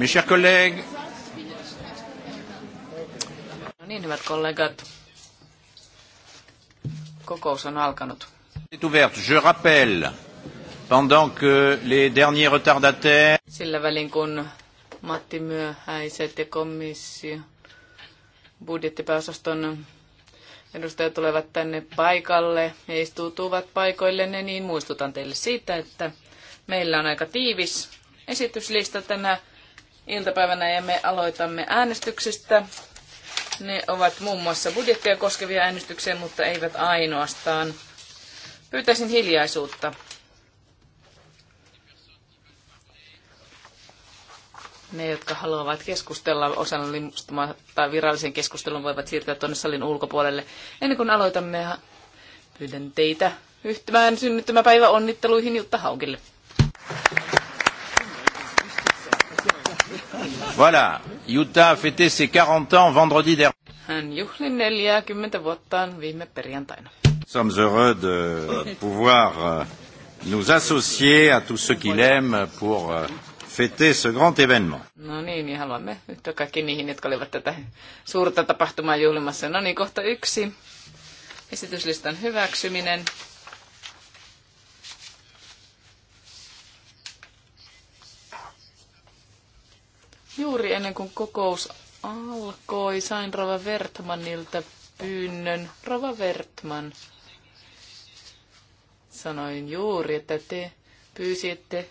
Mes chers collègues. No niin, hyvät kollegat. Kokous on alkanut. Est ouverte. Je rappelle, pendant que les derniers retardataires... Sillä välin kun Matti Myöhäiset ja komissio budjettipääosaston edustajat tulevat tänne paikalle ja istuutuvat paikoillenne, niin muistutan teille siitä, että meillä on aika tiivis esityslista tänään iltapäivänä ja me aloitamme äänestyksistä. Ne ovat muun muassa budjettia koskevia äänestyksiä, mutta eivät ainoastaan. Pyytäisin hiljaisuutta. Ne, jotka haluavat keskustella osallistumatta virallisen keskustelun, voivat siirtyä tuonne salin ulkopuolelle. Ennen kuin aloitamme, pyydän teitä yhtymään synnyttämäpäivä onnitteluihin Jutta Haukille. Voilà, Utah a fêté ses 40 ans vendredi dernier. Hän juhli 40 vuottaan viime perjantaina. Sommes heureux de pouvoir euh, nous associer à tous ceux qui l'aiment pour euh, fêter ce grand événement. No niin, niin haluamme yhtä kaikki niihin, jotka olivat tätä suurta tapahtumaa juhlimassa. No niin, kohta yksi. Esityslistan hyväksyminen. Juuri ennen kuin kokous alkoi, sain Rova Vertmanilta pyynnön. Rova Vertman, sanoin juuri, että te pyysitte,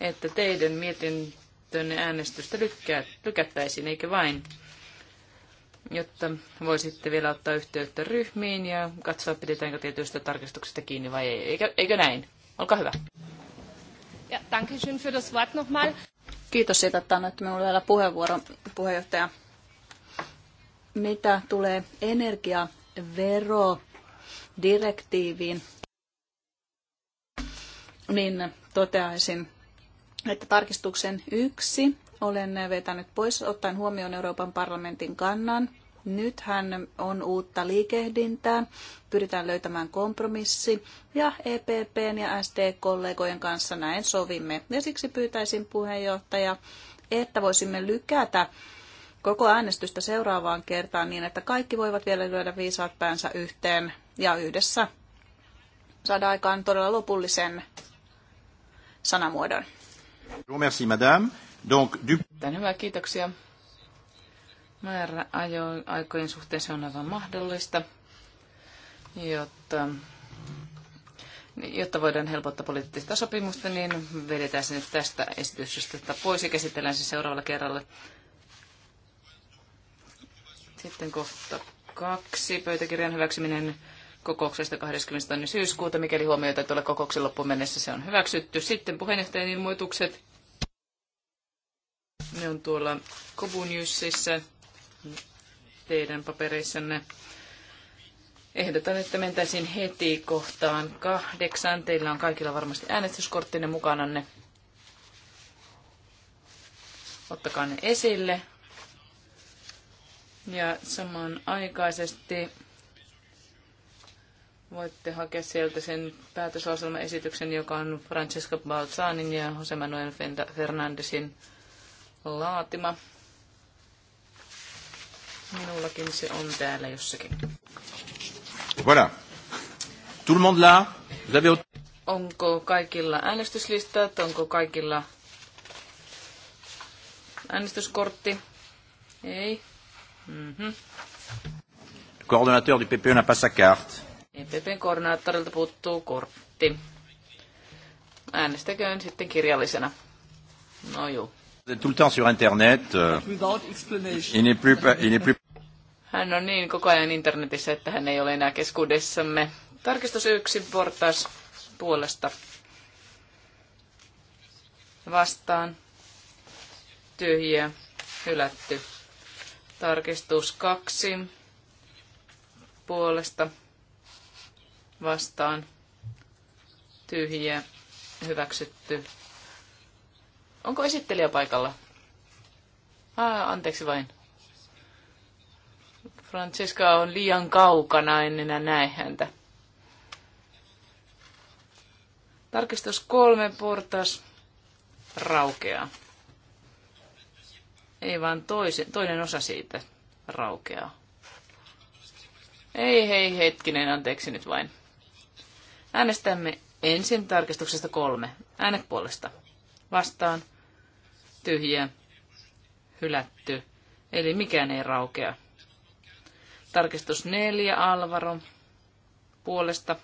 että teidän mietintönne äänestystä lykkää, lykättäisiin, eikä vain jotta voisitte vielä ottaa yhteyttä ryhmiin ja katsoa, pidetäänkö tietyistä tarkistuksista kiinni vai ei. Eikö, eikö näin? Olkaa hyvä. Ja, danke schön für das Wort nochmal. Kiitos siitä, että annoitte minulle vielä puheenvuoron, puheenjohtaja. Mitä tulee energiaverodirektiiviin, niin toteaisin, että tarkistuksen yksi olen vetänyt pois ottaen huomioon Euroopan parlamentin kannan – Nythän on uutta liikehdintää, pyritään löytämään kompromissi ja EPPn ja SD-kollegojen kanssa näin sovimme. Ja siksi pyytäisin puheenjohtaja, että voisimme lykätä koko äänestystä seuraavaan kertaan niin, että kaikki voivat vielä lyödä viisaat päänsä yhteen ja yhdessä saada aikaan todella lopullisen sanamuodon. Merci, madame. Donc, du... Hyvä, kiitoksia määrä aikojen suhteen se on aivan mahdollista, jotta, jotta voidaan helpottaa poliittista sopimusta, niin vedetään se nyt tästä esityksestä pois ja käsitellään se seuraavalla kerralla. Sitten kohta kaksi, pöytäkirjan hyväksyminen kokouksesta 20. syyskuuta. Mikäli huomioita tuolla kokouksen loppuun mennessä, se on hyväksytty. Sitten puheenjohtajan ilmoitukset. Ne on tuolla Kobunjussissa teidän papereissanne. Ehdotan, että mentäisiin heti kohtaan kahdeksan. Teillä on kaikilla varmasti äänestyskorttinne mukananne. Ottakaa ne esille. Ja samanaikaisesti voitte hakea sieltä sen päätöslauselmaesityksen, joka on Francesca Balzanin ja Jose Manuel Fernandesin laatima. Minullakin se on täällä jossakin. Voilà. Tout le monde là? Vous avez... Onko kaikilla äänestyslistat? Onko kaikilla äänestyskortti? Ei. Mm-hmm. Le coordonnateur du PPE n'a pas sa carte. EPPn koordinaattorilta puuttuu kortti. Äänestäköön sitten kirjallisena. No juu tout le temps sur Internet. Euh, il n'est plus, il plus... Hän on niin koko ajan internetissä, että hän ei ole enää keskuudessamme. Tarkistus yksi portas puolesta. Vastaan. tyhjä Hylätty. Tarkistus kaksi puolesta. Vastaan. tyhjä Hyväksytty. Onko esittelijä paikalla? Ah, anteeksi vain. Francesca on liian kaukana, en enää näe häntä. Tarkistus kolme portas raukeaa. Ei vaan toise, toinen osa siitä raukeaa. Ei hei hetkinen, anteeksi nyt vain. Äänestämme ensin tarkistuksesta kolme. Äänet puolesta vastaan tyhjä hylätty. Eli mikään ei raukea. Tarkistus neljä Alvaro puolesta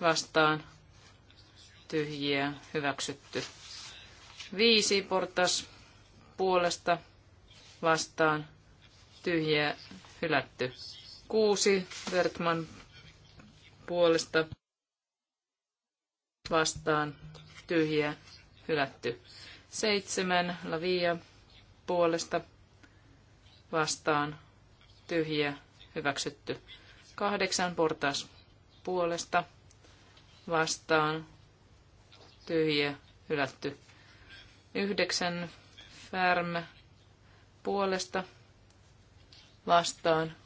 vastaan tyhjiä hyväksytty. Viisi portas puolesta vastaan tyhjiä hylätty. Kuusi Vertman puolesta vastaan tyhjiä hylätty. Seitsemän lavia puolesta vastaan tyhjä hyväksytty. Kahdeksan portas puolesta vastaan tyhjä hylätty. Yhdeksän färm puolesta vastaan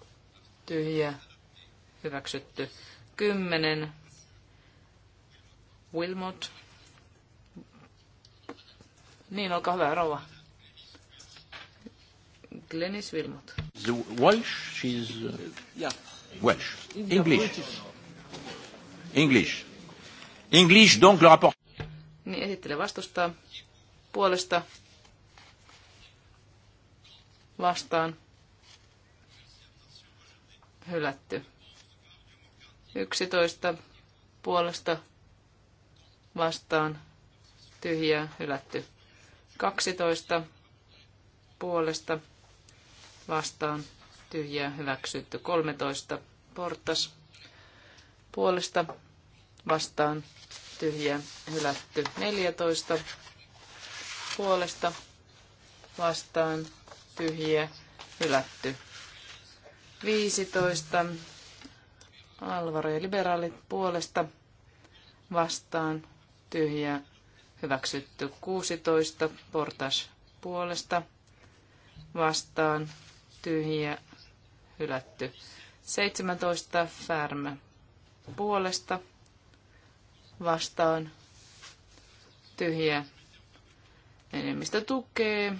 tyhjä hyväksytty. Kymmenen Wilmot niin, olkaa hyvä, rouva. Glenis Wilmot. The Welsh, she's... Uh, yeah. Welsh. English. English. English, donc le rapport... Niin, esittele vastusta puolesta vastaan hylätty. 11 puolesta vastaan tyhjää hylätty. 12 puolesta vastaan tyhjää hyväksytty. 13 portas puolesta vastaan tyhjää hylätty. 14 puolesta vastaan tyhjä hylätty. 15 Alvaro ja liberaalit puolesta vastaan tyhjä Hyväksytty 16. Portas puolesta vastaan. tyhjä, Hylätty 17. Färmä puolesta vastaan. tyhjä Enemmistö tukee.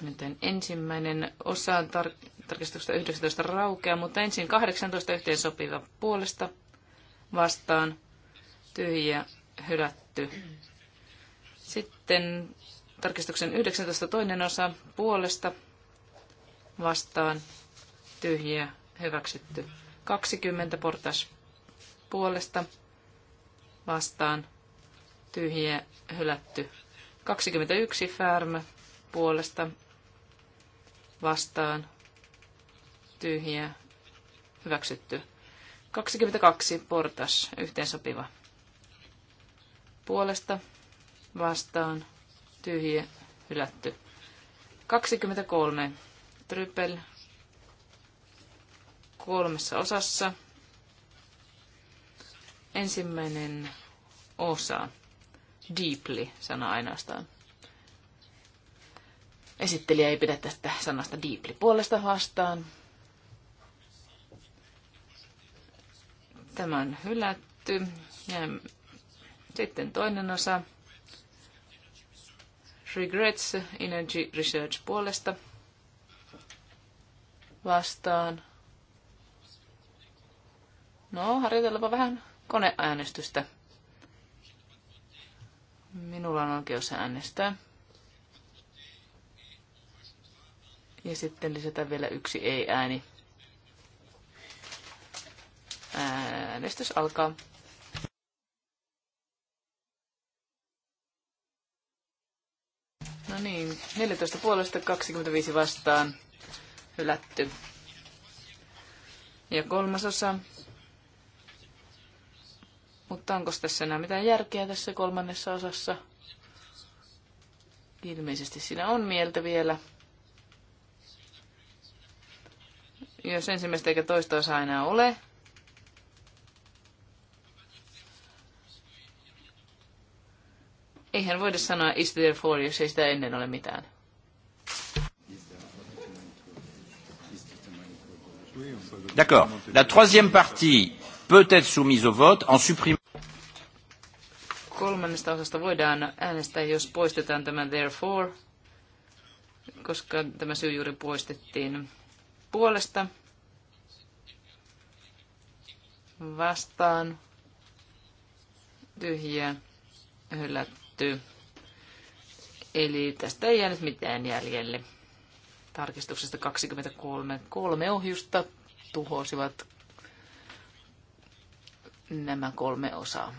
Nyt ensimmäinen osa tar- tarkistuksesta 19 raukea, mutta ensin 18 yhteen sopiva puolesta vastaan tyhjä hylätty. Sitten tarkistuksen 19 toinen osa puolesta vastaan tyhjiä hyväksytty. 20 portas puolesta vastaan tyhjiä hylätty. 21 Färm puolesta vastaan tyhjiä hyväksytty. 22 portas yhteensopiva puolesta vastaan tyhjä hylätty. 23 Trypel kolmessa osassa. Ensimmäinen osa, deeply, sana ainoastaan. Esittelijä ei pidä tästä sanasta deeply puolesta vastaan. Tämä on hylätty. Ja sitten toinen osa Regrets Energy Research puolesta vastaan. No, harjoitellaanpa vähän koneäänestystä. Minulla on oikeus äänestää. Ja sitten lisätään vielä yksi ei-ääni. Äänestys alkaa. niin, 14 puolesta 25 vastaan hylätty. Ja kolmasosa. Mutta onko tässä enää mitään järkeä tässä kolmannessa osassa? Ilmeisesti siinä on mieltä vielä. Jos ensimmäistä eikä toista osaa enää ole, Eihän voida sanoa is there for, jos ei sitä ennen ole mitään. D'accord. La troisième partie peut être soumise au vote en supprimant kolmannesta osasta voidaan äänestää, jos poistetaan tämä therefore, koska tämä syy juuri poistettiin puolesta. Vastaan. Tyhjiä. Hylätty hylätty. Eli tästä ei jäänyt mitään jäljelle. Tarkistuksesta 23 kolme ohjusta tuhosivat nämä kolme osaa.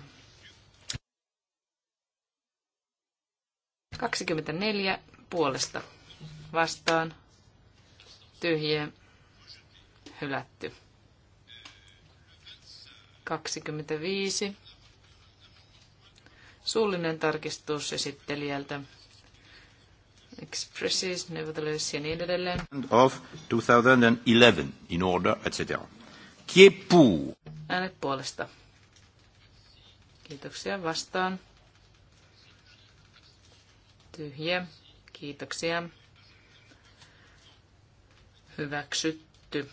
24 puolesta vastaan Tyhjä. hylätty. 25 suullinen tarkistus esittelijältä. Expresses, nevertheless ja niin edelleen. Of 2011 in order, etc. Kiepu. Äänet puolesta. Kiitoksia vastaan. Tyhjä. Kiitoksia. Hyväksytty.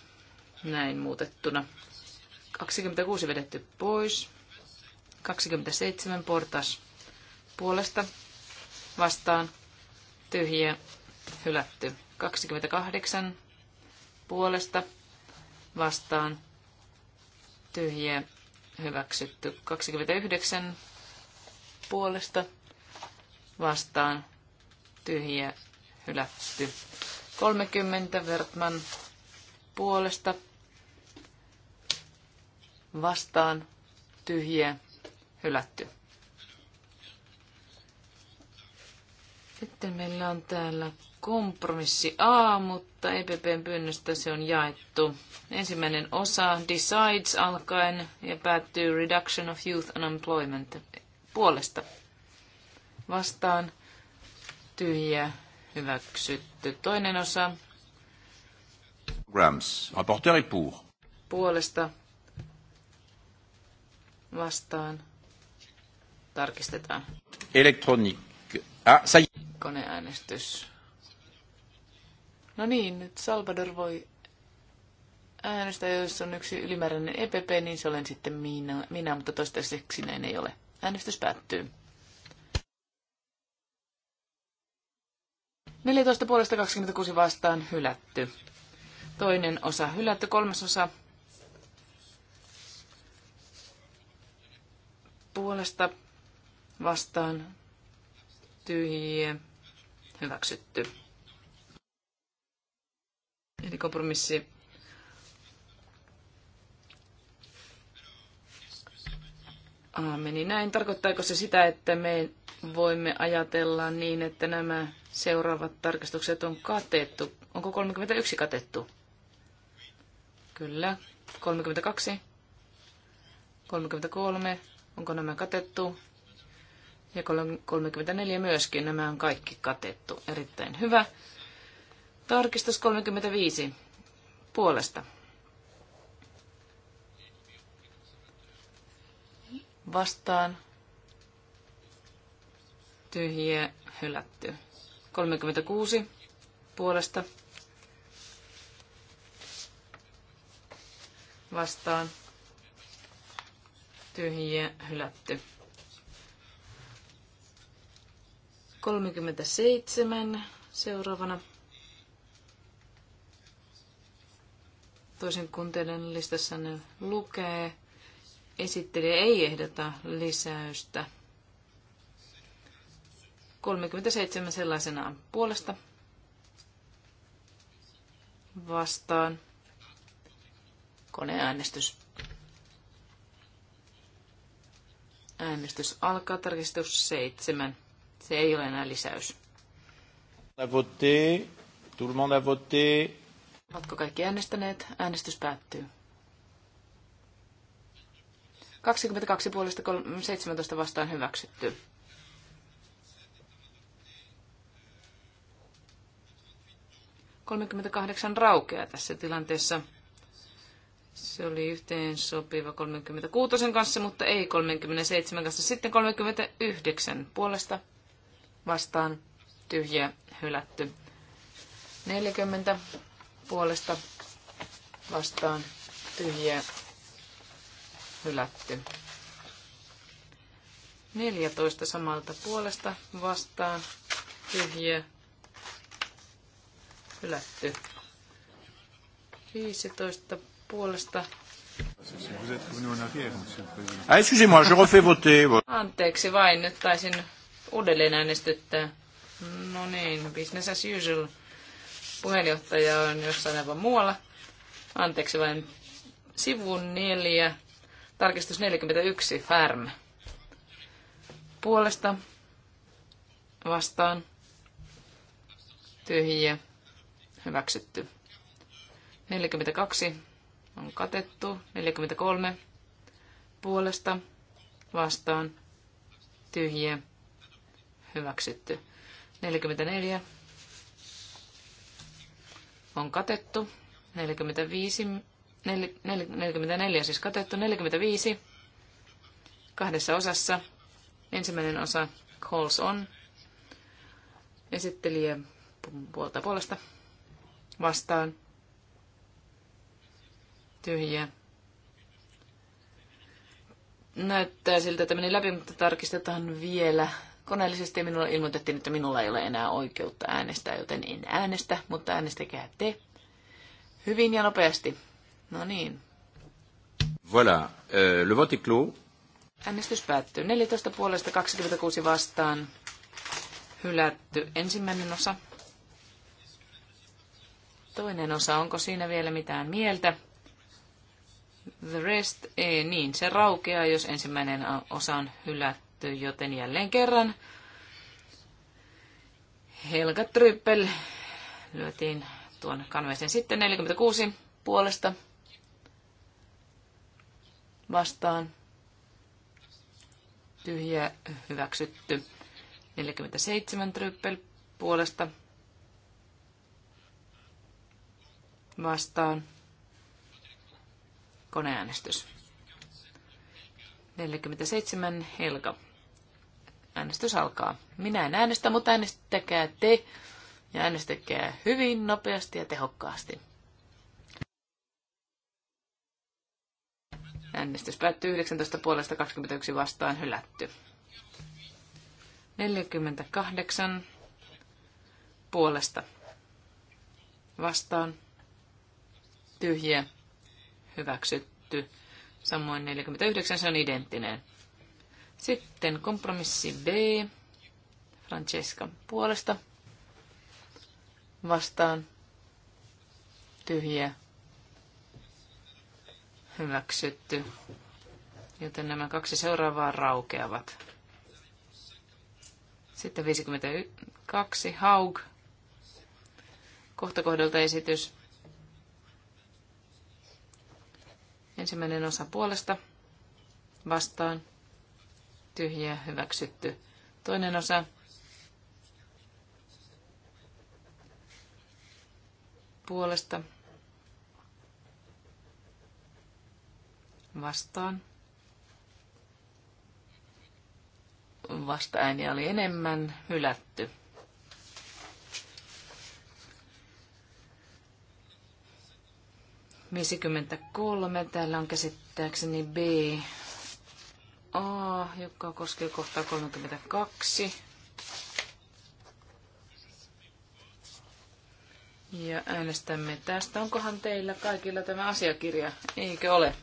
Näin muutettuna. 26 vedetty pois. 27 portas puolesta vastaan tyhjiä hylätty. 28 puolesta vastaan tyhjiä hyväksytty. 29 puolesta vastaan tyhjiä hylätty. 30 Vertman puolesta vastaan tyhjiä hylätty. Sitten meillä on täällä kompromissi A, mutta EPPn pyynnöstä se on jaettu. Ensimmäinen osa decides alkaen ja päättyy reduction of youth unemployment puolesta. Vastaan tyhjä hyväksytty. Toinen osa. Grams. Rapporteur est pour. Puolesta vastaan tarkistetaan. Elektroniikka. Ah, sai. Koneäänestys. No niin, nyt Salvador voi äänestää, jos on yksi ylimääräinen EPP, niin se olen sitten minä, minä mutta toistaiseksi näin ei ole. Äänestys päättyy. 14 puolesta 26 vastaan hylätty. Toinen osa hylätty, kolmas osa puolesta vastaan tyhjiä hyväksytty. Eli kompromissi Aa, meni näin. Tarkoittaako se sitä, että me voimme ajatella niin, että nämä seuraavat tarkastukset on katettu? Onko 31 katettu? Kyllä. 32. 33. Onko nämä katettu? ja 34 myöskin. Nämä on kaikki katettu. Erittäin hyvä. Tarkistus 35 puolesta. Vastaan. Tyhjiä hylätty. 36 puolesta. Vastaan. Tyhjiä hylätty. 37 seuraavana. toisen kuntien listassa listassanne lukee, esittelijä ei ehdota lisäystä. 37 sellaisenaan puolesta vastaan koneäänestys. Äänestys alkaa tarkistus 7. Se ei ole enää lisäys. voté. Tout le monde a voté. Ovatko kaikki äänestäneet? Äänestys päättyy. 22 puolesta 17 vastaan hyväksytty. Kolmekymmentäkahdeksan raukeaa tässä tilanteessa. Se oli yhteen sopiva 36 kanssa, mutta ei 37 kanssa. Sitten 39 puolesta vastaan tyhjä hylätty. 40 puolesta vastaan tyhjä hylätty. 14 samalta puolesta vastaan tyhjä hylätty. 15 puolesta Ah, excusez-moi, je refais voter. Anteeksi vain, nyt taisin uudelleen äänestyttää. No niin, business as usual. Puheenjohtaja on jossain aivan muualla. Anteeksi vain. Sivun neljä, tarkistus 41, Färm. Puolesta vastaan. Tyhjiä. Hyväksytty. 42 on katettu. 43 puolesta vastaan. Tyhjiä hyväksytty. 44 on katettu. 45, 44 siis katettu. 45 kahdessa osassa. Ensimmäinen osa calls on. Esittelijä puolta puolesta vastaan. Tyhjä. Näyttää siltä, että meni läpi, mutta tarkistetaan vielä koneellisesti minulle ilmoitettiin, että minulla ei ole enää oikeutta äänestää, joten en äänestä, mutta äänestäkää te. Hyvin ja nopeasti. No niin. Voilà. Euh, le vote est clos. Äänestys päättyy. 14 puolesta 26 vastaan. Hylätty ensimmäinen osa. Toinen osa, onko siinä vielä mitään mieltä? The rest, ei, niin se raukeaa, jos ensimmäinen osa on hylätty hyväksytty, joten jälleen kerran Helga Tryppel lyötiin tuon kanveeseen sitten 46 puolesta vastaan. Tyhjä hyväksytty. 47 tryppel puolesta vastaan. Koneäänestys. 47 Helka Äänestys alkaa. Minä en äänestä, mutta äänestäkää te ja äänestäkää hyvin nopeasti ja tehokkaasti. Äänestys päättyy 19 puolesta 21 vastaan hylätty. 48 puolesta vastaan tyhjä hyväksytty. Samoin 49 se on identtinen sitten kompromissi B. Francesca puolesta vastaan tyhjä hyväksytty. Joten nämä kaksi seuraavaa raukeavat. Sitten 52 Haug. Kohtakohdalta esitys. Ensimmäinen osa puolesta vastaan tyhjiä hyväksytty. Toinen osa puolesta vastaan. Vastaääniä oli enemmän hylätty. kolme. Täällä on käsittääkseni B A, joka koskee kohtaa 32. Ja äänestämme tästä. Onkohan teillä kaikilla tämä asiakirja? Eikö ole?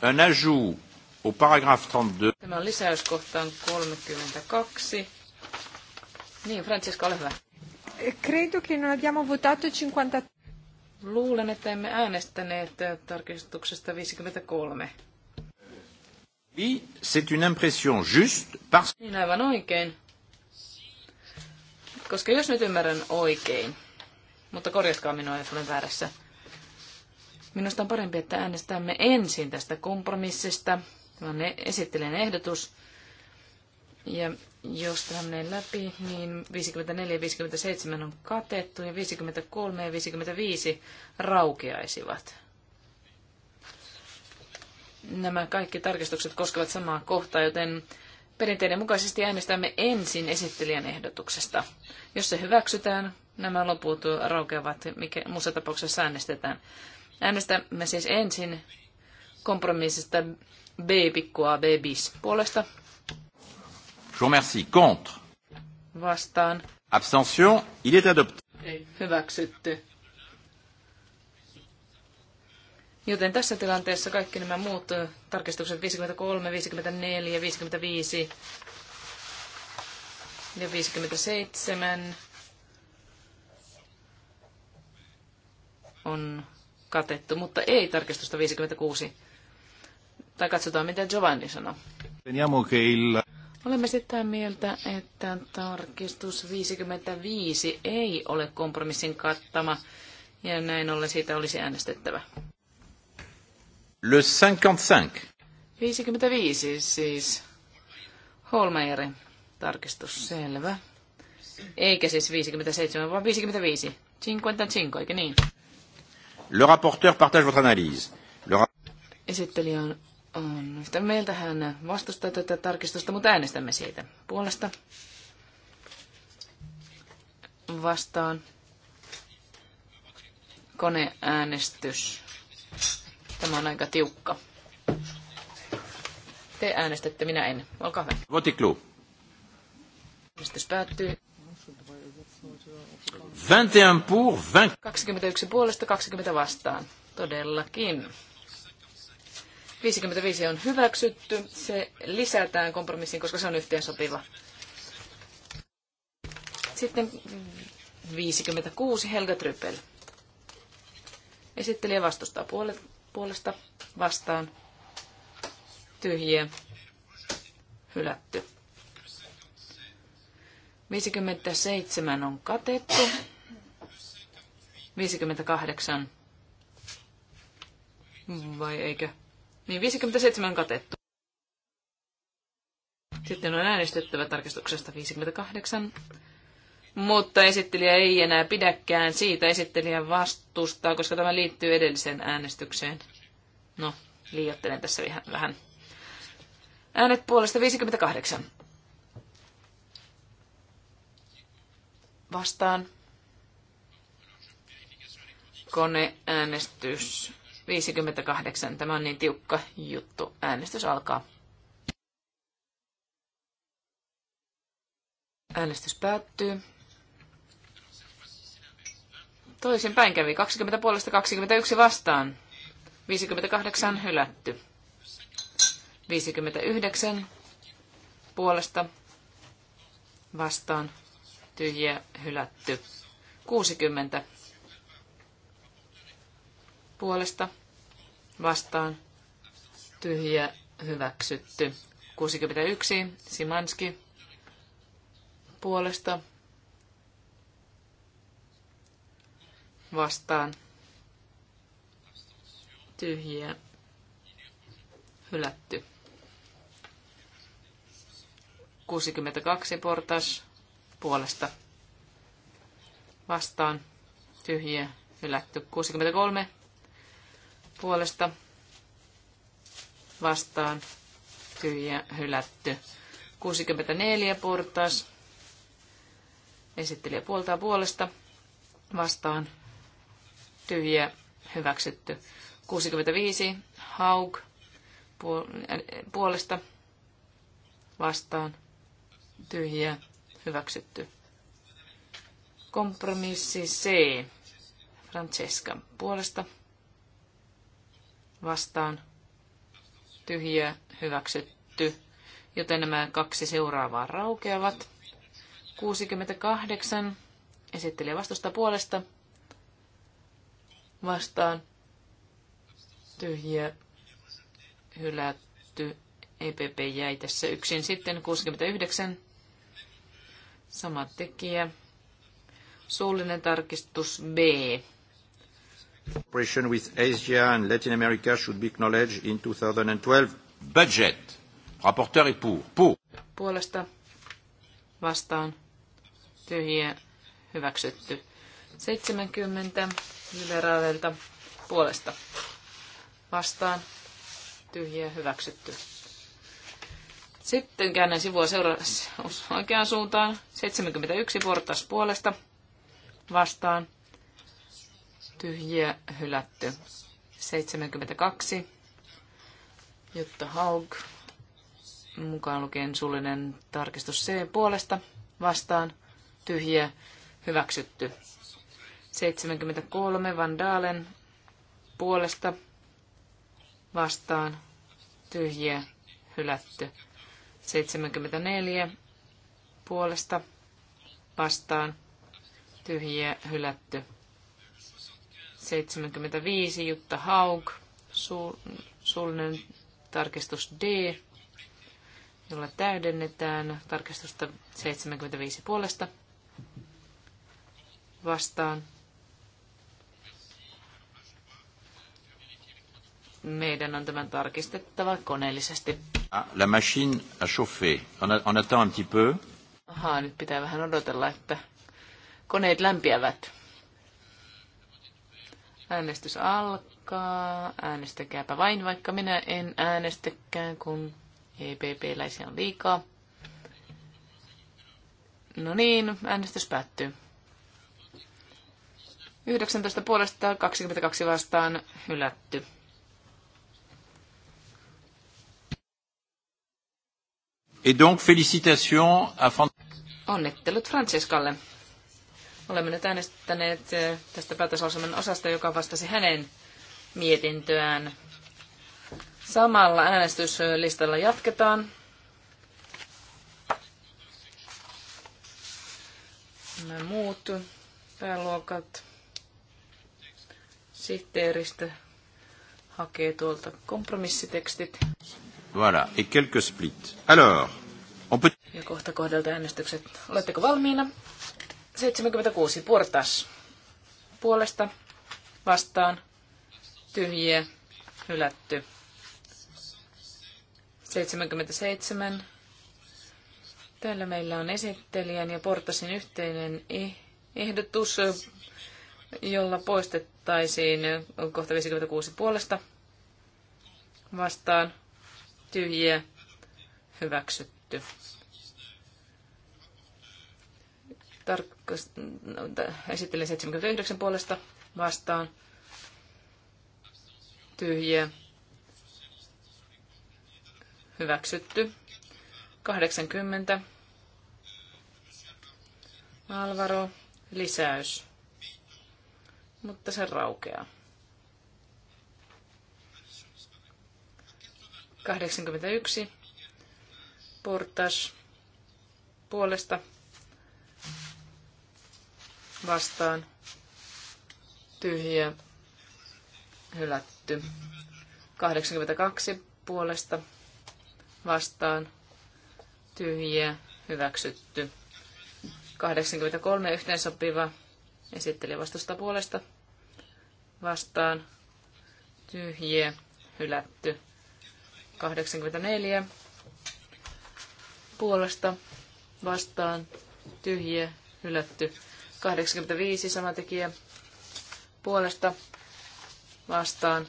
32. Tämä on kohtaan 32. Niin, Francesca, ole hyvä. Credo che non abbiamo votato 50. Luulen, että emme äänestäneet tarkistuksesta 53. Oui, c'est une impression juste parce... Niin aivan oikein. Koska jos nyt ymmärrän oikein, mutta korjatkaa minua, jos olen väärässä. Minusta on parempi, että äänestämme ensin tästä kompromissista. Tämä on esittelen ehdotus. Ja jos tämä menee läpi, niin 54 ja 57 on katettu ja 53 ja 55 raukeaisivat. Nämä kaikki tarkistukset koskevat samaa kohtaa, joten perinteiden mukaisesti äänestämme ensin esittelijän ehdotuksesta. Jos se hyväksytään, nämä loput raukeavat, mikä muussa tapauksessa äänestetään. Äänestämme siis ensin kompromissista B pikkua B bis puolesta. Je merci Contre. Vastaan. Abstention. Il est adopté. Hyväksytty. Joten tässä tilanteessa kaikki nämä muut tarkistukset 53, 54, 55 ja 57 on katettu, mutta ei tarkistusta 56. Tai katsotaan, mitä Giovanni sanoo. Olemme sitä mieltä, että tarkistus 55 ei ole kompromissin kattama, ja näin ollen siitä olisi äänestettävä. Le 55. 55 siis. Holmeieri. Tarkistus selvä. Eikä siis 57, vaan 55. 55, eikä niin? Le rapporteur partage votre analyse. Le ra- Esittelijä on, on yhtä mieltä. Hän vastustaa tätä tarkistusta, mutta äänestämme siitä puolesta. Vastaan. Koneäänestys. Tämä on aika tiukka. Te äänestätte, minä en. Olkaa hyvä. Votiklu. Äänestys päättyy. 21 pour 20. 21 puolesta 20 vastaan. Todellakin. 55 on hyväksytty. Se lisätään kompromissiin, koska se on yhteen sopiva. Sitten 56 Helga Trypel. Esittelijä vastustaa puolet puolesta vastaan tyhjiä hylätty. 57 on katettu. 58. Vai eikö? Niin, 57 on katettu. Sitten on äänestettävä tarkistuksesta 58 mutta esittelijä ei enää pidäkään siitä esittelijän vastustaa, koska tämä liittyy edelliseen äänestykseen. No, liiottelen tässä vähän. Äänet puolesta 58. Vastaan. Koneäänestys 58. Tämä on niin tiukka juttu. Äänestys alkaa. Äänestys päättyy. Toisin päin kävi. 20 puolesta 21 vastaan. 58 hylätty. 59 puolesta vastaan Tyhjä hylätty. 60 puolesta vastaan Tyhjä hyväksytty. 61 Simanski puolesta vastaan tyhjiä hylätty. 62 portas puolesta vastaan tyhjiä hylätty. 63 puolesta vastaan tyhjiä hylätty. 64 portas esittelijä puoltaa puolesta vastaan tyhjiä hyväksytty. 65 Haug puolesta vastaan tyhjiä hyväksytty. Kompromissi C Francesca puolesta vastaan tyhjiä hyväksytty, joten nämä kaksi seuraavaa raukeavat. 68 esittelijä vastusta puolesta vastaan tyhjiä hylätty. EPP jäi tässä yksin. Sitten 69. Sama tekijä. Suullinen tarkistus B. Cooperation with Asia and Latin America should be acknowledged in 2012 budget. Rapporteur est pour. pour. Puolesta vastaan tyhjiä hyväksytty. 70 liberaaleilta puolesta. Vastaan. Tyhjiä hyväksytty. Sitten käännän sivua seuraavassa oikeaan suuntaan. 71 portas puolesta. Vastaan. Tyhjiä hylätty. 72. Jutta Haug. Mukaan lukien suullinen tarkistus C puolesta. Vastaan. Tyhjiä hyväksytty. 73 Van dalen puolesta vastaan tyhjiä hylätty. 74 puolesta vastaan tyhjiä hylätty. 75 Jutta Haug, suullinen tarkistus D, jolla täydennetään tarkistusta 75 puolesta vastaan Meidän on tämän tarkistettava koneellisesti. Ah, la machine a chauffé. On, on attend un petit peu. Aha, nyt pitää vähän odotella, että koneet lämpiävät. Äänestys alkaa. Äänestäkääpä vain, vaikka minä en äänestäkään, kun EPP-läisiä on liikaa. No niin, äänestys päättyy. 19 puolesta 22 vastaan hylätty. Et donc, félicitations à Fran- Onnittelut Franciscalle. Olemme nyt äänestäneet eh, tästä päätöslauselman osasta, joka vastasi hänen mietintöään. Samalla äänestyslistalla jatketaan. Nämä muut pääluokat. Sihteeristö hakee tuolta kompromissitekstit. Voilà, et quelques splits. Alors, on peut... Ja kohta kohdalta äänestykset. Oletteko valmiina? 76 portas Puolesta vastaan tyhjiä hylätty. 77. Täällä meillä on esittelijän ja Portasin yhteinen e- ehdotus, jolla poistettaisiin kohta 56 puolesta vastaan tyhjiä hyväksytty. Tarkkas, no, esittelen 79 puolesta vastaan tyhjiä hyväksytty. 80 Alvaro lisäys, mutta se raukeaa. 81. Portas puolesta vastaan tyhjiä hylätty. 82 puolesta vastaan tyhjiä hyväksytty. 83 yhteensopiva esitteli vastusta puolesta vastaan tyhjiä hylätty. 84 puolesta vastaan tyhjiä hylätty. 85 samatekijä puolesta vastaan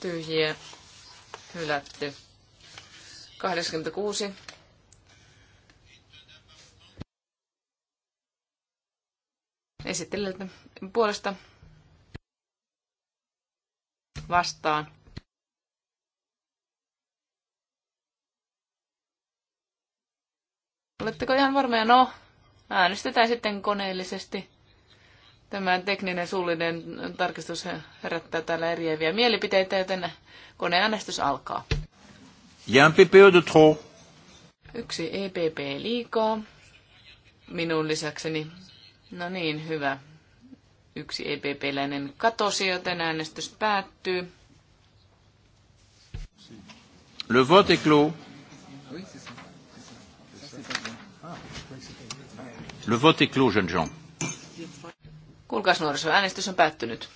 tyhjiä hylätty. 86 esittelijältä puolesta vastaan Oletteko ihan varmoja? No, äänestetään sitten koneellisesti. Tämä tekninen suullinen tarkistus herättää täällä eriäviä mielipiteitä, joten koneäänestys alkaa. E Yksi EPP liikaa minun lisäkseni. No niin, hyvä. Yksi EPP-läinen katosi, joten äänestys päättyy. Le vote est clos. Le vote est clos, jeunes gens. Kuulkaas nuoriso, äänestys on päättynyt.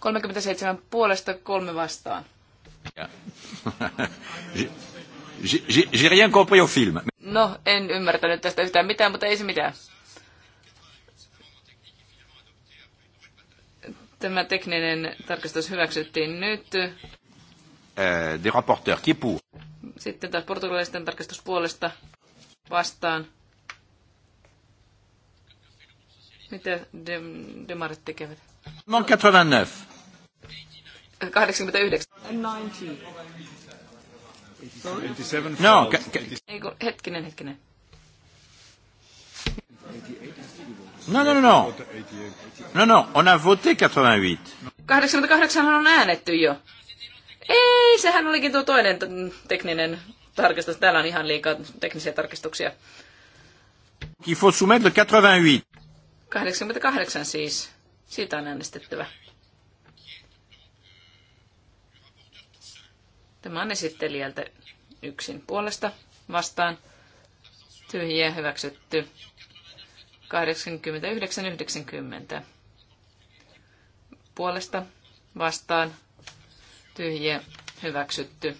37 puolesta, kolme vastaan. J'ai rien compris au film. No, en ymmärtänyt tästä yhtään mitään, mutta ei se mitään. Tämä tekninen tarkastus hyväksyttiin nyt. Eh, des rapporteurs qui pour. Sitten taas portugalaisten tarkastuspuolesta vastaan. Mitä de- demarit tekevät? Non 89. 89. 90. No, Ei kun, hetkinen, hetkinen. No, no, no, no. No, no, on a voté 88. 88 on äänetty jo. Ei, sehän olikin tuo toinen tekninen tarkistus. Täällä on ihan liikaa teknisiä tarkistuksia. Il faut soumettre 88. 88 siis. Siitä on äänestettävä. Tämä on esittelijältä yksin puolesta vastaan. Tyhjiä hyväksytty. 89-90. Puolesta vastaan. Tyhjiä hyväksytty.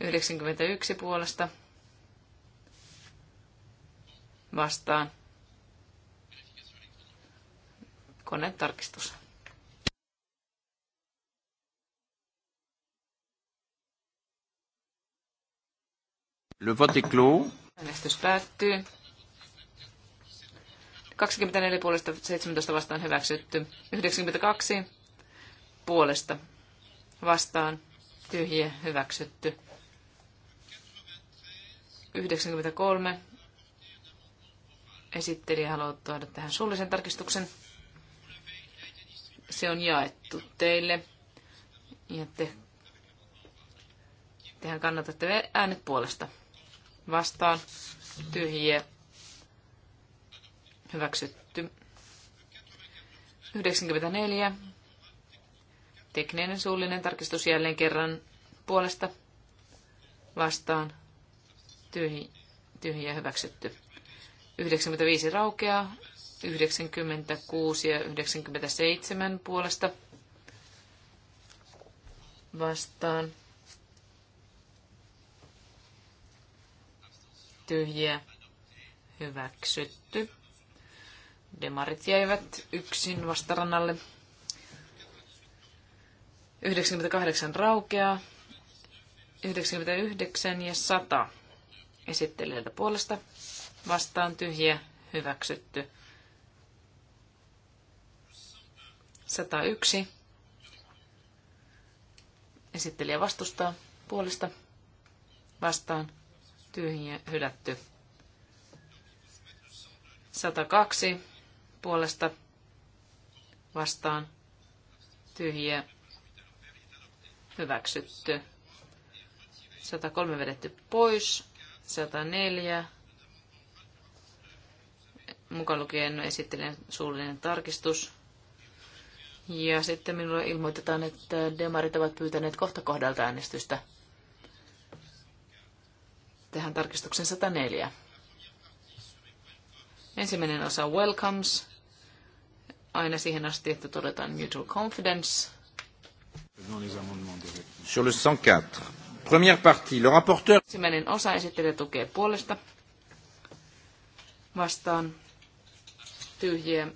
91 puolesta vastaan. Koneen tarkistus. Le vote est clos. Äänestys päättyy. 24 puolesta 17 vastaan hyväksytty. 92 puolesta vastaan tyhjä hyväksytty. 93. Esittelijä haluaa tuoda tähän suullisen tarkistuksen. Se on jaettu teille. Ja te, tehän kannatatte äänet puolesta. Vastaan. Tyhjiä. Hyväksytty. 94. Tekninen suullinen tarkistus jälleen kerran puolesta vastaan tyhjä hyväksytty. 95 raukeaa, 96 ja 97 puolesta vastaan. Tyhjiä hyväksytty. Demarit jäivät yksin vastarannalle. 98 raukeaa, 99 ja 100 esittelijältä puolesta. Vastaan tyhjiä, hyväksytty. 101. Esittelijä vastustaa puolesta. Vastaan tyhjiä, hylätty. 102 puolesta vastaan tyhjiä, hyväksytty. 103 vedetty pois. 104, mukaan lukien esittelen suullinen tarkistus. Ja sitten minulle ilmoitetaan, että demarit ovat pyytäneet kohta kohdalta äänestystä tähän tarkistuksen 104. Ensimmäinen osa welcomes, aina siihen asti, että todetaan mutual confidence. Sur le 104. Première partie, le rapporteur. Ensimmäinen osa esittelee tukee puolesta. Vastaan tyhjiä.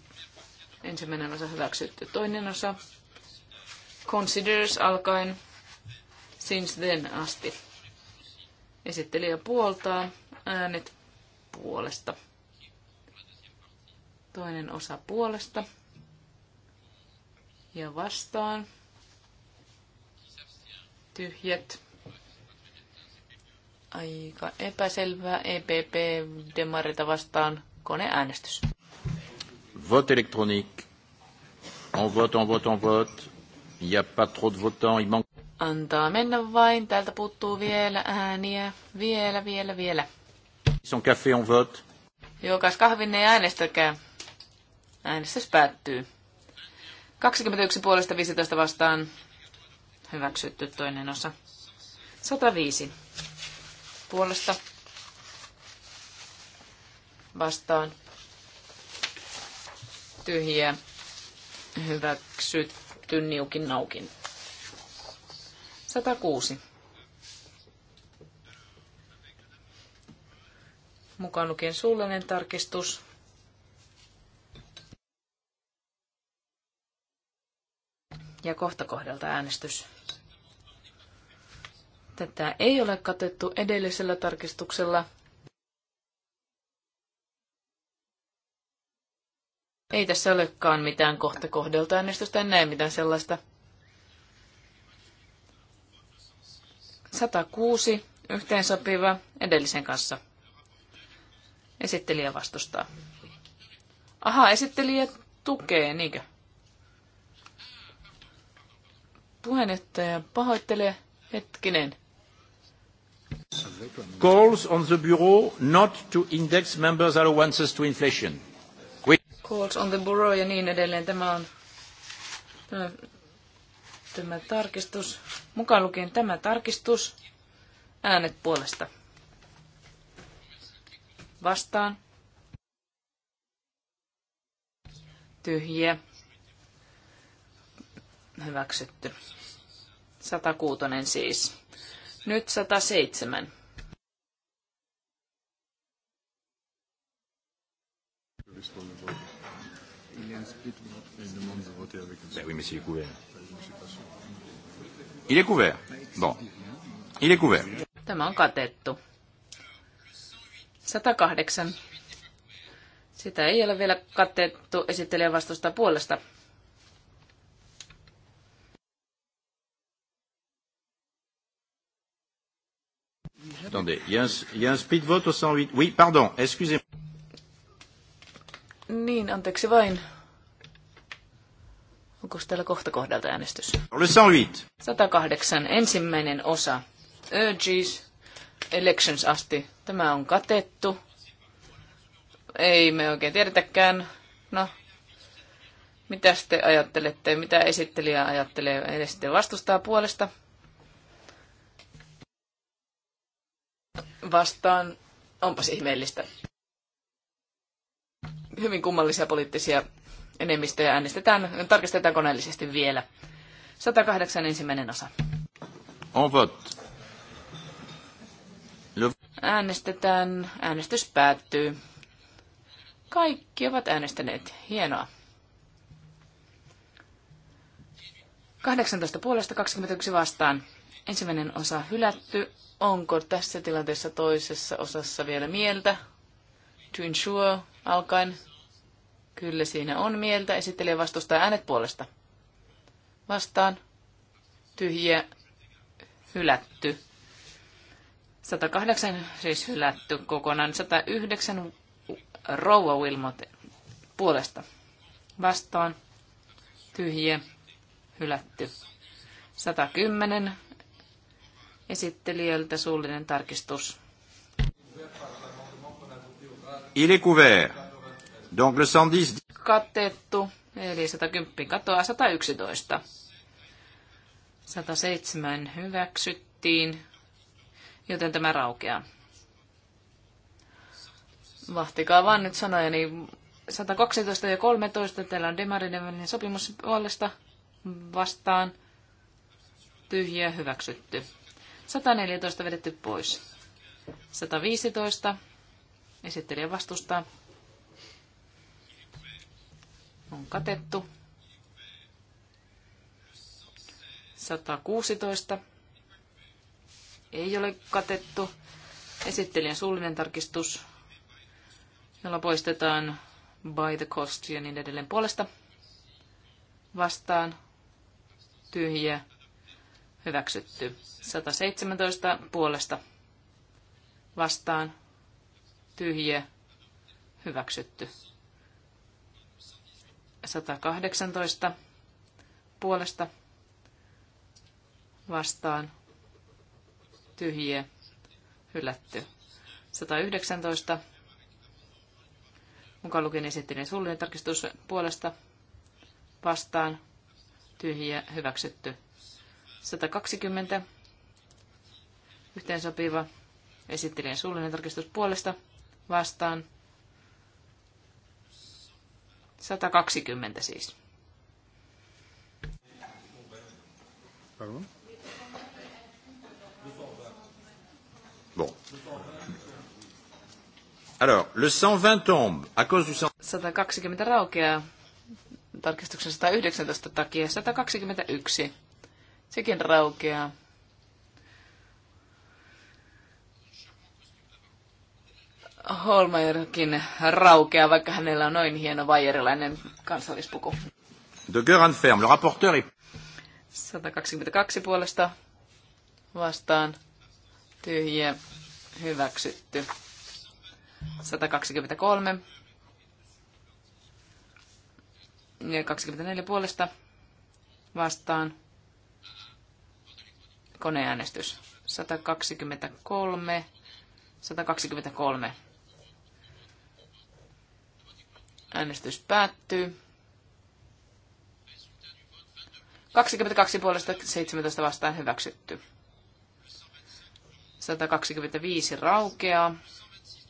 Ensimmäinen osa hyväksytty. Toinen osa considers alkaen since then asti. Esittelijä puoltaa äänet puolesta. Toinen osa puolesta ja vastaan. Tyhjät Aika epäselvää. EPP demareita vastaan koneäänestys. Vote électronique. On vote, on vote, on vote. Il n'y a pas trop de votants. Il manque... Antaa mennä vain. Täältä puuttuu vielä ääniä. Vielä, vielä, vielä. Son café on vote. Jokas kahvinne ei äänestäkää. Äänestys päättyy. 21 puolesta 15 vastaan. Hyväksytty toinen osa. 105 puolesta vastaan tyhjiä hyväksytty niukin naukin. 106. Mukaan lukien suullinen tarkistus. Ja kohta kohdalta äänestys. Tätä ei ole katettu edellisellä tarkistuksella. Ei tässä olekaan mitään kohta kohdelta äänestystä, en näe mitään sellaista. 106 yhteensopiva edellisen kanssa. Esittelijä vastustaa. Aha, esittelijä tukee, niinkö? Puheenjohtaja pahoittelee. Hetkinen. Calls on the Bureau not to index members' allowances to inflation. Calls on the Bureau ja niin edelleen. Tämä on tämä, tämä tarkistus. Mukaan lukien tämä tarkistus. Äänet puolesta. Vastaan. Tyhjiä. Hyväksytty. 106 siis nyt 107. Il Ben oui, mais s'il est couvert. Il est couvert. Bon. Il est couvert. Tämä on katettu. 108. Sitä ei ole vielä katettu esittelijän vastusta puolesta Attendez, il y, a un, il y a un speed vote au 108. Oui, pardon, excusez-moi. Niin, anteeksi vain. Onko täällä kohta kohdalta äänestys? Le 108. 108. Ensimmäinen osa. Urges elections asti. Tämä on katettu. Ei me oikein tiedetäkään. No, mitä te ajattelette? Mitä esittelijä ajattelee? Esittelijä vastustaa puolesta. vastaan. Onpas ihmeellistä. Hyvin kummallisia poliittisia enemmistöjä äänestetään, tarkistetaan koneellisesti vielä. 108 ensimmäinen osa. On vot. Äänestetään. Äänestys päättyy. Kaikki ovat äänestäneet. Hienoa. 18 puolesta 21 vastaan. Ensimmäinen osa hylätty. Onko tässä tilanteessa toisessa osassa vielä mieltä? To ensure alkaen. Kyllä siinä on mieltä. Esittelee vastustaa äänet puolesta. Vastaan. tyhjä Hylätty. 108 siis hylätty kokonaan. 109 rouva Wilmot puolesta. Vastaan. tyhjä Hylätty. 110 esittelijöiltä suullinen tarkistus. Il est couvert. Donc le 110... Katettu, eli 110 katoaa 111. 107 hyväksyttiin, joten tämä raukeaa. Vahtikaa vaan nyt sanoja, niin 112 ja 13, täällä on Demarinen sopimus puolesta vastaan. Tyhjiä hyväksytty. 114 vedetty pois. 115. Esittelijä vastustaa. On katettu. 116. Ei ole katettu. Esittelijän suullinen tarkistus, jolla poistetaan by the cost ja niin edelleen puolesta. Vastaan. Tyhjiä hyväksytty. 117 puolesta vastaan tyhjiä hyväksytty. 118 puolesta vastaan tyhjiä hylätty. 119 mukaan lukien esittinen suullinen tarkistus puolesta vastaan tyhjiä hyväksytty. 120 yhteensopiva esittelijän suullinen tarkistus puolesta vastaan. 120 siis. Bon. Alors, le 120 tombe à cause du 120 raukeaa tarkistuksen 119 takia 121 Sekin raukeaa. Holmeyerkin raukeaa, vaikka hänellä on noin hieno vaijerilainen kansallispuku. De Göran Ferm, le rapporteur est... 122 puolesta vastaan tyhjiä hyväksytty. 123 ja 24 puolesta vastaan Koneäänestys. 123. 123. Äänestys päättyy. 22 puolesta 17 vastaan hyväksytty. 125 raukeaa.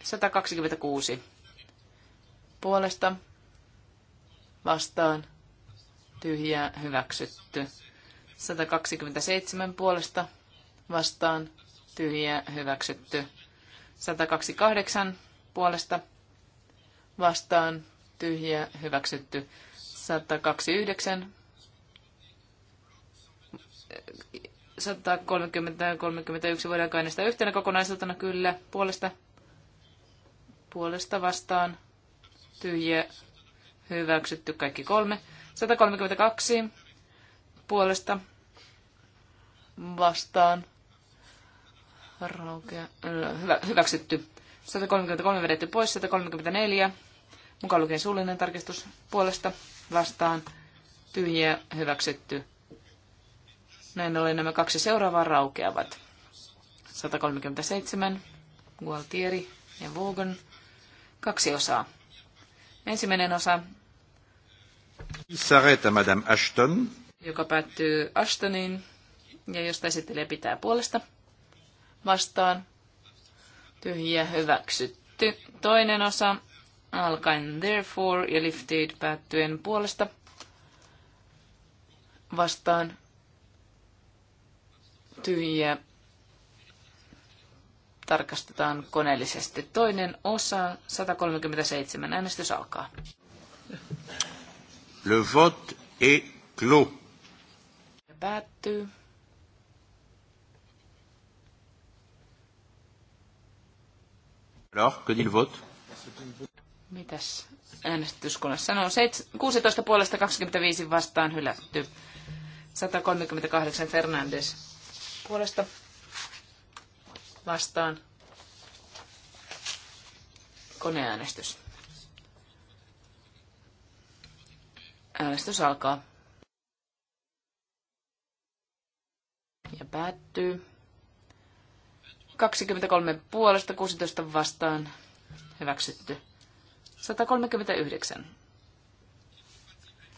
126 puolesta vastaan tyhjää hyväksytty. 127 puolesta vastaan tyhjiä hyväksytty. 128 puolesta vastaan tyhjiä hyväksytty. 129 130 ja 31 voidaan äänestää yhtenä kokonaisuutena kyllä puolesta puolesta vastaan tyhjiä hyväksytty kaikki kolme. 132 puolesta vastaan. Raukea. Äh, hyvä, hyväksytty. 133 vedetty pois, 134. Mukaan lukien suullinen tarkistus puolesta vastaan. Tyhjiä hyväksytty. Näin ollen nämä kaksi seuraavaa raukeavat. 137. Gualtieri ja Vogan. Kaksi osaa. Ensimmäinen osa. S'arrête à Madame Ashton joka päättyy Ashtoniin ja josta esittelijä pitää puolesta vastaan. Tyhjiä hyväksytty. Toinen osa alkaen therefore ja lifted päättyen puolesta vastaan tyhjiä tarkastetaan koneellisesti. Toinen osa, 137. Äänestys alkaa. Le vote est clos päättyy. Alors, que dit le vote? Mitäs äänestyskone sanoo? 16 puolesta 25 vastaan hylätty. 138 Fernandes puolesta vastaan koneäänestys. Äänestys alkaa. ja päättyy. 23 puolesta, 16 vastaan hyväksytty. 139.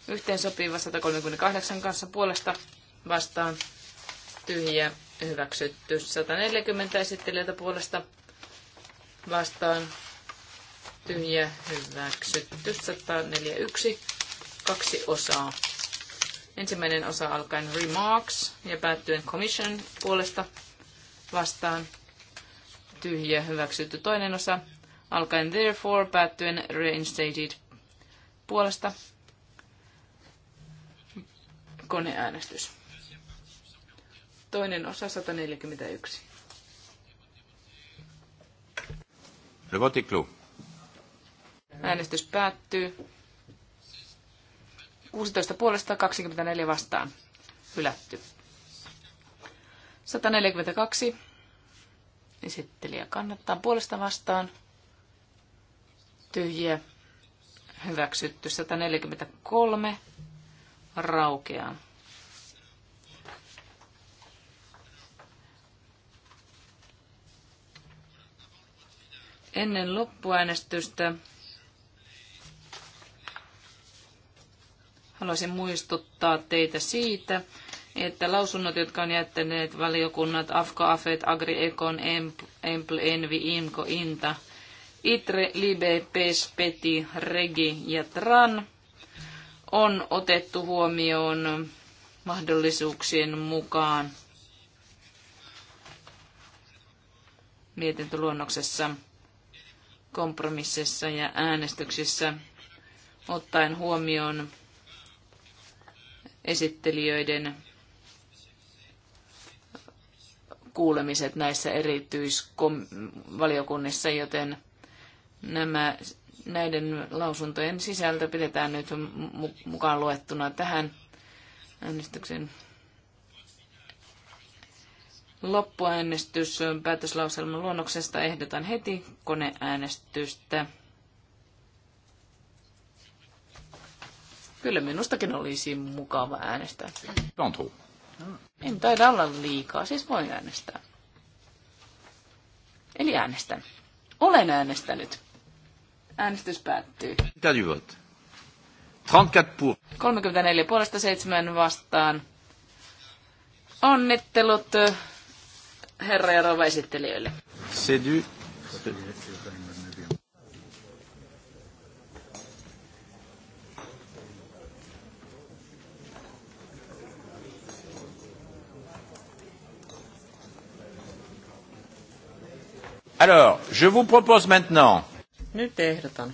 Yhteen sopiva 138 kanssa puolesta vastaan tyhjä hyväksytty. 140 esittelijältä puolesta vastaan tyhjä hyväksytty. 141 kaksi osaa. Ensimmäinen osa alkaen remarks ja päättyen commission puolesta vastaan. Tyhjä hyväksytty toinen osa alkaen therefore päättyen reinstated puolesta. Koneäänestys. Toinen osa 141. Le vote Äänestys päättyy. 16 puolesta 24 vastaan. Hylätty. 142. Esittelijä kannattaa puolesta vastaan. Tyhjiä. Hyväksytty. 143. Raukeaa. Ennen loppuäänestystä Haluaisin muistuttaa teitä siitä, että lausunnot, jotka on jättäneet valiokunnat AFKA, AFET, Agri, Ekon, EMPL, ENVI, IMKO, INTA, ITRE, LIBE, PES, PETI, REGI ja TRAN, on otettu huomioon mahdollisuuksien mukaan mietintöluonnoksessa, kompromississa ja äänestyksissä ottaen huomioon esittelijöiden kuulemiset näissä erityisvaliokunnissa, joten nämä, näiden lausuntojen sisältö pidetään nyt mukaan luettuna tähän äänestyksen loppuäänestys päätöslauselman luonnoksesta ehdotan heti koneäänestystä. Kyllä minustakin olisi mukava äänestää. Tuntuu. En taida olla liikaa, siis voin äänestää. Eli äänestän. Olen äänestänyt. Äänestys päättyy. Mitä 34 pour. 34 puolesta 7 vastaan. Onnittelut eh, herra ja rouva esittelijöille. C'est du... Alors, je vous propose maintenant. Nyt ehdotan,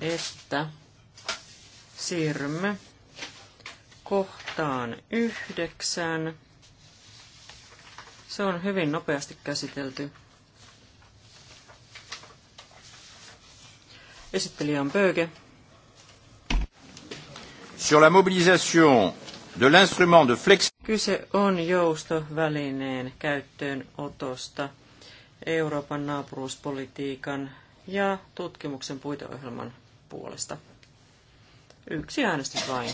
että siirrymme kohtaan yhdeksän. Se on hyvin nopeasti käsitelty. Esittelijä on Böge. Sur la mobilisation de l'instrument de flex... Kyse on joustovälineen käyttöönotosta Euroopan naapuruuspolitiikan ja tutkimuksen puiteohjelman puolesta. Yksi äänestys vain.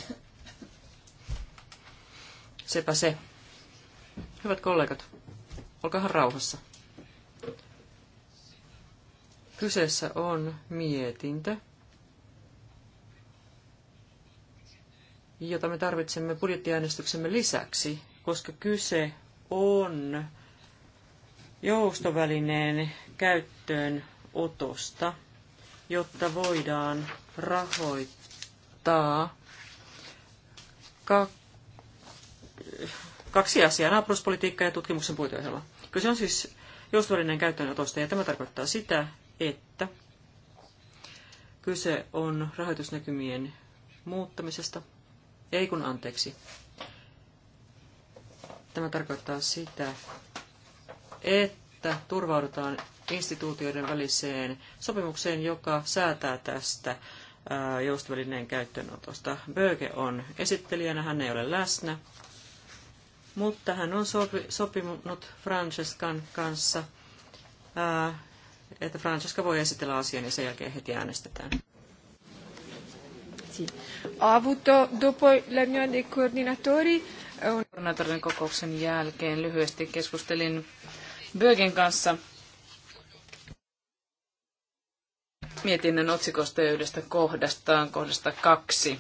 Sepä se. Hyvät kollegat, olkahan rauhassa. Kyseessä on mietintö, jota me tarvitsemme budjettiäänestyksemme lisäksi, koska kyse on joustovälineen käyttöön otosta, jotta voidaan rahoittaa kaksi asiaa, naapuruspolitiikka ja tutkimuksen puiteohjelma. Kyse on siis joustovälineen käyttöönotosta ja tämä tarkoittaa sitä, että kyse on rahoitusnäkymien muuttamisesta. Ei kun anteeksi. Tämä tarkoittaa sitä, että turvaudutaan instituutioiden väliseen sopimukseen, joka säätää tästä joustovälineen käyttöönotosta. Böge on esittelijänä, hän ei ole läsnä, mutta hän on sopi, sopinut Francescan kanssa, ää, että Francesca voi esitellä asian ja sen jälkeen heti äänestetään. Ho avuto dopo la mia dei coordinatori. Eh, Koordinaattorin kokouksen jälkeen lyhyesti keskustelin Bögen kanssa mietinnön otsikosta yhdestä kohdastaan, kohdasta kaksi.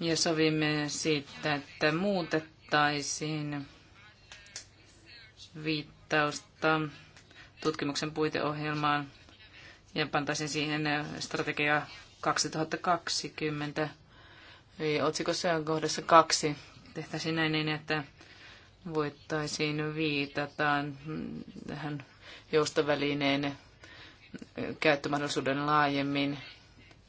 Ja sovimme siitä, että muutettaisiin viittausta tutkimuksen puiteohjelmaan ja pantaisiin siihen strategia 2020 otsikossa ja kohdassa kaksi. Tehtäisiin näin niin, että voittaisiin viitata tähän joustovälineen käyttömahdollisuuden laajemmin.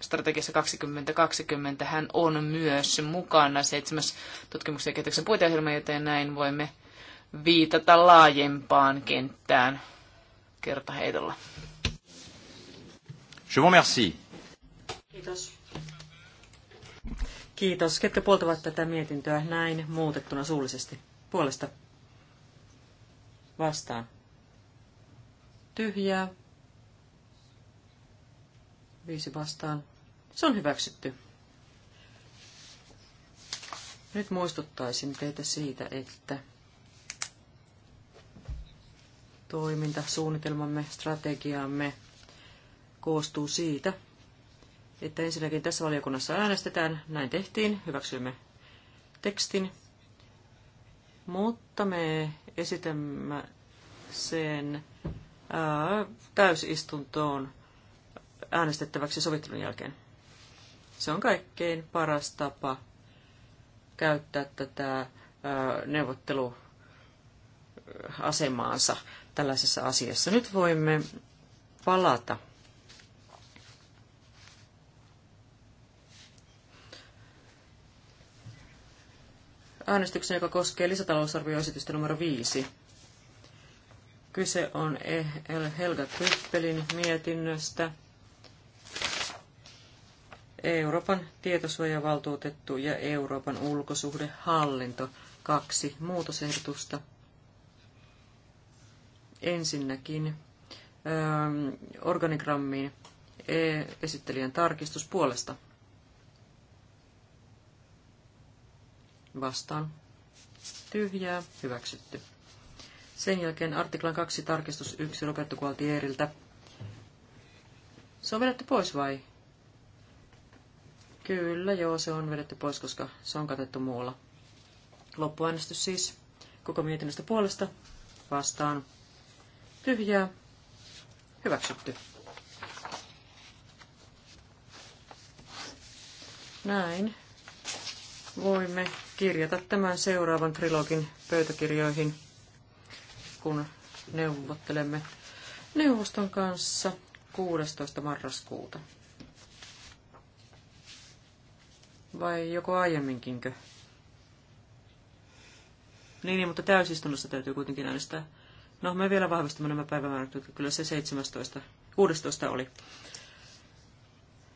Strategiassa 2020 hän on myös mukana seitsemäs tutkimuksen ja kehityksen puiteohjelma, joten näin voimme viitata laajempaan kenttään kertaheitolla. Je vous Kiitos. Kiitos. Ketkä puoltavat tätä mietintöä näin muutettuna suullisesti? puolesta vastaan. Tyhjää. Viisi vastaan. Se on hyväksytty. Nyt muistuttaisin teitä siitä, että toiminta, suunnitelmamme, strategiamme koostuu siitä, että ensinnäkin tässä valiokunnassa äänestetään, näin tehtiin, hyväksyimme tekstin, mutta me esitämme sen ää, täysistuntoon äänestettäväksi sovittelun jälkeen. Se on kaikkein paras tapa käyttää tätä ää, neuvotteluasemaansa tällaisessa asiassa. Nyt voimme palata äänestyksen, joka koskee lisätalousarvioesitystä numero 5. Kyse on e. Helga Tryppelin mietinnöstä. Euroopan tietosuojavaltuutettu ja Euroopan ulkosuhdehallinto. Kaksi muutosehdotusta. Ensinnäkin ähm, organigrammiin e, esittelijän tarkistus puolesta vastaan tyhjää hyväksytty. Sen jälkeen artiklan 2 tarkistus 1 Roberto Gualtieriltä. Se on vedetty pois vai? Kyllä, joo, se on vedetty pois, koska se on katettu muulla. Loppuäänestys siis. Koko mietinnöstä puolesta vastaan. Tyhjää. Hyväksytty. Näin voimme kirjata tämän seuraavan trilogin pöytäkirjoihin, kun neuvottelemme neuvoston kanssa 16. marraskuuta. Vai joko aiemminkinkö? Niin, niin, mutta täysistunnossa täytyy kuitenkin äänestää. No, me vielä vahvistamme nämä päivämäärät, jotka kyllä se 17, 16 oli.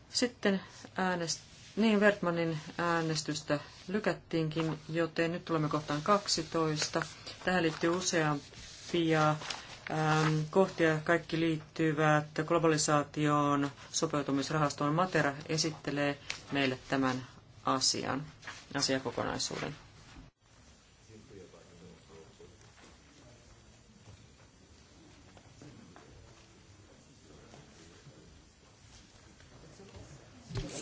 Sitten äänestää niin, Vertmanin äänestystä lykättiinkin, joten nyt tulemme kohtaan 12. Tähän liittyy useampia ähm, kohtia. Kaikki liittyvät globalisaatioon, sopeutumisrahastoon. Matera esittelee meille tämän asian, asiakokonaisuuden.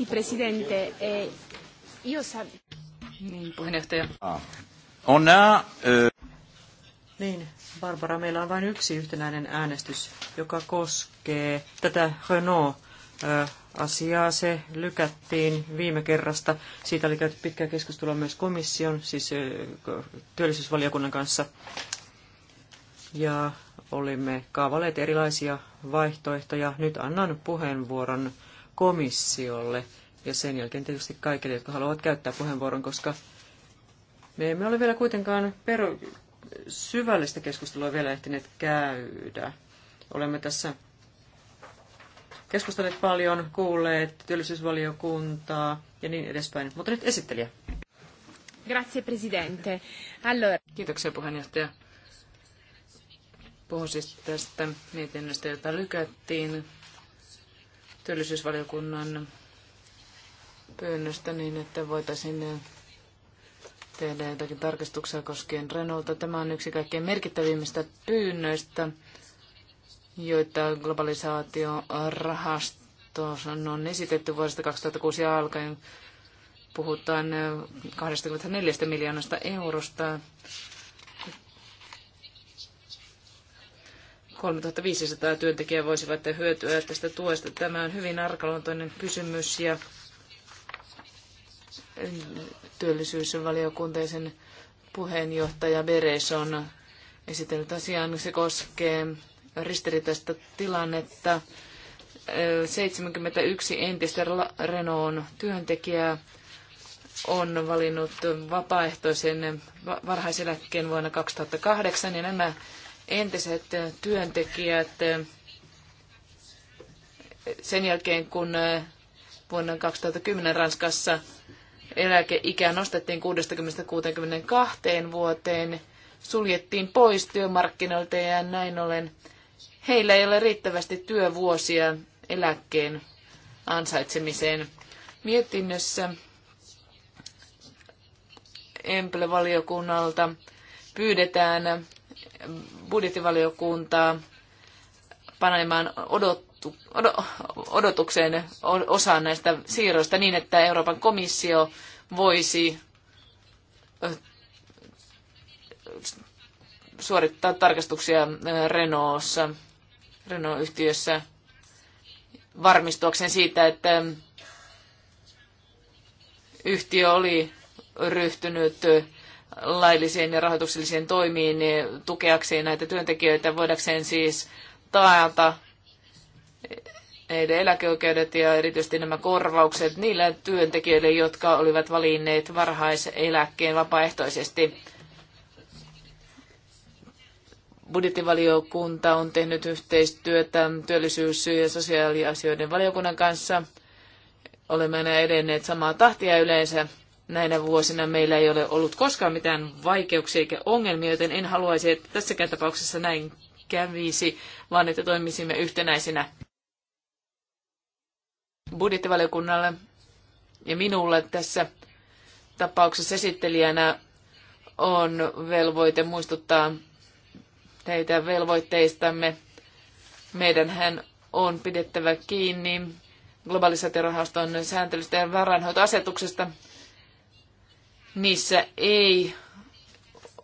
Sì, Presidente. Eh, niin, Ah. On nää, eh, Niin, Barbara, meillä on vain yksi yhtenäinen äänestys, joka koskee tätä Renault eh, asiaa. Se lykättiin viime kerrasta. Siitä oli käyty pitkää keskustelua myös komission, siis eh, työllisyysvaliokunnan kanssa. Ja olimme kaavaleet erilaisia vaihtoehtoja. Nyt annan puheenvuoron komissiolle ja sen jälkeen tietysti kaikille, jotka haluavat käyttää puheenvuoron, koska me emme ole vielä kuitenkaan peru- syvällistä keskustelua vielä ehtineet käydä. Olemme tässä keskustelleet paljon, kuulleet työllisyysvaliokuntaa ja niin edespäin. Mutta nyt esittelijä. Grazie Presidente. Allora... Kiitoksia puheenjohtaja. Puhun siis tästä mietinnöstä, jota lykättiin työllisyysvaliokunnan pyynnöstä niin, että voitaisiin tehdä jotakin tarkistuksia koskien Renolta. Tämä on yksi kaikkein merkittävimmistä pyynnöistä, joita globalisaatiorahasto on esitetty vuodesta 2006 alkaen. Puhutaan 24 miljoonasta eurosta 3500 työntekijää voisivat hyötyä tästä tuesta. Tämä on hyvin arkaluontoinen kysymys ja työllisyysvaliokunta ja sen puheenjohtaja Beres on esitellyt asian. Se koskee ristiriitaista tilannetta. 71 entistä Renaultin työntekijää on valinnut vapaaehtoisen varhaiseläkkeen vuonna 2008 ja nämä entiset työntekijät eh, sen jälkeen, kun eh, vuonna 2010 Ranskassa eläkeikä nostettiin 60-62 vuoteen, suljettiin pois työmarkkinoilta ja näin ollen heillä ei ole riittävästi työvuosia eläkkeen ansaitsemiseen. Mietinnössä Emple-valiokunnalta pyydetään budjettivaliokuntaa panemaan odottu, odot, odotukseen osaan näistä siirroista niin, että Euroopan komissio voisi suorittaa tarkastuksia Renaultissa, Renault-yhtiössä varmistuakseen siitä, että yhtiö oli ryhtynyt laillisiin ja rahoituksellisiin toimiin niin tukeakseen näitä työntekijöitä, voidakseen siis taata heidän eläkeoikeudet ja erityisesti nämä korvaukset niille työntekijöille, jotka olivat valinneet varhaiseläkkeen vapaaehtoisesti. Budjettivaliokunta on tehnyt yhteistyötä työllisyys- ja sosiaaliasioiden valiokunnan kanssa. Olemme aina edenneet samaa tahtia yleensä näinä vuosina meillä ei ole ollut koskaan mitään vaikeuksia eikä ongelmia, joten en haluaisi, että tässäkään tapauksessa näin kävisi, vaan että toimisimme yhtenäisinä budjettivaliokunnalle ja minulle tässä tapauksessa esittelijänä on velvoite muistuttaa teitä velvoitteistamme. Meidänhän on pidettävä kiinni globalisaatiorahaston sääntelystä ja varainhoitoasetuksesta niissä ei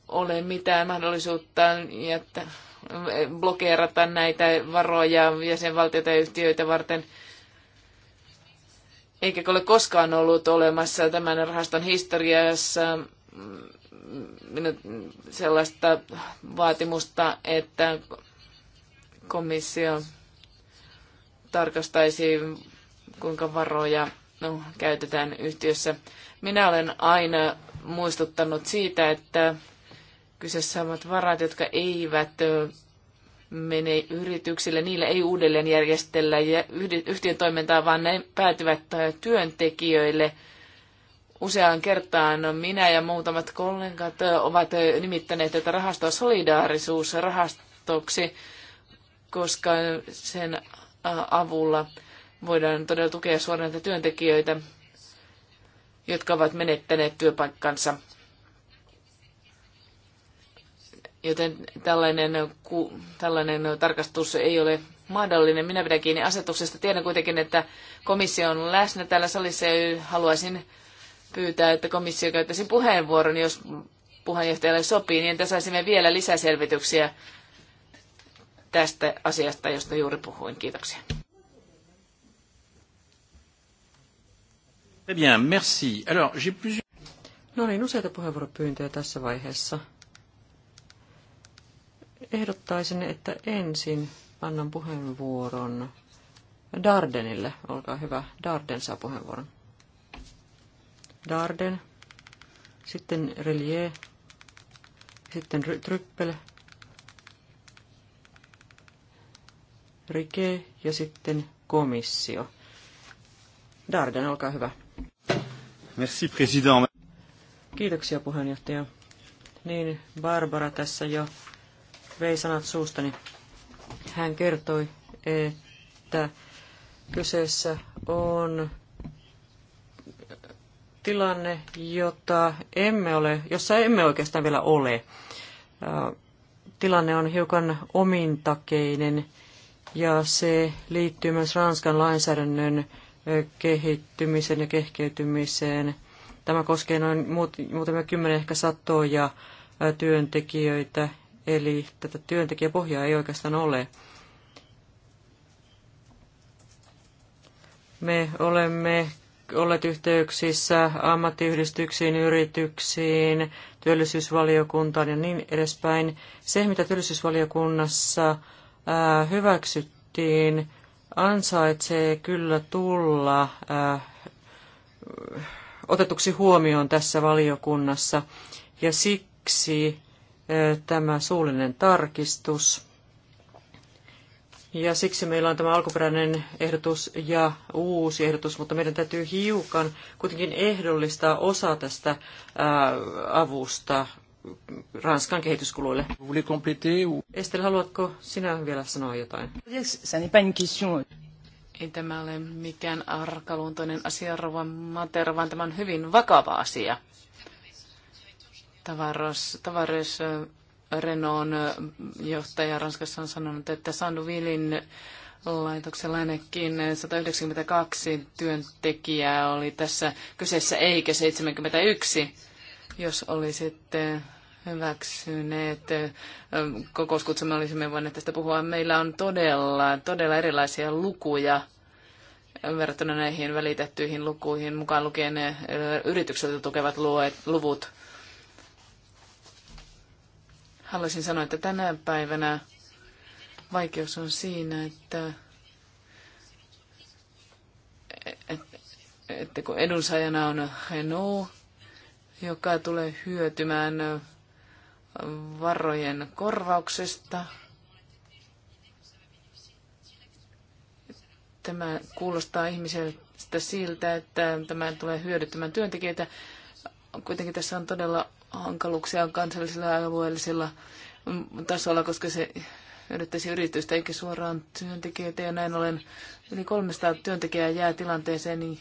ole mitään mahdollisuutta jättä, blokeerata näitä varoja jäsenvaltioita ja yhtiöitä varten. Eikä ole koskaan ollut olemassa tämän rahaston historiassa sellaista vaatimusta, että komissio tarkastaisi, kuinka varoja no, käytetään yhtiössä. Minä olen aina muistuttanut siitä, että kyseessä ovat varat, jotka eivät mene yrityksille. Niillä ei uudelleen järjestellä yhtiön toimintaa, vaan ne päätyvät työntekijöille. Useaan kertaan minä ja muutamat kollegat ovat nimittäneet tätä rahastoa solidaarisuusrahastoksi, koska sen avulla voidaan todella tukea suoraan työntekijöitä jotka ovat menettäneet työpaikkansa. Joten tällainen, ku, tällainen tarkastus ei ole mahdollinen. Minä pidän kiinni asetuksesta. Tiedän kuitenkin, että komissio on läsnä täällä salissa ja haluaisin pyytää, että komissio käyttäisi puheenvuoron, jos puheenjohtajalle sopii, niin että saisimme vielä lisäselvityksiä tästä asiasta, josta juuri puhuin. Kiitoksia. Très eh bien, merci. Alors, j'ai plusieurs... No niin, useita puheenvuoropyyntöjä tässä vaiheessa. Ehdottaisin, että ensin annan puheenvuoron Dardenille. Olkaa hyvä, Darden saa puheenvuoron. Darden, sitten Relier, sitten Tryppel, Rike ja sitten komissio. Darden, olkaa hyvä. Merci, president. Kiitoksia puheenjohtaja. Niin, Barbara tässä jo vei sanat suustani. Hän kertoi, että kyseessä on tilanne, jota emme ole, jossa emme oikeastaan vielä ole. Tilanne on hiukan omintakeinen ja se liittyy myös Ranskan lainsäädännön kehittymiseen ja kehkeytymiseen. Tämä koskee noin muutamia kymmenen ehkä satoja työntekijöitä, eli tätä työntekijäpohjaa ei oikeastaan ole. Me olemme olleet yhteyksissä ammattiyhdistyksiin, yrityksiin, työllisyysvaliokuntaan ja niin edespäin. Se, mitä työllisyysvaliokunnassa hyväksyttiin, ansaitsee kyllä tulla äh, otetuksi huomioon tässä valiokunnassa, ja siksi äh, tämä suullinen tarkistus. Ja siksi meillä on tämä alkuperäinen ehdotus ja uusi ehdotus, mutta meidän täytyy hiukan kuitenkin ehdollistaa osa tästä äh, avusta Ranskan kehityskuluille. Estelle, haluatko sinä vielä sanoa jotain? Ei tämä ole mikään arkaluontoinen asia, Rova Mater, vaan tämä on hyvin vakava asia. Tavares, Tavares Renaultin johtaja Ranskassa on sanonut, että Sanduvilin laitoksella ainakin 192 työntekijää oli tässä kyseessä, eikä 71 jos olisitte hyväksyneet kokouskutsumme, olisimme voineet tästä puhua. Meillä on todella, todella erilaisia lukuja verrattuna näihin välitettyihin lukuihin, mukaan lukien ne yritykseltä tukevat luvut. Haluaisin sanoa, että tänä päivänä vaikeus on siinä, että, että, että kun edunsaajana on Renault, joka tulee hyötymään varojen korvauksesta. Tämä kuulostaa ihmiseltä siltä, että tämä tulee hyödyttämään työntekijöitä. Kuitenkin tässä on todella hankaluuksia kansallisella ja alueellisella tasolla, koska se hyödyttäisi yritystä eikä suoraan työntekijöitä. Ja näin ollen yli 300 työntekijää jää tilanteeseen, niin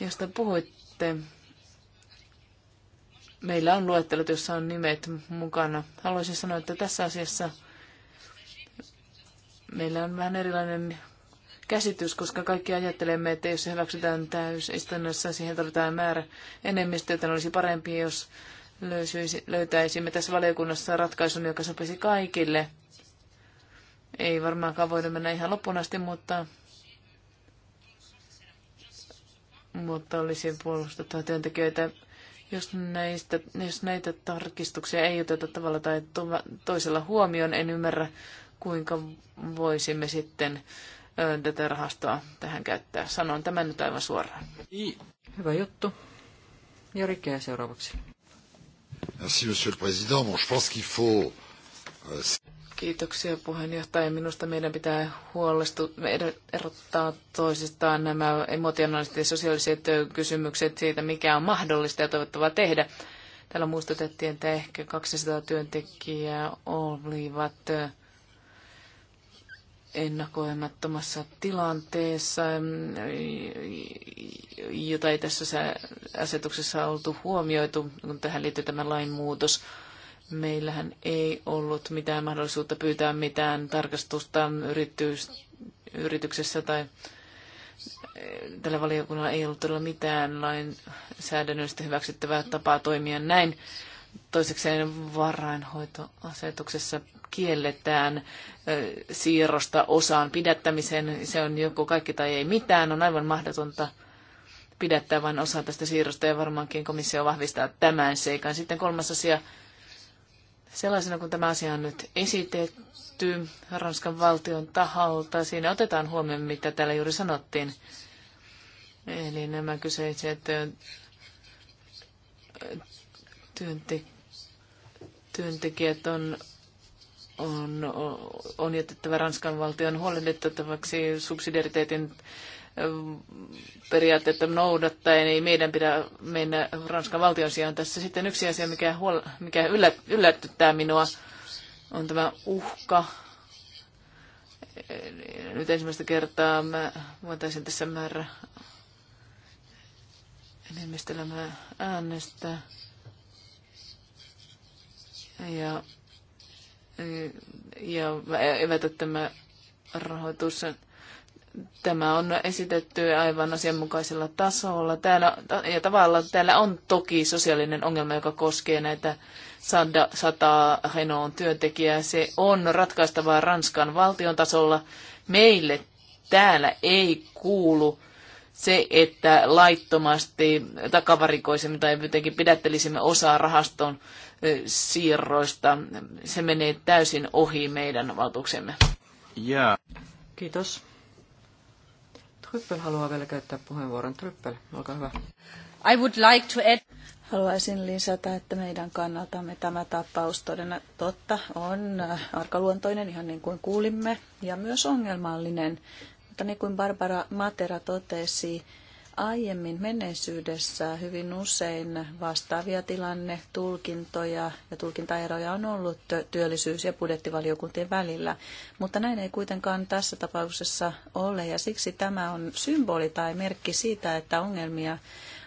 josta puhuitte meillä on luettelot, jossa on nimet mukana. Haluaisin sanoa, että tässä asiassa meillä on vähän erilainen käsitys, koska kaikki ajattelemme, että jos se hyväksytään täysistunnossa, siihen tarvitaan määrä enemmistö, että olisi parempi, jos löytäisimme tässä valiokunnassa ratkaisun, joka sopisi kaikille. Ei varmaankaan voida mennä ihan loppuun asti, mutta, mutta olisi puolustettava työntekijöitä jos, näistä, jos näitä tarkistuksia ei oteta tavalla tai toisella huomioon, en ymmärrä, kuinka voisimme sitten tätä rahastoa tähän käyttää. Sanon tämän nyt aivan suoraan. Hyvä juttu. Ja Rikkeä seuraavaksi. Merci, monsieur le président. Bon, je pense qu'il faut... Euh, Kiitoksia puheenjohtaja. Minusta meidän pitää huolestua, meidän erottaa toisistaan nämä emotionaaliset ja sosiaaliset kysymykset siitä, mikä on mahdollista ja toivottavaa tehdä. Täällä muistutettiin, että ehkä 200 työntekijää olivat ennakoimattomassa tilanteessa, jota ei tässä asetuksessa oltu huomioitu, kun tähän liittyy tämä lainmuutos. muutos Meillähän ei ollut mitään mahdollisuutta pyytää mitään tarkastusta yritys, yrityksessä tai eh, tällä valiokunnalla ei ollut todella mitään lainsäädännöllistä hyväksyttävää tapaa toimia näin. Toisekseen varainhoitoasetuksessa kielletään eh, siirrosta osaan pidättämisen. Se on joko kaikki tai ei mitään. On aivan mahdotonta pidättää vain osa tästä siirrosta ja varmaankin komissio vahvistaa tämän seikan. Sitten kolmas asia Sellaisena kuin tämä asia on nyt esitetty Ranskan valtion taholta, siinä otetaan huomioon, mitä täällä juuri sanottiin. Eli nämä kyseiset työntekijät on, on, on jätettävä Ranskan valtion huolennettavaksi subsidiariteetin periaatteita noudattaen, niin meidän pitää mennä Ranskan valtion sijaan. Tässä sitten yksi asia, mikä, huol- mikä yllät, minua, on tämä uhka. Nyt ensimmäistä kertaa mä voitaisin tässä määrä enemmistelemään mä äänestää. Ja, ja evätä tämä rahoitus Tämä on esitetty aivan asianmukaisella tasolla täällä, ja tavallaan täällä on toki sosiaalinen ongelma, joka koskee näitä sada, sataa Renault työntekijää. Se on ratkaistavaa Ranskan valtion tasolla. Meille täällä ei kuulu se, että laittomasti takavarikoisimme tai jotenkin pidättelisimme osaa rahaston siirroista. Se menee täysin ohi meidän valtuuksemme. Yeah. Kiitos. Tryppel haluaa vielä käyttää puheenvuoron. Tryppel, olkaa hyvä. I would like to add... Haluaisin lisätä, että meidän kannaltamme tämä tapaus todella totta on äh, arkaluontoinen, ihan niin kuin kuulimme, ja myös ongelmallinen. Mutta niin kuin Barbara Matera totesi, Aiemmin menneisyydessä hyvin usein vastaavia tulkintoja ja tulkintaeroja on ollut työllisyys- ja budjettivaliokuntien välillä, mutta näin ei kuitenkaan tässä tapauksessa ole ja siksi tämä on symboli tai merkki siitä, että ongelmia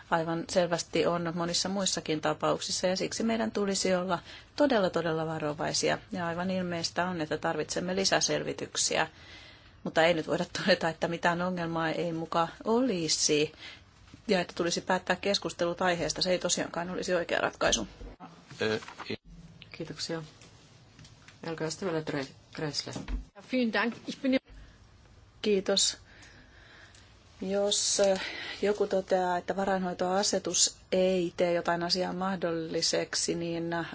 aivan selvästi on monissa muissakin tapauksissa ja siksi meidän tulisi olla todella todella varovaisia ja aivan ilmeistä on, että tarvitsemme lisäselvityksiä mutta ei nyt voida todeta, että mitään ongelmaa ei muka olisi ja että tulisi päättää keskustelut aiheesta. Se ei tosiaankaan olisi oikea ratkaisu. Kiitoksia. Elkää sitten vielä Dresle. Kiitos. Jos äh, joku toteaa, että varainhoitoasetus ei tee jotain asiaa mahdolliseksi, niin äh,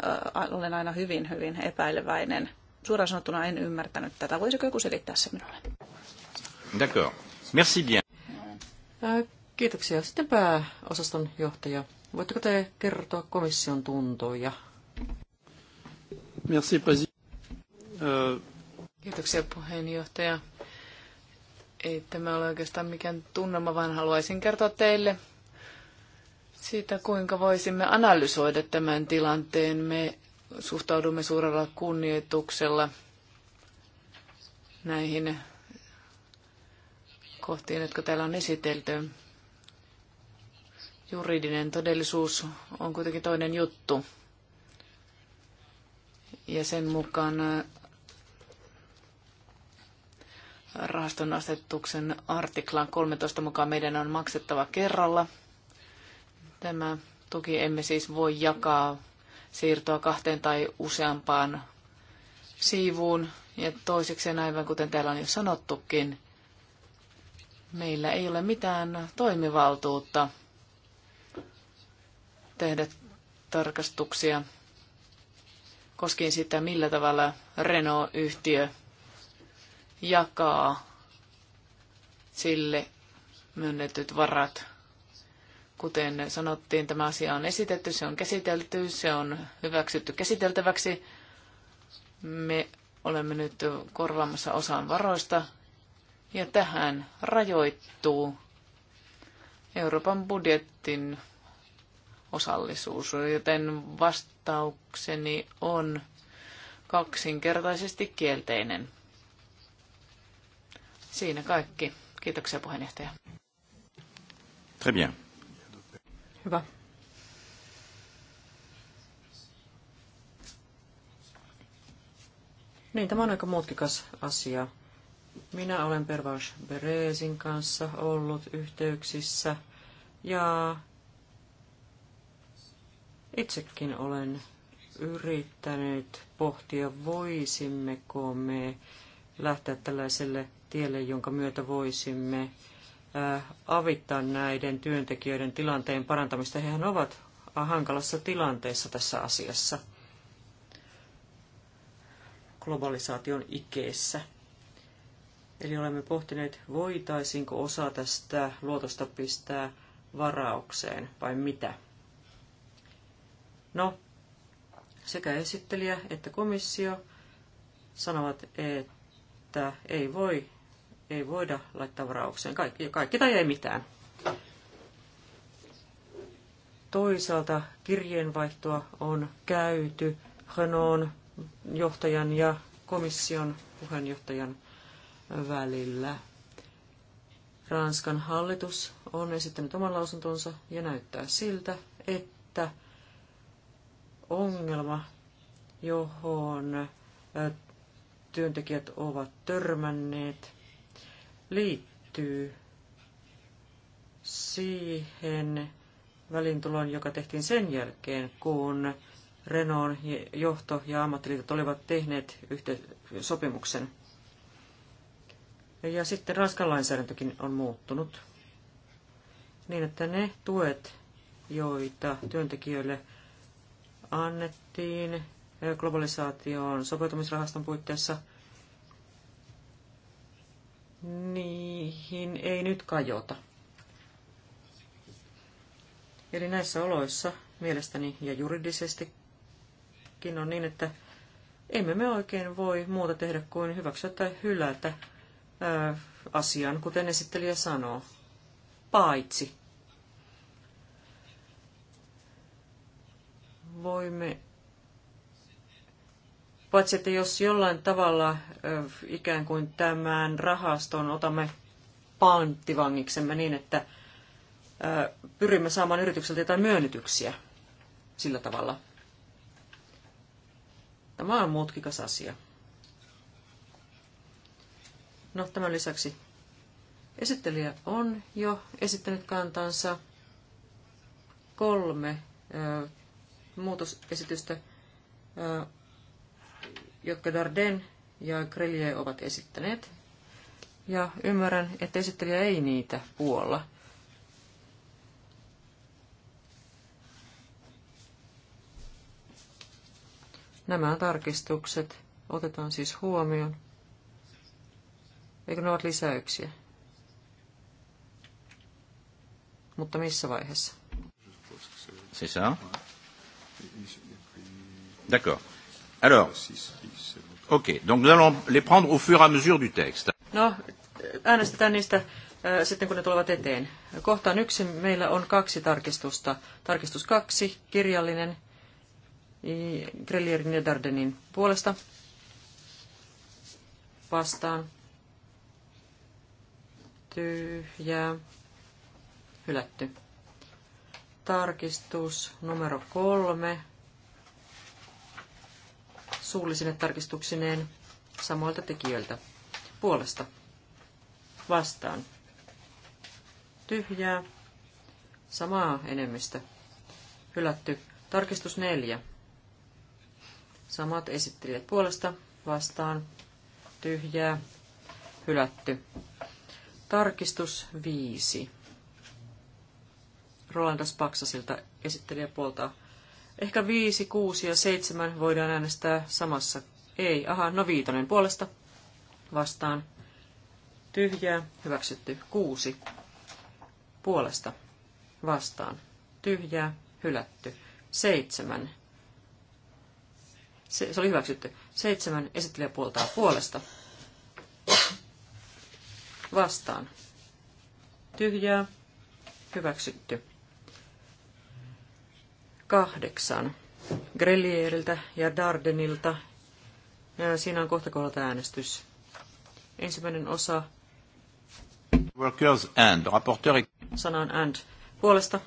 olen aina hyvin, hyvin epäileväinen. Suoraan sanottuna en ymmärtänyt tätä. Voisiko joku selittää se minulle? D'accord. Merci bien. Kiitoksia. Sitten pääosaston johtaja. Voitteko te kertoa komission tuntoja? Merci, président. Kiitoksia puheenjohtaja. Ei tämä ole oikeastaan mikään tunnelma, vaan haluaisin kertoa teille siitä, kuinka voisimme analysoida tämän tilanteen. Me suhtaudumme suurella kunnioituksella näihin kohtiin, jotka täällä on esitelty. Juridinen todellisuus on kuitenkin toinen juttu. Ja sen mukaan äh, rahaston asetuksen artiklan 13 mukaan meidän on maksettava kerralla. Tämä tuki emme siis voi jakaa siirtoa kahteen tai useampaan siivuun. Ja toisekseen, aivan kuten täällä on jo sanottukin, meillä ei ole mitään toimivaltuutta tehdä tarkastuksia koskien sitä, millä tavalla Renault-yhtiö jakaa sille myönnetyt varat Kuten sanottiin, tämä asia on esitetty, se on käsitelty, se on hyväksytty käsiteltäväksi. Me olemme nyt korvaamassa osan varoista ja tähän rajoittuu Euroopan budjettin osallisuus, joten vastaukseni on kaksinkertaisesti kielteinen. Siinä kaikki. Kiitoksia puheenjohtaja. Très bien. Hyvä. Niin, tämä on aika mutkikas asia. Minä olen Pervaus Beresin kanssa ollut yhteyksissä ja itsekin olen yrittänyt pohtia, voisimmeko me lähteä tällaiselle tielle, jonka myötä voisimme Äh, avittaa näiden työntekijöiden tilanteen parantamista. Hehän ovat hankalassa tilanteessa tässä asiassa globalisaation ikeessä. Eli olemme pohtineet, voitaisiinko osa tästä luotosta pistää varaukseen vai mitä. No, sekä esittelijä että komissio sanovat, että ei voi ei voida laittaa varaukseen. Kaikki, kaikki tai ei mitään. Toisaalta kirjeenvaihtoa on käyty Hanon johtajan ja komission puheenjohtajan välillä. Ranskan hallitus on esittänyt oman lausuntonsa ja näyttää siltä, että ongelma, johon työntekijät ovat törmänneet, liittyy siihen välintuloon, joka tehtiin sen jälkeen, kun Renon johto ja ammattiliitot olivat tehneet sopimuksen. Ja sitten Ranskan lainsäädäntökin on muuttunut niin, että ne tuet, joita työntekijöille annettiin globalisaation sopeutumisrahaston puitteissa – niihin ei nyt kajota. Eli näissä oloissa mielestäni ja juridisestikin on niin, että emme me oikein voi muuta tehdä kuin hyväksyä tai hylätä ää, asian, kuten esittelijä sanoo. Paitsi voimme Paitsi, että jos jollain tavalla ikään kuin tämän rahaston otamme panttivangiksemme niin, että pyrimme saamaan yritykseltä jotain myönnytyksiä sillä tavalla. Tämä on mutkikas asia. No, tämän lisäksi esittelijä on jo esittänyt kantansa kolme ö, muutosesitystä ö, jotka Darden ja Grelier ovat esittäneet. Ja ymmärrän, että esittelijä ei niitä puolla. Nämä tarkistukset otetaan siis huomioon. Eikö ne ovat lisäyksiä? Mutta missä vaiheessa? Sisään. D'accord. Alors, ok, donc nous allons les prendre au fur et à mesure du texte. No, äänestetään niistä äh, sitten, kun ne tulevat eteen. Kohtaan yksi meillä on kaksi tarkistusta. Tarkistus kaksi, kirjallinen, Grellierin ja Dardenin puolesta. Vastaan. Tyhjää. Hylätty. Tarkistus numero kolme suullisine tarkistuksineen samoilta tekijöiltä. Puolesta. Vastaan. Tyhjää. Samaa enemmistö. Hylätty. Tarkistus neljä. Samat esittelijät puolesta. Vastaan. Tyhjää. Hylätty. Tarkistus viisi. Rolandas Paksasilta esittelijä puoltaa Ehkä viisi, kuusi ja seitsemän voidaan äänestää samassa. Ei, aha, no viitonen puolesta. Vastaan. Tyhjää, hyväksytty. Kuusi. Puolesta. Vastaan. Tyhjää, hylätty. Seitsemän. Se, se oli hyväksytty. Seitsemän esittelijä puoltaa puolesta. Vastaan. Tyhjää, hyväksytty kahdeksan Grelieriltä ja Dardenilta. Siinä on kohta kohdalta äänestys. Ensimmäinen osa. Workers and Sana Sanan and. Puolesta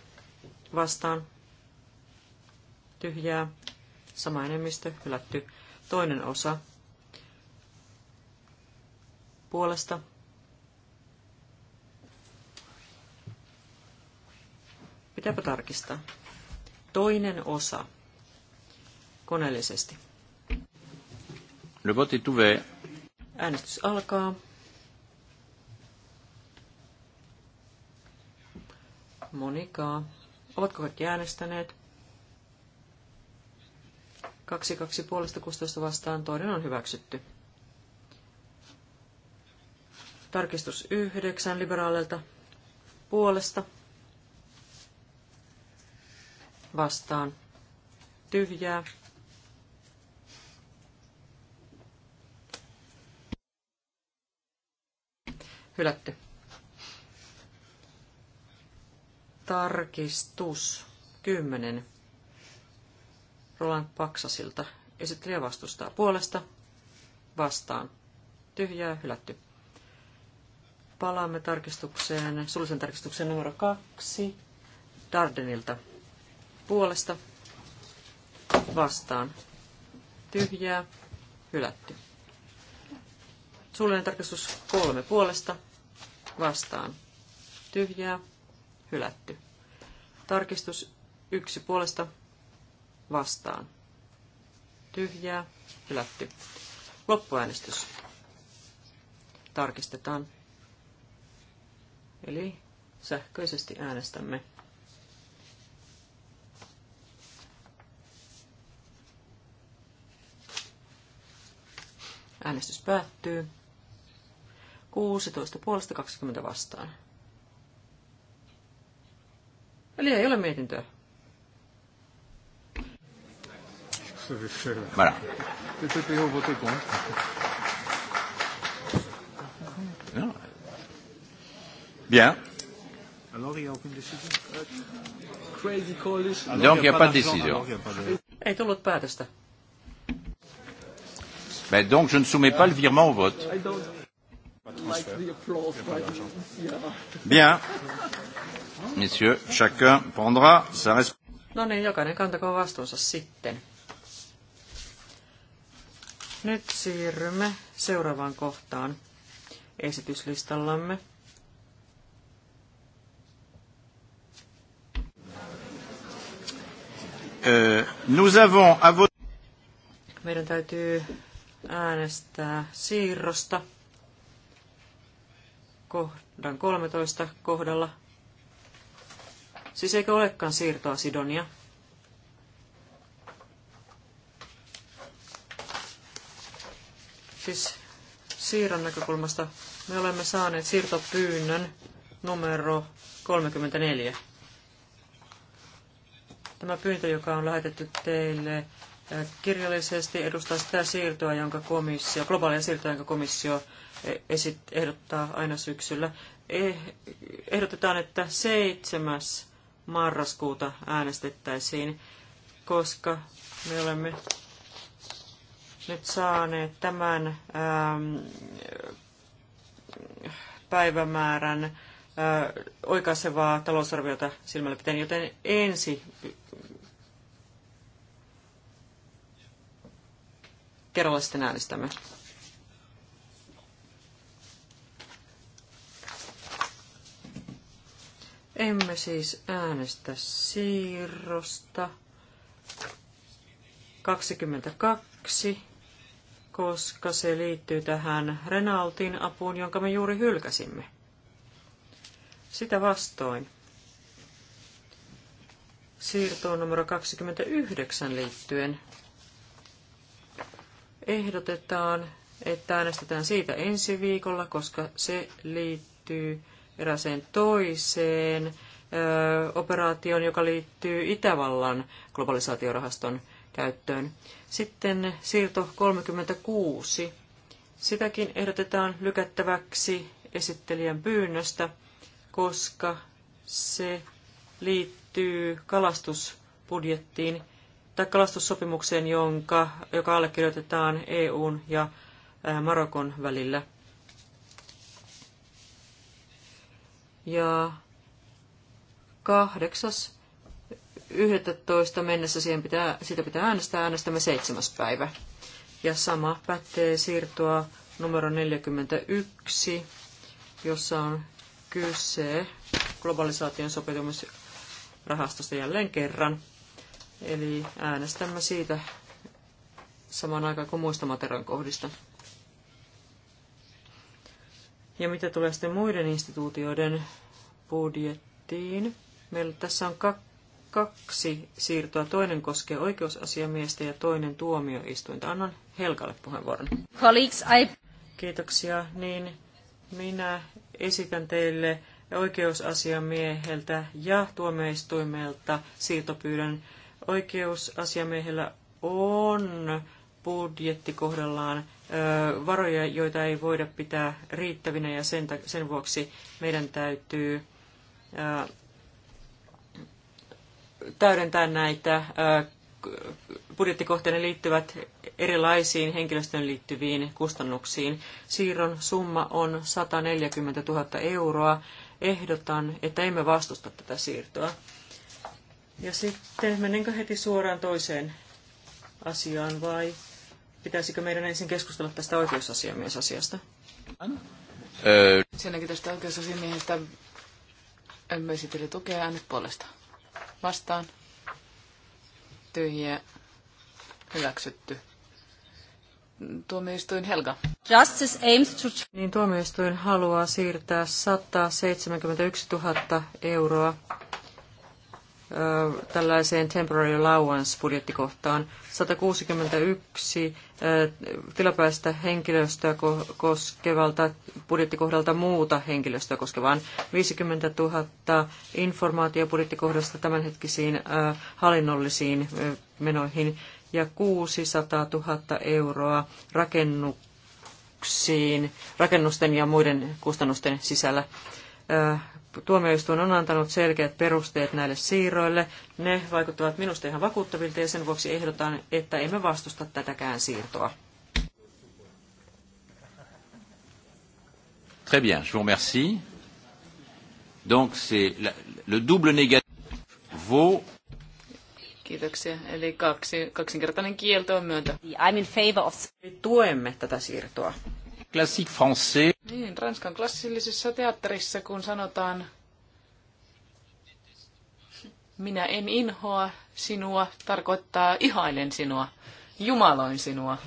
vastaan. Tyhjää. Sama enemmistö. Hylätty. Toinen osa. Puolesta Pitääpä tarkistaa. Toinen osa koneellisesti. Le vote est ouvert. Äänestys alkaa. Monika, Ovatko kaikki äänestäneet? Kaksi kaksi puolesta 16 vastaan, toinen on hyväksytty. Tarkistus yhdeksän liberaaleilta puolesta vastaan tyhjää. Hylätty. Tarkistus 10. Roland Paksasilta. Esittelijä vastustaa puolesta. Vastaan. Tyhjää. Hylätty. Palaamme tarkistukseen, sulisen tarkistukseen numero kaksi Dardenilta puolesta vastaan. Tyhjää, hylätty. Suullinen tarkastus kolme puolesta vastaan. Tyhjää, hylätty. Tarkistus yksi puolesta vastaan. Tyhjää, hylätty. Loppuäänestys. Tarkistetaan. Eli sähköisesti äänestämme. Äänestys päättyy. 16 puolesta 20 vastaan. Eli ei ole mietintöä. Bien. Crazy coalition. Donc il n'y a pas de décision. Ei tullut päätöstä. Mais donc, je ne soumets pas le virement au vote. Bien. Messieurs, chacun prendra sa responsabilité. No niin, Nyt siirrymme seuraavaan kohtaan esityslistallamme. Euh, nous avons à Meidän täytyy äänestää siirrosta kohdan 13 kohdalla. Siis eikö olekaan siirtoa Sidonia? Siis siirron näkökulmasta me olemme saaneet siirtopyynnön numero 34. Tämä pyyntö, joka on lähetetty teille kirjallisesti edustaa sitä siirtoa, jonka komissio, globaalia siirtoa, jonka komissio e- esit, ehdottaa aina syksyllä. E- ehdotetaan, että 7. marraskuuta äänestettäisiin, koska me olemme nyt saaneet tämän ähm, päivämäärän äh, oikaisevaa talousarviota silmällä pitäen, joten ensi kerralla sitten äänestämme. Emme siis äänestä siirrosta 22, koska se liittyy tähän Renaltin apuun, jonka me juuri hylkäsimme. Sitä vastoin. Siirtoon numero 29 liittyen ehdotetaan, että äänestetään siitä ensi viikolla, koska se liittyy eräseen toiseen ö, operaatioon, joka liittyy Itävallan globalisaatiorahaston käyttöön. Sitten siirto 36. Sitäkin ehdotetaan lykättäväksi esittelijän pyynnöstä, koska se liittyy kalastusbudjettiin tai kalastussopimukseen, jonka, joka allekirjoitetaan EUn ja Marokon välillä. Ja 8.11. mennessä siihen pitää, siitä pitää äänestää, äänestämme 7. päivä. Ja sama pätee siirtoa numero 41, jossa on kyse globalisaation sopimusrahastosta jälleen kerran. Eli äänestämme siitä saman aikaan kuin muista materan kohdista. Ja mitä tulee sitten muiden instituutioiden budjettiin? Meillä tässä on kaksi siirtoa. Toinen koskee oikeusasiamiestä ja toinen tuomioistuinta. Annan Helkalle puheenvuoron. Colleagues, I... Kiitoksia. Niin minä esitän teille oikeusasiamieheltä ja tuomioistuimelta siirtopyydön Oikeusasiamiehellä on budjettikohdallaan varoja, joita ei voida pitää riittävinä ja sen, sen vuoksi meidän täytyy täydentää näitä budjettikohteena liittyvät erilaisiin henkilöstöön liittyviin kustannuksiin. Siirron summa on 140 000 euroa. Ehdotan, että emme vastusta tätä siirtoa. Ja sitten menenkö heti suoraan toiseen asiaan vai pitäisikö meidän ensin keskustella tästä oikeusasiamiesasiasta? Senäkin tästä oikeusasiamiehestä emme esitellä tukea äänet puolesta. Vastaan. tyhjä Hyväksytty. Tuomioistuin Helga. Justice aims to... Niin tuomioistuin haluaa siirtää 171 000 euroa tällaiseen temporary allowance-budjettikohtaan. 161 tilapäistä henkilöstöä koskevalta budjettikohdalta muuta henkilöstöä koskevaan 50 000 informaatiobudjettikohdasta tämänhetkisiin hallinnollisiin menoihin ja 600 000 euroa rakennuksiin, rakennusten ja muiden kustannusten sisällä tuomioistuin on antanut selkeät perusteet näille siirroille. Ne vaikuttavat minusta ihan vakuuttavilta ja sen vuoksi ehdotan, että emme vastusta tätäkään siirtoa. Très bien, je vous remercie. Donc c'est le double négatif vaut Kiitoksia. Eli kaksi, kaksinkertainen kielto on myöntä. I'm in favor of... Tuemme tätä siirtoa classique français. Niin, Ranskan klassillisessa teatterissa, kun sanotaan minä en inhoa sinua, tarkoittaa ihailen sinua, jumaloin sinua.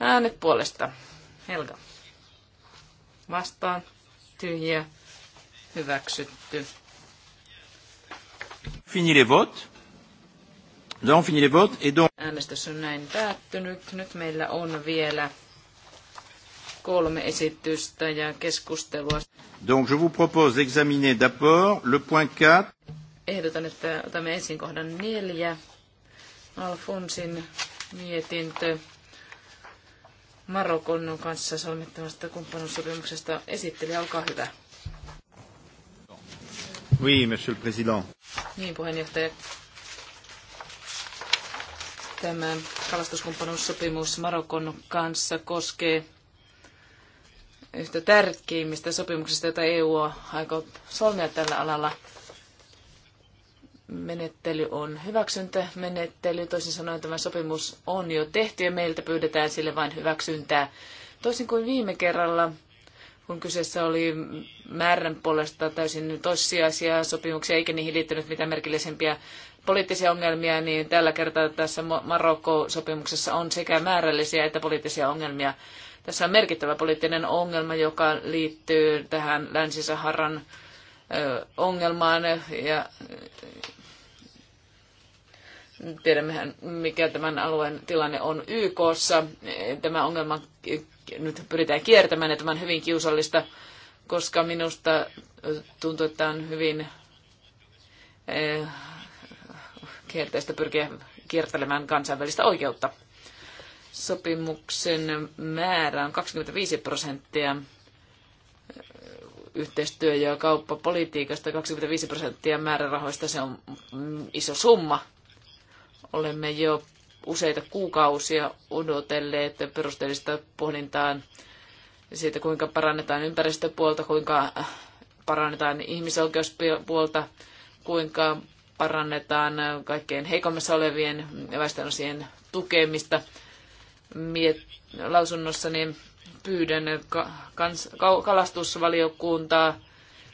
Äänet puolesta. Helga. Vastaan. Tyhjä. Hyväksytty. Fini les votes. Donc, fini les votes et donc... Äänestys on näin päättynyt. Nyt meillä on vielä kolme esitystä ja keskustelua. Donc je vous propose d'examiner d'abord le point 4. Ehdotan, että otamme ensin kohdan neljä. Alfonsin mietintö Marokon kanssa solmittavasta kumppanuussopimuksesta. Esitteli, olkaa hyvä. Oui, monsieur le président. Niin, puheenjohtaja. Tämä kalastuskumppanuussopimus Marokon kanssa koskee yhtä tärkeimmistä sopimuksista, joita EU aikoo solmia tällä alalla. Menettely on hyväksyntämenettely. Toisin sanoen tämä sopimus on jo tehty ja meiltä pyydetään sille vain hyväksyntää. Toisin kuin viime kerralla, kun kyseessä oli määrän puolesta täysin toissijaisia sopimuksia, eikä niihin liittynyt mitään merkillisempiä poliittisia ongelmia, niin tällä kertaa tässä Marokko-sopimuksessa on sekä määrällisiä että poliittisia ongelmia. Tässä on merkittävä poliittinen ongelma, joka liittyy tähän Länsi-Saharan ongelmaan ja tiedämmehän mikä tämän alueen tilanne on YKssa. Tämä ongelma nyt pyritään kiertämään ja tämä on hyvin kiusallista, koska minusta tuntuu, että on hyvin kierteistä pyrkiä kiertelemään kansainvälistä oikeutta sopimuksen määrä on 25 prosenttia yhteistyö- ja kauppapolitiikasta, 25 prosenttia määrärahoista, se on iso summa. Olemme jo useita kuukausia odotelleet perusteellista pohdintaan siitä, kuinka parannetaan ympäristöpuolta, kuinka parannetaan ihmisoikeuspuolta, kuinka parannetaan kaikkein heikommassa olevien väestönosien tukemista – miet- niin pyydän ka- kans- kalastusvaliokuntaa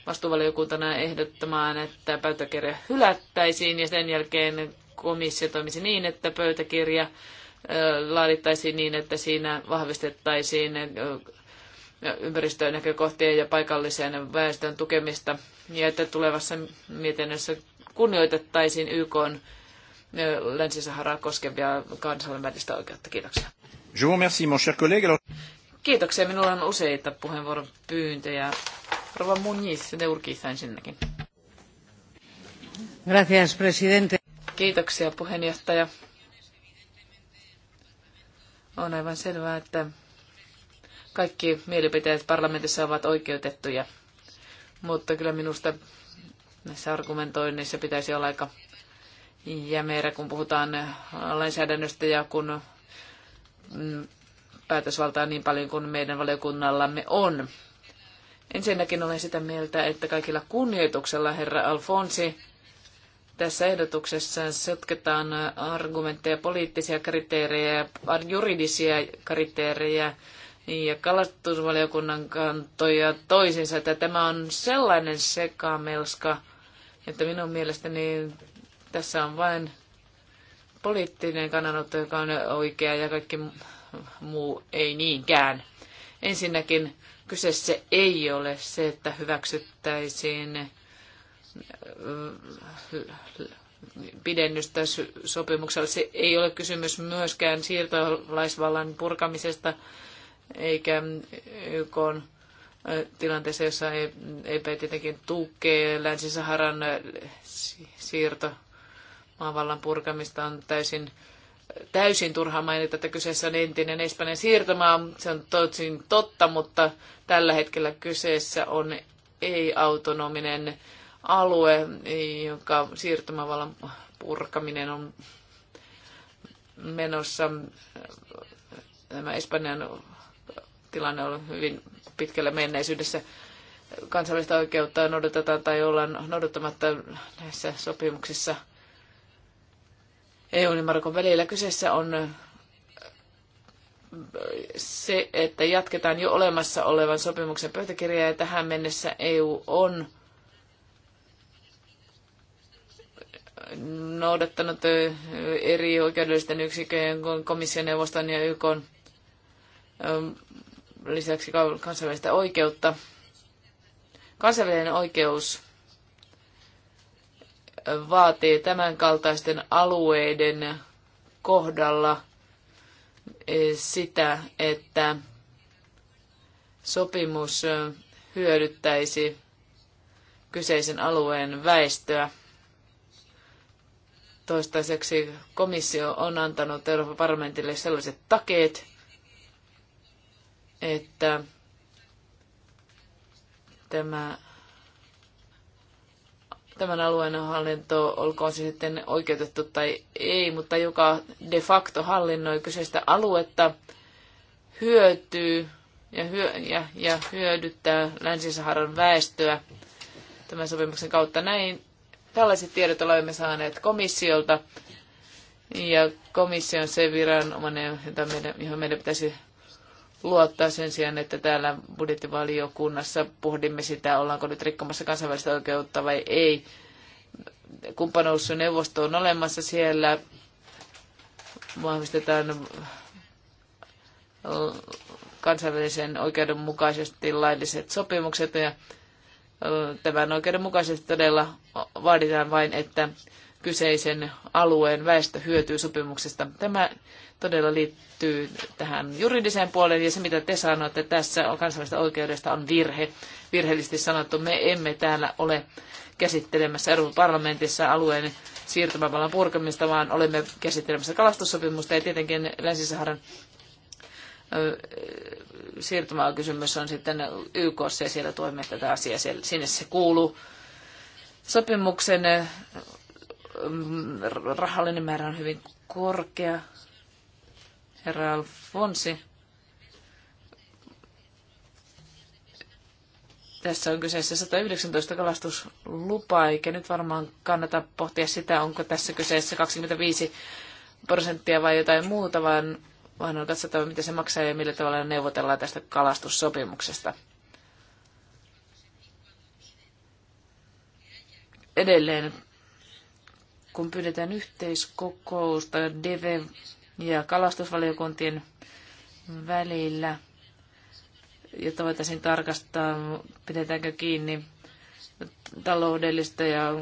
vastuuvaliokuntana ehdottamaan, että pöytäkirja hylättäisiin ja sen jälkeen komissio toimisi niin, että pöytäkirja laadittaisiin niin, että siinä vahvistettaisiin näkökohtia ja paikallisen väestön tukemista ja että tulevassa mietinnössä kunnioitettaisiin YK Länsi-Saharaa koskevia kansainvälistä oikeutta. Kiitoksia. Je vous remercie, mon cher collègue. Kiitoksia. Minulla on useita puheenvuoropyyntöjä. Rova Muñiz ne Urquiza ensinnäkin. Gracias, presidente. Kiitoksia, puheenjohtaja. On aivan selvää, että kaikki mielipiteet parlamentissa ovat oikeutettuja, mutta kyllä minusta näissä argumentoinnissa pitäisi olla aika ja meillä kun puhutaan lainsäädännöstä ja kun mm, päätösvaltaa niin paljon kuin meidän valiokunnallamme on. Ensinnäkin olen sitä mieltä, että kaikilla kunnioituksella herra Alfonsi tässä ehdotuksessa sotketaan argumentteja, poliittisia kriteerejä, juridisia kriteerejä ja kalastusvaliokunnan kantoja toisinsa. Että tämä on sellainen sekamelska, että minun mielestäni tässä on vain poliittinen kannanotto, joka on oikea ja kaikki muu ei niinkään. Ensinnäkin kyseessä ei ole se, että hyväksyttäisiin äh, pidennystä sopimuksella. Se ei ole kysymys myöskään siirtolaisvallan purkamisesta eikä YK äh, tilanteessa, jossa ei, ei tietenkin tukee Länsi-Saharan äh, siirto maavallan purkamista on täysin, täysin turha mainita, että kyseessä on entinen Espanjan siirtomaa. Se on tosin totta, mutta tällä hetkellä kyseessä on ei-autonominen alue, joka siirtomavallan purkaminen on menossa. Tämä Espanjan tilanne on hyvin pitkällä menneisyydessä. Kansallista oikeutta noudatetaan tai ollaan noudattamatta näissä sopimuksissa – EUn ja Marokon välillä. Kyseessä on se, että jatketaan jo olemassa olevan sopimuksen pöytäkirjaa ja tähän mennessä EU on noudattanut eri oikeudellisten yksikköjen, komission neuvoston ja YK lisäksi kansainvälistä oikeutta. Kansainvälinen oikeus vaatii tämän kaltaisten alueiden kohdalla eh, sitä, että sopimus eh, hyödyttäisi kyseisen alueen väestöä. Toistaiseksi komissio on antanut Euroopan parlamentille sellaiset takeet, että tämä tämän alueen hallinto, olkoon se sitten oikeutettu tai ei, mutta joka de facto hallinnoi kyseistä aluetta, hyötyy ja, hyö, ja, ja hyödyttää Länsi-Saharan väestöä tämän sopimuksen kautta. Näin tällaiset tiedot olemme saaneet komissiolta ja komissio on se viranomainen, johon meidän pitäisi luottaa sen sijaan, että täällä budjettivaliokunnassa pohdimme sitä, ollaanko nyt rikkomassa kansainvälistä oikeutta vai ei. Kumppanuusneuvosto on olemassa siellä. Vahvistetaan kansainvälisen oikeudenmukaisesti lailliset sopimukset ja tämän oikeudenmukaisesti todella vaaditaan vain, että kyseisen alueen väestö hyötyy sopimuksesta. Tämä todella liittyy tähän juridiseen puoleen ja se, mitä te sanoitte tässä on kansainvälistä oikeudesta, on virhe. Virheellisesti sanottu, me emme täällä ole käsittelemässä Euroopan parlamentissa alueen siirtymävallan purkamista, vaan olemme käsittelemässä kalastussopimusta ja tietenkin Länsi-Saharan siirtymäkysymys on sitten YK ja siellä toimme tätä asiaa. Sinne se kuuluu. Sopimuksen rahallinen määrä on hyvin korkea herra Alfonsi. Tässä on kyseessä 119 kalastuslupa, eikä nyt varmaan kannata pohtia sitä, onko tässä kyseessä 25 prosenttia vai jotain muuta, vaan, vaan on katsottava, mitä se maksaa ja millä tavalla neuvotellaan tästä kalastussopimuksesta. Edelleen kun pyydetään yhteiskokousta DV ja kalastusvaliokuntien välillä, jotta voitaisiin tarkastaa, pidetäänkö kiinni taloudellista ja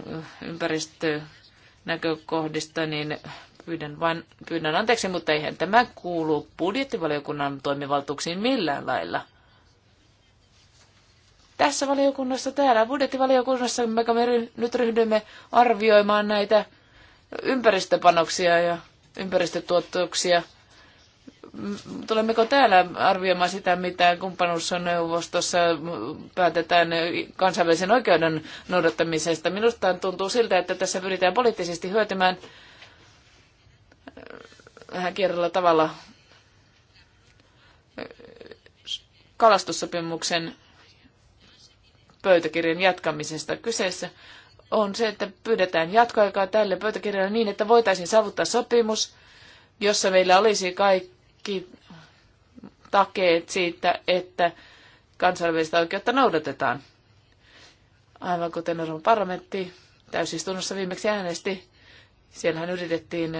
ympäristönäkökohdista, niin pyydän, vain, pyydän anteeksi, mutta eihän tämä kuulu budjettivaliokunnan toimivaltuuksiin millään lailla. Tässä valiokunnassa, täällä budjettivaliokunnassa, me nyt ryhdymme arvioimaan näitä ympäristöpanoksia ja ympäristötuotteuksia. Tulemmeko täällä arvioimaan sitä, mitä kumppanuusneuvostossa päätetään kansainvälisen oikeuden noudattamisesta? Minusta tuntuu siltä, että tässä pyritään poliittisesti hyötymään vähän kierrellä tavalla kalastussopimuksen pöytäkirjan jatkamisesta. Kyseessä on se, että pyydetään jatkoaikaa tälle pöytäkirjalle niin, että voitaisiin saavuttaa sopimus, jossa meillä olisi kaikki takeet siitä, että kansainvälistä oikeutta noudatetaan. Aivan kuten Euroopan parlamentti täysistunnossa viimeksi äänesti, siellähän yritettiin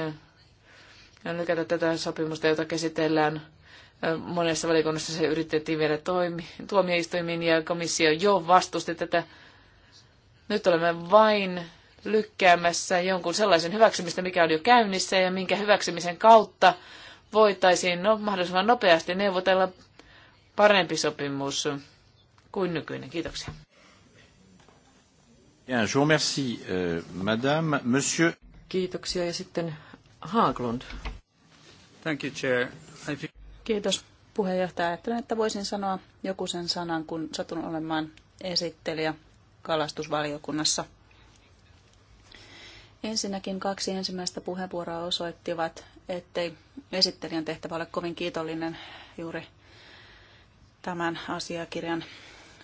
lykätä tätä sopimusta, jota käsitellään monessa valikunnassa se yritettiin viedä toimi, tuomioistuimiin ja komissio jo vastusti tätä nyt olemme vain lykkäämässä jonkun sellaisen hyväksymistä, mikä on jo käynnissä ja minkä hyväksymisen kautta voitaisiin no, mahdollisimman nopeasti neuvotella parempi sopimus kuin nykyinen. Kiitoksia. Bien, je remercie, euh, madame, monsieur. Kiitoksia ja sitten Haaglund. Thank you, chair. I think... Kiitos puheenjohtaja. Ajattelen, että voisin sanoa joku sen sanan, kun satun olemaan esittelijä kalastusvaliokunnassa. Ensinnäkin kaksi ensimmäistä puheenvuoroa osoittivat, ettei esittelijän tehtävä ole kovin kiitollinen juuri tämän asiakirjan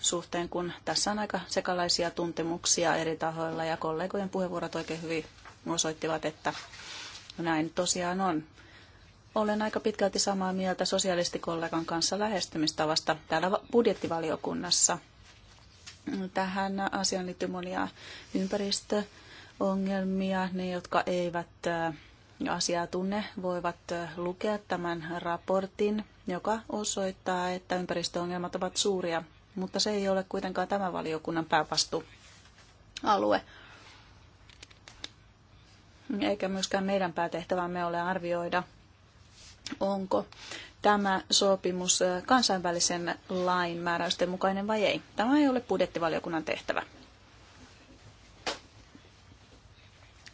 suhteen, kun tässä on aika sekalaisia tuntemuksia eri tahoilla ja kollegojen puheenvuorot oikein hyvin osoittivat, että näin tosiaan on. Olen aika pitkälti samaa mieltä sosialistikollegan kanssa lähestymistavasta täällä budjettivaliokunnassa. Tähän asiaan liittyy monia ympäristöongelmia. Ne, jotka eivät asiaa tunne, voivat lukea tämän raportin, joka osoittaa, että ympäristöongelmat ovat suuria, mutta se ei ole kuitenkaan tämän valiokunnan päävastuualue. Eikä myöskään meidän päätehtävämme ole arvioida onko tämä sopimus äh, kansainvälisen lain määräysten mukainen vai ei. Tämä ei ole budjettivaliokunnan tehtävä.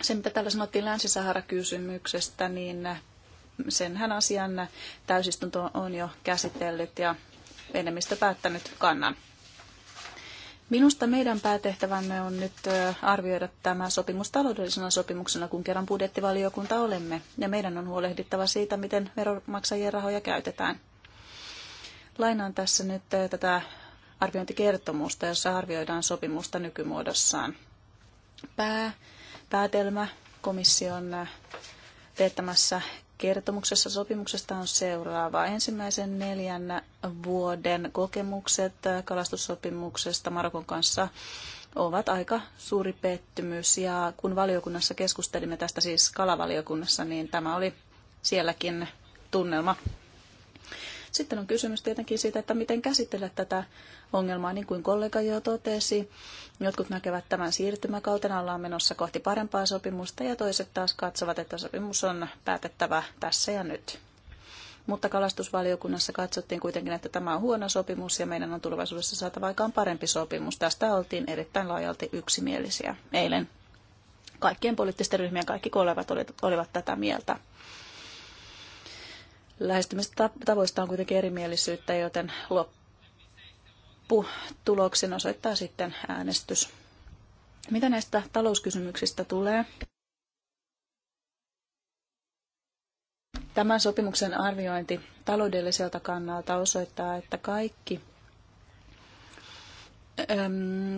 Se, mitä täällä sanottiin Länsi-Sahara-kysymyksestä, niin senhän asian täysistunto on jo käsitellyt ja enemmistö päättänyt kannan. Minusta meidän päätehtävämme on nyt arvioida tämä sopimus taloudellisena sopimuksena, kun kerran budjettivaliokunta olemme, ja meidän on huolehdittava siitä, miten veronmaksajien rahoja käytetään. Lainaan tässä nyt tätä arviointikertomusta, jossa arvioidaan sopimusta nykymuodossaan. Pää, päätelmä komission teettämässä kertomuksessa sopimuksesta on seuraava. Ensimmäisen neljän vuoden kokemukset kalastussopimuksesta Marokon kanssa ovat aika suuri pettymys. Ja kun valiokunnassa keskustelimme tästä siis kalavaliokunnassa, niin tämä oli sielläkin tunnelma sitten on kysymys tietenkin siitä, että miten käsitellä tätä ongelmaa, niin kuin kollega jo totesi. Jotkut näkevät tämän siirtymäkautena, ollaan menossa kohti parempaa sopimusta ja toiset taas katsovat, että sopimus on päätettävä tässä ja nyt. Mutta kalastusvaliokunnassa katsottiin kuitenkin, että tämä on huono sopimus ja meidän on tulevaisuudessa saatava aikaan parempi sopimus. Tästä oltiin erittäin laajalti yksimielisiä eilen. Kaikkien poliittisten ryhmien kaikki kollegat olivat tätä mieltä. Lähestymistavoista on kuitenkin erimielisyyttä, joten lopputuloksen osoittaa sitten äänestys. Mitä näistä talouskysymyksistä tulee? Tämän sopimuksen arviointi taloudelliselta kannalta osoittaa, että kaikki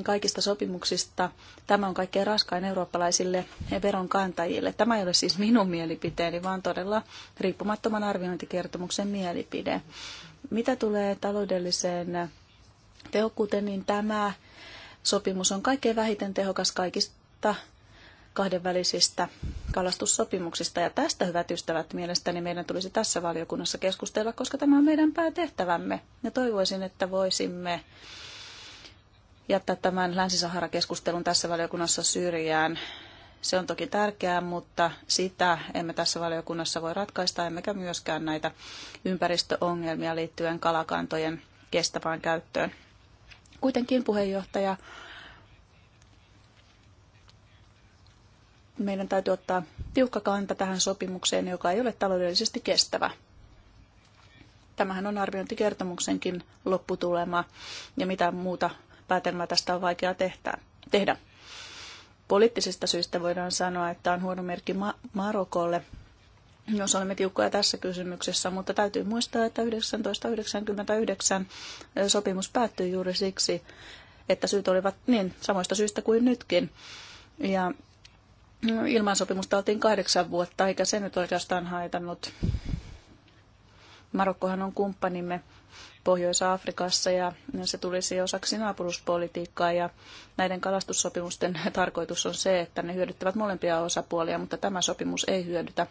kaikista sopimuksista. Tämä on kaikkein raskain eurooppalaisille veronkantajille. Tämä ei ole siis minun mielipiteeni, vaan todella riippumattoman arviointikertomuksen mielipide. Mitä tulee taloudelliseen tehokkuuteen, niin tämä sopimus on kaikkein vähiten tehokas kaikista kahdenvälisistä kalastussopimuksista. Ja tästä, hyvät ystävät, mielestäni meidän tulisi tässä valiokunnassa keskustella, koska tämä on meidän päätehtävämme. Ja toivoisin, että voisimme jättää tämän Länsi-Sahara-keskustelun tässä valiokunnassa syrjään. Se on toki tärkeää, mutta sitä emme tässä valiokunnassa voi ratkaista, emmekä myöskään näitä ympäristöongelmia liittyen kalakantojen kestävään käyttöön. Kuitenkin puheenjohtaja, meidän täytyy ottaa tiukka kanta tähän sopimukseen, joka ei ole taloudellisesti kestävä. Tämähän on arviointikertomuksenkin lopputulema ja mitä muuta päätelmää tästä on vaikea tehtää, tehdä. Poliittisista syistä voidaan sanoa, että on huono merkki Ma- Marokolle, jos olemme tiukkoja tässä kysymyksessä, mutta täytyy muistaa, että 1999 sopimus päättyi juuri siksi, että syyt olivat niin samoista syistä kuin nytkin. Ja mm, ilman sopimusta oltiin kahdeksan vuotta, eikä se nyt oikeastaan haitannut Marokkohan on kumppanimme Pohjois-Afrikassa ja se tulisi osaksi naapuruspolitiikkaa ja näiden kalastussopimusten tarkoitus on se, että ne hyödyttävät molempia osapuolia, mutta tämä sopimus ei hyödytä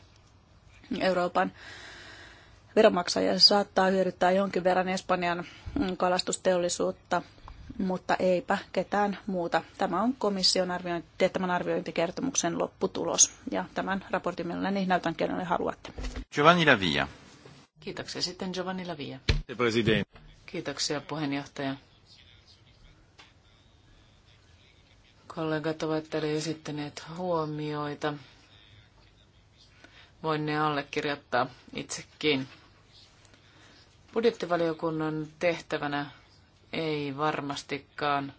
Euroopan veronmaksajia. Se saattaa hyödyttää jonkin verran Espanjan kalastusteollisuutta, mutta eipä ketään muuta. Tämä on komission arviointi, teettämän arviointikertomuksen lopputulos ja tämän raportin mielelläni näytän kenelle haluatte. Giovanni Lavia. Kiitoksia. Sitten Giovanni Lavia. Kiitoksia puheenjohtaja. Kollegat ovat täällä esittäneet huomioita. Voin ne allekirjoittaa itsekin. Budjettivaliokunnan tehtävänä ei varmastikaan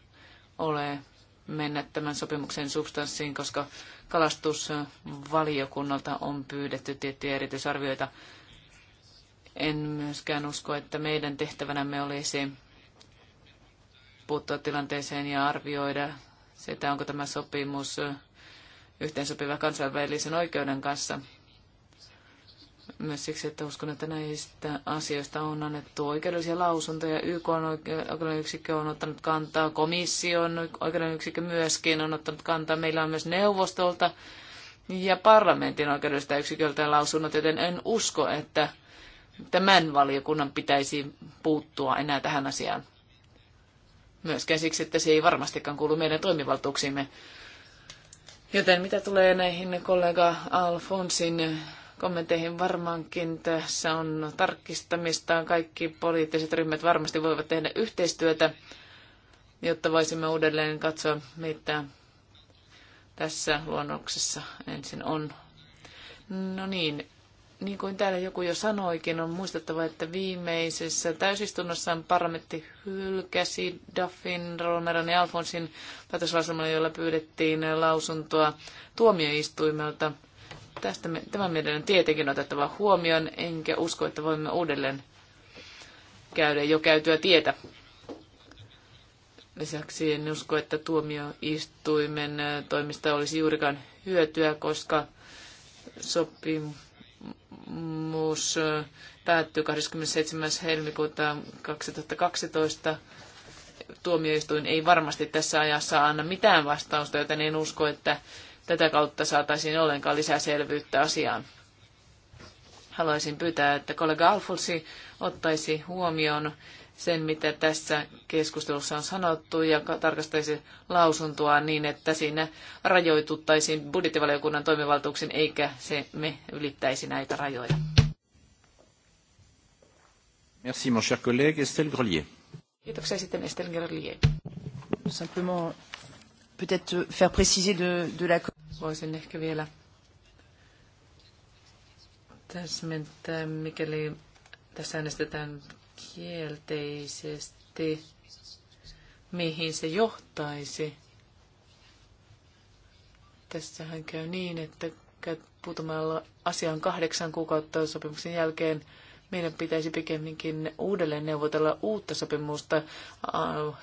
ole mennä tämän sopimuksen substanssiin, koska kalastusvaliokunnalta on pyydetty tiettyjä erityisarvioita en myöskään usko, että meidän tehtävänämme olisi puuttua tilanteeseen ja arvioida sitä, onko tämä sopimus yhteensopiva kansainvälisen oikeuden kanssa. Myös siksi, että uskon, että näistä asioista on annettu oikeudellisia lausuntoja. YK on oikeuden yksikkö on ottanut kantaa, on oikeuden yksikkö myöskin on ottanut kantaa. Meillä on myös neuvostolta ja parlamentin oikeudellista yksiköltä lausunnot, joten en usko, että tämän valiokunnan pitäisi puuttua enää tähän asiaan. Myöskään siksi, että se ei varmastikaan kuulu meidän toimivaltuuksiimme. Joten mitä tulee näihin kollega Alfonsin kommentteihin varmaankin tässä on tarkistamista. Kaikki poliittiset ryhmät varmasti voivat tehdä yhteistyötä, jotta voisimme uudelleen katsoa, mitä tässä luonnoksessa ensin on. No niin, niin kuin täällä joku jo sanoikin, on muistettava, että viimeisessä täysistunnossaan parlamentti hylkäsi Duffin, Romeron ja Alfonsin päätöslauselman, jolla pyydettiin lausuntoa tuomioistuimelta. Tästä me, tämän meidän on tietenkin otettava huomioon, enkä usko, että voimme uudelleen käydä jo käytyä tietä. Lisäksi en usko, että tuomioistuimen toimista olisi juurikaan hyötyä, koska sopimus muus päättyy 27. helmikuuta 2012. Tuomioistuin ei varmasti tässä ajassa anna mitään vastausta, joten en usko, että tätä kautta saataisiin ollenkaan lisää selvyyttä asiaan. Haluaisin pyytää, että kollega Alfulsi ottaisi huomioon sen, mitä tässä keskustelussa on sanottu ja tarkastaisi lausuntoa niin, että siinä rajoituttaisiin budjettivaliokunnan toimivaltuuksin eikä se me ylittäisi näitä rajoja. Merci mon cher collègue Estelle Grelier. Kiitoksia sitten Estelle Grelier. Simplement peut-être faire préciser de, de la... Voisin ehkä vielä täsmentää, mikäli tässä äänestetään kielteisesti, mihin se johtaisi. Tässähän käy niin, että puutumalla asiaan kahdeksan kuukautta sopimuksen jälkeen meidän pitäisi pikemminkin uudelleen neuvotella uutta sopimusta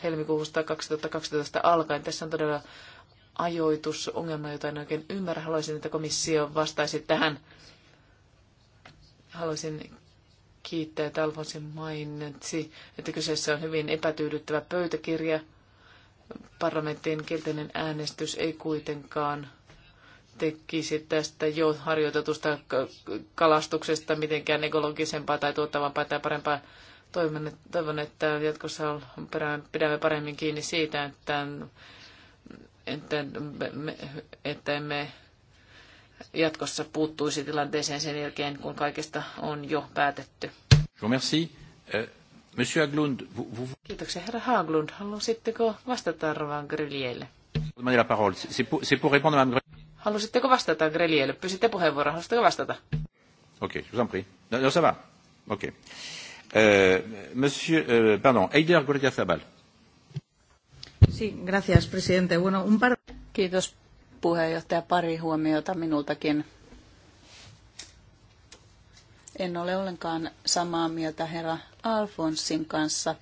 helmikuusta 2012 alkaen. Tässä on todella ajoitusongelma, jota en oikein ymmärrä. Haluaisin, että komissio vastaisi tähän. Haluaisin kiittää, että mainitsi, että kyseessä on hyvin epätyydyttävä pöytäkirja. Parlamentin kielteinen äänestys ei kuitenkaan tekisi tästä jo harjoitetusta kalastuksesta mitenkään ekologisempaa tai tuottavampaa tai parempaa. Toivon, toivon että jatkossa pidämme paremmin kiinni siitä, että, että, että emme jatkossa puuttuisi tilanteeseen sen jälkeen, kun kaikesta on jo päätetty. Merci. Euh, monsieur Haglund, vous... Kiitoksia, herra Haglund. Halusitteko vastata Rovan Grelielle? Halusitteko vastata Grelielle? Pysitte puheenvuoron. Halusitteko vastata? Okei, okay, je vous en prie. No, no ça va. Okei. Okay. Euh, monsieur, euh, pardon, Eider Gordia Zabal. Sí, gracias, presidente. Bueno, un par... Kiitos, puheenjohtaja, pari huomiota minultakin. En ole ollenkaan samaa mieltä herra Alfonsin kanssa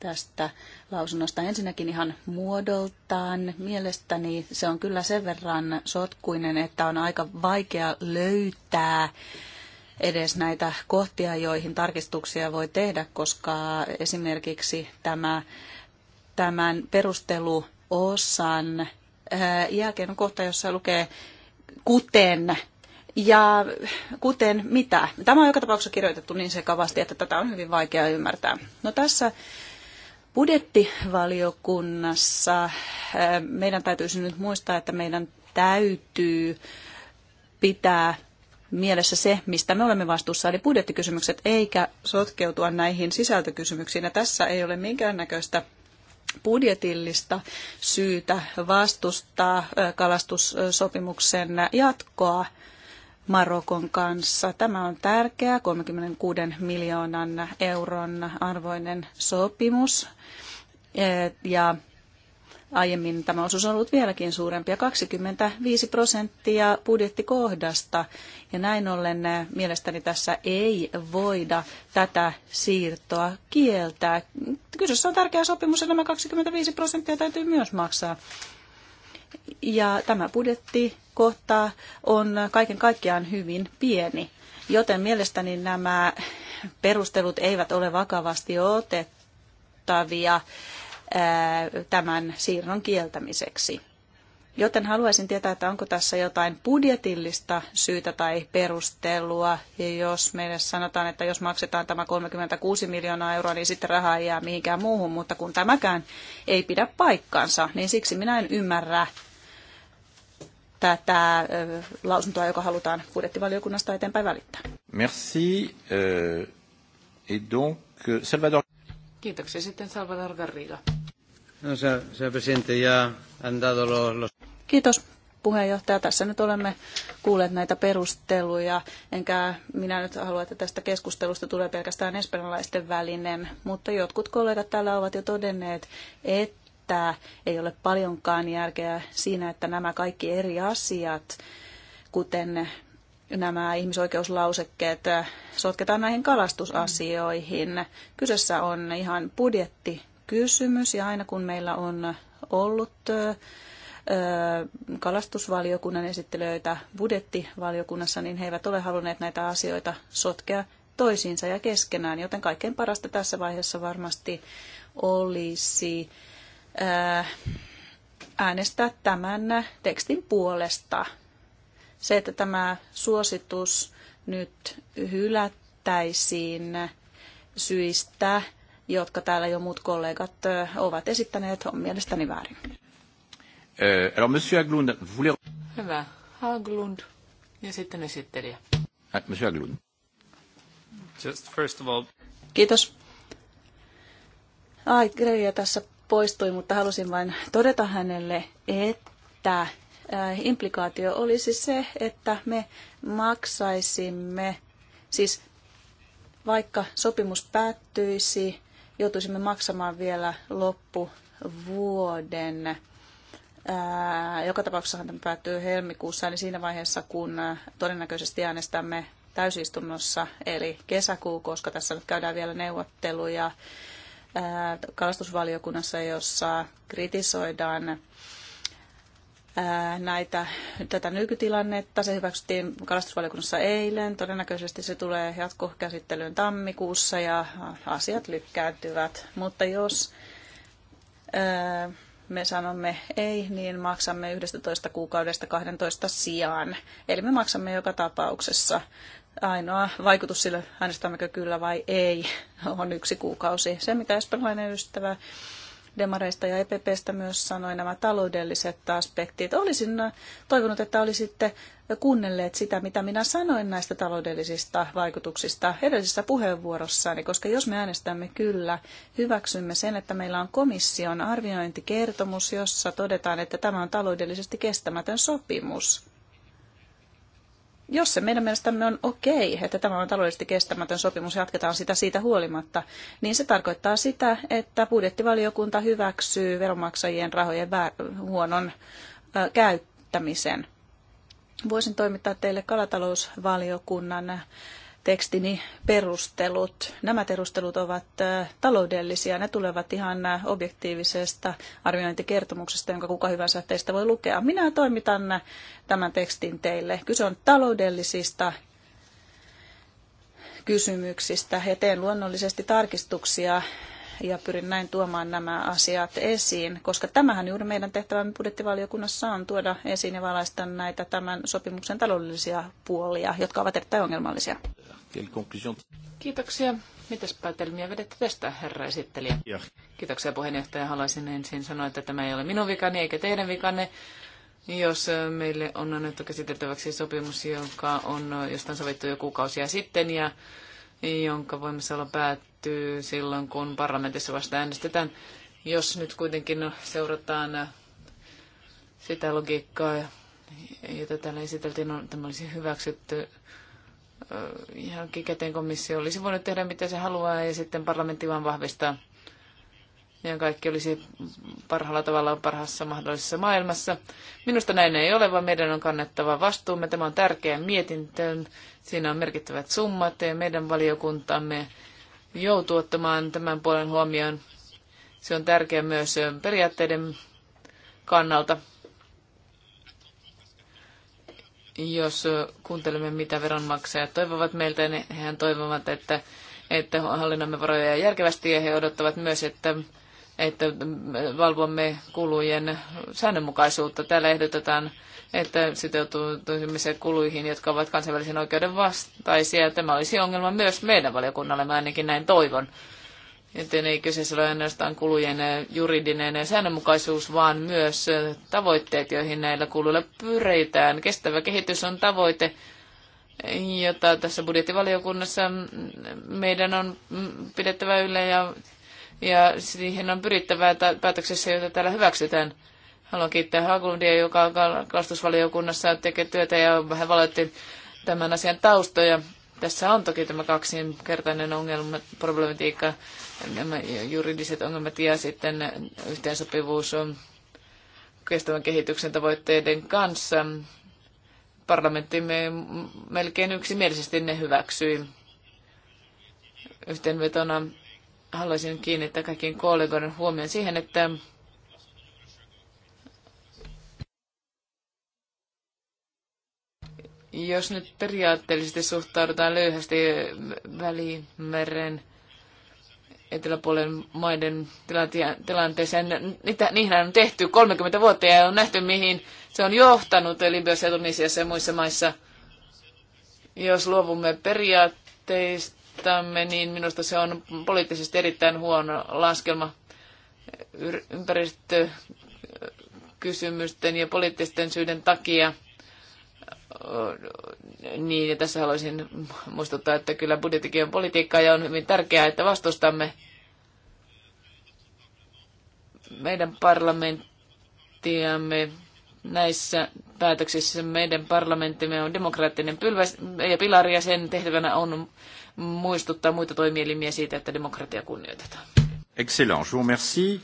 tästä lausunnosta. Ensinnäkin ihan muodoltaan. Mielestäni se on kyllä sen verran sotkuinen, että on aika vaikea löytää edes näitä kohtia, joihin tarkistuksia voi tehdä, koska esimerkiksi tämä, tämän perusteluosan jälkeen on kohta, jossa lukee kuten ja kuten mitä? Tämä on joka tapauksessa kirjoitettu niin sekavasti, että tätä on hyvin vaikea ymmärtää. No tässä budjettivaliokunnassa meidän täytyisi nyt muistaa, että meidän täytyy pitää mielessä se, mistä me olemme vastuussa, eli budjettikysymykset, eikä sotkeutua näihin sisältökysymyksiin. Ja tässä ei ole minkäännäköistä budjetillista syytä vastustaa kalastussopimuksen jatkoa Marokon kanssa. Tämä on tärkeä 36 miljoonan euron arvoinen sopimus ja Aiemmin tämä osuus on ollut vieläkin suurempi, 25 prosenttia budjettikohdasta. Ja näin ollen eh, mielestäni tässä ei voida tätä siirtoa kieltää. Kyseessä on tärkeä sopimus ja nämä 25 prosenttia täytyy myös maksaa. Ja tämä budjettikohta on kaiken kaikkiaan hyvin pieni, joten mielestäni nämä perustelut eivät ole vakavasti otettavia tämän siirron kieltämiseksi. Joten haluaisin tietää, että onko tässä jotain budjetillista syytä tai perustelua, ja jos meille sanotaan, että jos maksetaan tämä 36 miljoonaa euroa, niin sitten rahaa ei jää mihinkään muuhun, mutta kun tämäkään ei pidä paikkaansa, niin siksi minä en ymmärrä tätä lausuntoa, joka halutaan budjettivaliokunnasta eteenpäin välittää. Merci. Euh, et donc, euh, Salvador... Kiitoksia sitten Salvador Garriga. No, se, se presidentti ja los, los... Kiitos puheenjohtaja. Tässä nyt olemme kuulleet näitä perusteluja, enkä minä nyt halua, että tästä keskustelusta tulee pelkästään espanjalaisten välinen, mutta jotkut kollegat täällä ovat jo todenneet, että ei ole paljonkaan järkeä siinä, että nämä kaikki eri asiat, kuten nämä ihmisoikeuslausekkeet sotketaan näihin kalastusasioihin. Kyseessä on ihan budjetti kysymys ja aina kun meillä on ollut kalastusvaliokunnan esittelijöitä budjettivaliokunnassa, niin he eivät ole halunneet näitä asioita sotkea toisiinsa ja keskenään, joten kaikkein parasta tässä vaiheessa varmasti olisi äänestää tämän tekstin puolesta. Se, että tämä suositus nyt hylättäisiin syistä, jotka täällä jo muut kollegat ovat esittäneet, on mielestäni väärin. Euh, alors, monsieur Haglund, voulez... Hyvä. Haglund ja sitten esittelijä. Ah, monsieur Aglund. Just first of all... Kiitos. Ai, Grelia tässä poistui, mutta halusin vain todeta hänelle, että implikaatio olisi se, että me maksaisimme, siis vaikka sopimus päättyisi, joutuisimme maksamaan vielä loppuvuoden. joka tapauksessahan tämä päättyy helmikuussa, eli siinä vaiheessa, kun todennäköisesti äänestämme täysistunnossa, eli kesäkuu, koska tässä nyt käydään vielä neuvotteluja kalastusvaliokunnassa, jossa kritisoidaan näitä, tätä nykytilannetta. Se hyväksyttiin kalastusvaliokunnassa eilen. Todennäköisesti se tulee jatkokäsittelyyn tammikuussa ja asiat lykkääntyvät. Mutta jos me sanomme ei, niin maksamme 11 kuukaudesta 12 sijaan. Eli me maksamme joka tapauksessa. Ainoa vaikutus sille, äänestämmekö kyllä vai ei, on yksi kuukausi. Se, mitä espanjalainen ystävä demareista ja EPPstä myös sanoi nämä taloudelliset aspektit. Olisin äh, toivonut, että olisitte kuunnelleet sitä, mitä minä sanoin näistä taloudellisista vaikutuksista edellisessä puheenvuorossani, koska jos me äänestämme kyllä, hyväksymme sen, että meillä on komission arviointikertomus, jossa todetaan, että tämä on taloudellisesti kestämätön sopimus jos se meidän mielestämme on okei, että tämä on taloudellisesti kestämätön sopimus, jatketaan sitä siitä huolimatta, niin se tarkoittaa sitä, että budjettivaliokunta hyväksyy veronmaksajien rahojen huonon käyttämisen. Voisin toimittaa teille kalatalousvaliokunnan tekstini perustelut. Nämä perustelut ovat taloudellisia. Ne tulevat ihan objektiivisesta arviointikertomuksesta, jonka kuka hyvänsä teistä voi lukea. Minä toimitan tämän tekstin teille. Kyse on taloudellisista kysymyksistä ja teen luonnollisesti tarkistuksia ja pyrin näin tuomaan nämä asiat esiin, koska tämähän juuri meidän tehtävämme budjettivaliokunnassa on tuoda esiin ja valaista näitä tämän sopimuksen taloudellisia puolia, jotka ovat erittäin ongelmallisia. Kiitoksia. Mitäs päätelmiä vedette tästä, herra esittelijä? Ja. Kiitoksia puheenjohtaja. Haluaisin ensin sanoa, että tämä ei ole minun vikani eikä teidän vikanne. Jos meille on annettu käsiteltäväksi sopimus, joka on, josta on sovittu jo kuukausia sitten ja jonka voimassaolo päättyy silloin, kun parlamentissa vasta äänestetään. Jos nyt kuitenkin seurataan sitä logiikkaa, jota täällä esiteltiin, no, tämä olisi hyväksytty jälkikäteen komissio olisi voinut tehdä mitä se haluaa ja sitten parlamentti vaan vahvistaa. Ja kaikki olisi parhaalla tavalla parhaassa mahdollisessa maailmassa. Minusta näin ei ole, vaan meidän on kannettava vastuumme. Tämä on tärkeä mietintö. Siinä on merkittävät summat ja meidän valiokuntamme joutuu ottamaan tämän puolen huomioon. Se on tärkeä myös periaatteiden kannalta jos kuuntelemme, mitä veronmaksajat toivovat meiltä, niin hehän toivovat, että, että hallinnamme varoja järkevästi ja he odottavat myös, että, että valvomme kulujen säännönmukaisuutta. Täällä ehdotetaan, että sitoutuisimme kuluihin, jotka ovat kansainvälisen oikeuden vastaisia. Tämä olisi ongelma myös meidän mä ainakin näin toivon joten ei kyseessä ole ainoastaan kulujen eh, juridinen eh, säännönmukaisuus, vaan myös eh, tavoitteet, joihin näillä kuluilla pyritään. Kestävä kehitys on tavoite, jota tässä budjettivaliokunnassa mm, meidän on mm, pidettävä yllä ja, ja siihen on pyrittävä päätöksessä, jota täällä hyväksytään. Haluan kiittää Haglundia, joka kalastusvaliokunnassa tekee työtä ja vähän valoitti tämän asian taustoja. Tässä on toki tämä kaksinkertainen ongelma, problematiikka nämä juridiset ongelmat ja sitten yhteensopivuus on kestävän kehityksen tavoitteiden kanssa. Parlamenttimme melkein yksimielisesti ne hyväksyi. Yhteenvetona haluaisin kiinnittää kaikkien kollegoiden huomioon siihen, että jos nyt periaatteellisesti suhtaudutaan löyhästi Välimeren eteläpuolen maiden tilanteeseen. Niitä, on tehty 30 vuotta ja on nähty, mihin se on johtanut eli myös Tunisiassa ja muissa maissa. Jos luovumme periaatteistamme, niin minusta se on poliittisesti erittäin huono laskelma ympäristökysymysten ja poliittisten syiden takia – niin, ja tässä haluaisin muistuttaa, että kyllä budjettikin on politiikkaa ja on hyvin tärkeää, että vastustamme meidän parlamenttiamme näissä päätöksissä. Meidän parlamenttimme on demokraattinen pylväs ja pilari ja sen tehtävänä on muistuttaa muita toimielimiä siitä, että demokratia kunnioitetaan. Excellent, je vous merci.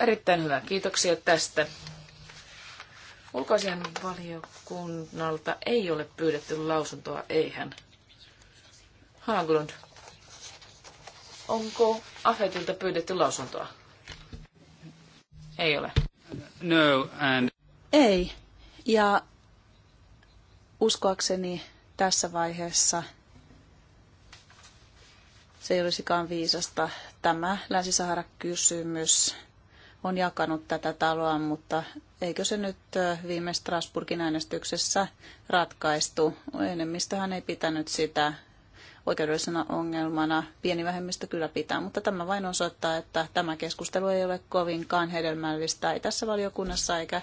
Erittäin hyvä, kiitoksia tästä. Ulkoisen valiokunnalta ei ole pyydetty lausuntoa, eihän. Haaglund, onko Afetilta pyydetty lausuntoa? Ei ole. No, and... Ei. Ja uskoakseni tässä vaiheessa se ei olisikaan viisasta. Tämä Länsi-Sahara-kysymys on jakanut tätä taloa, mutta eikö se nyt viime Strasburgin äänestyksessä ratkaistu? Enemmistöhän ei pitänyt sitä oikeudellisena ongelmana. Pieni vähemmistö kyllä pitää, mutta tämä vain osoittaa, että tämä keskustelu ei ole kovinkaan hedelmällistä ei tässä valiokunnassa eikä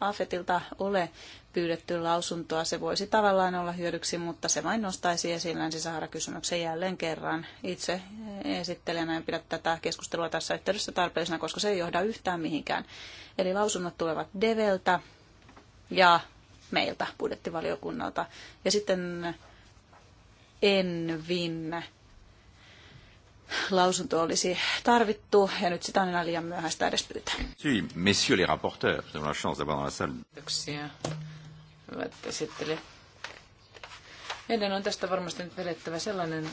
AFETilta ole pyydetty lausuntoa. Se voisi tavallaan olla hyödyksi, mutta se vain nostaisi esiin länsisaharakysymyksen jälleen kerran. Itse esittelijänä en pidä tätä keskustelua tässä yhteydessä tarpeellisena, koska se ei johda yhtään mihinkään. Eli lausunnot tulevat Develtä ja meiltä budjettivaliokunnalta. Ja sitten Envin lausunto olisi tarvittu, ja nyt sitä on enää liian myöhäistä edes pyytää. Si, messieurs les rapporteurs, vous avez la chance d'avoir dans la salle. Kiitoksia. Meidän on tästä varmasti nyt vedettävä sellainen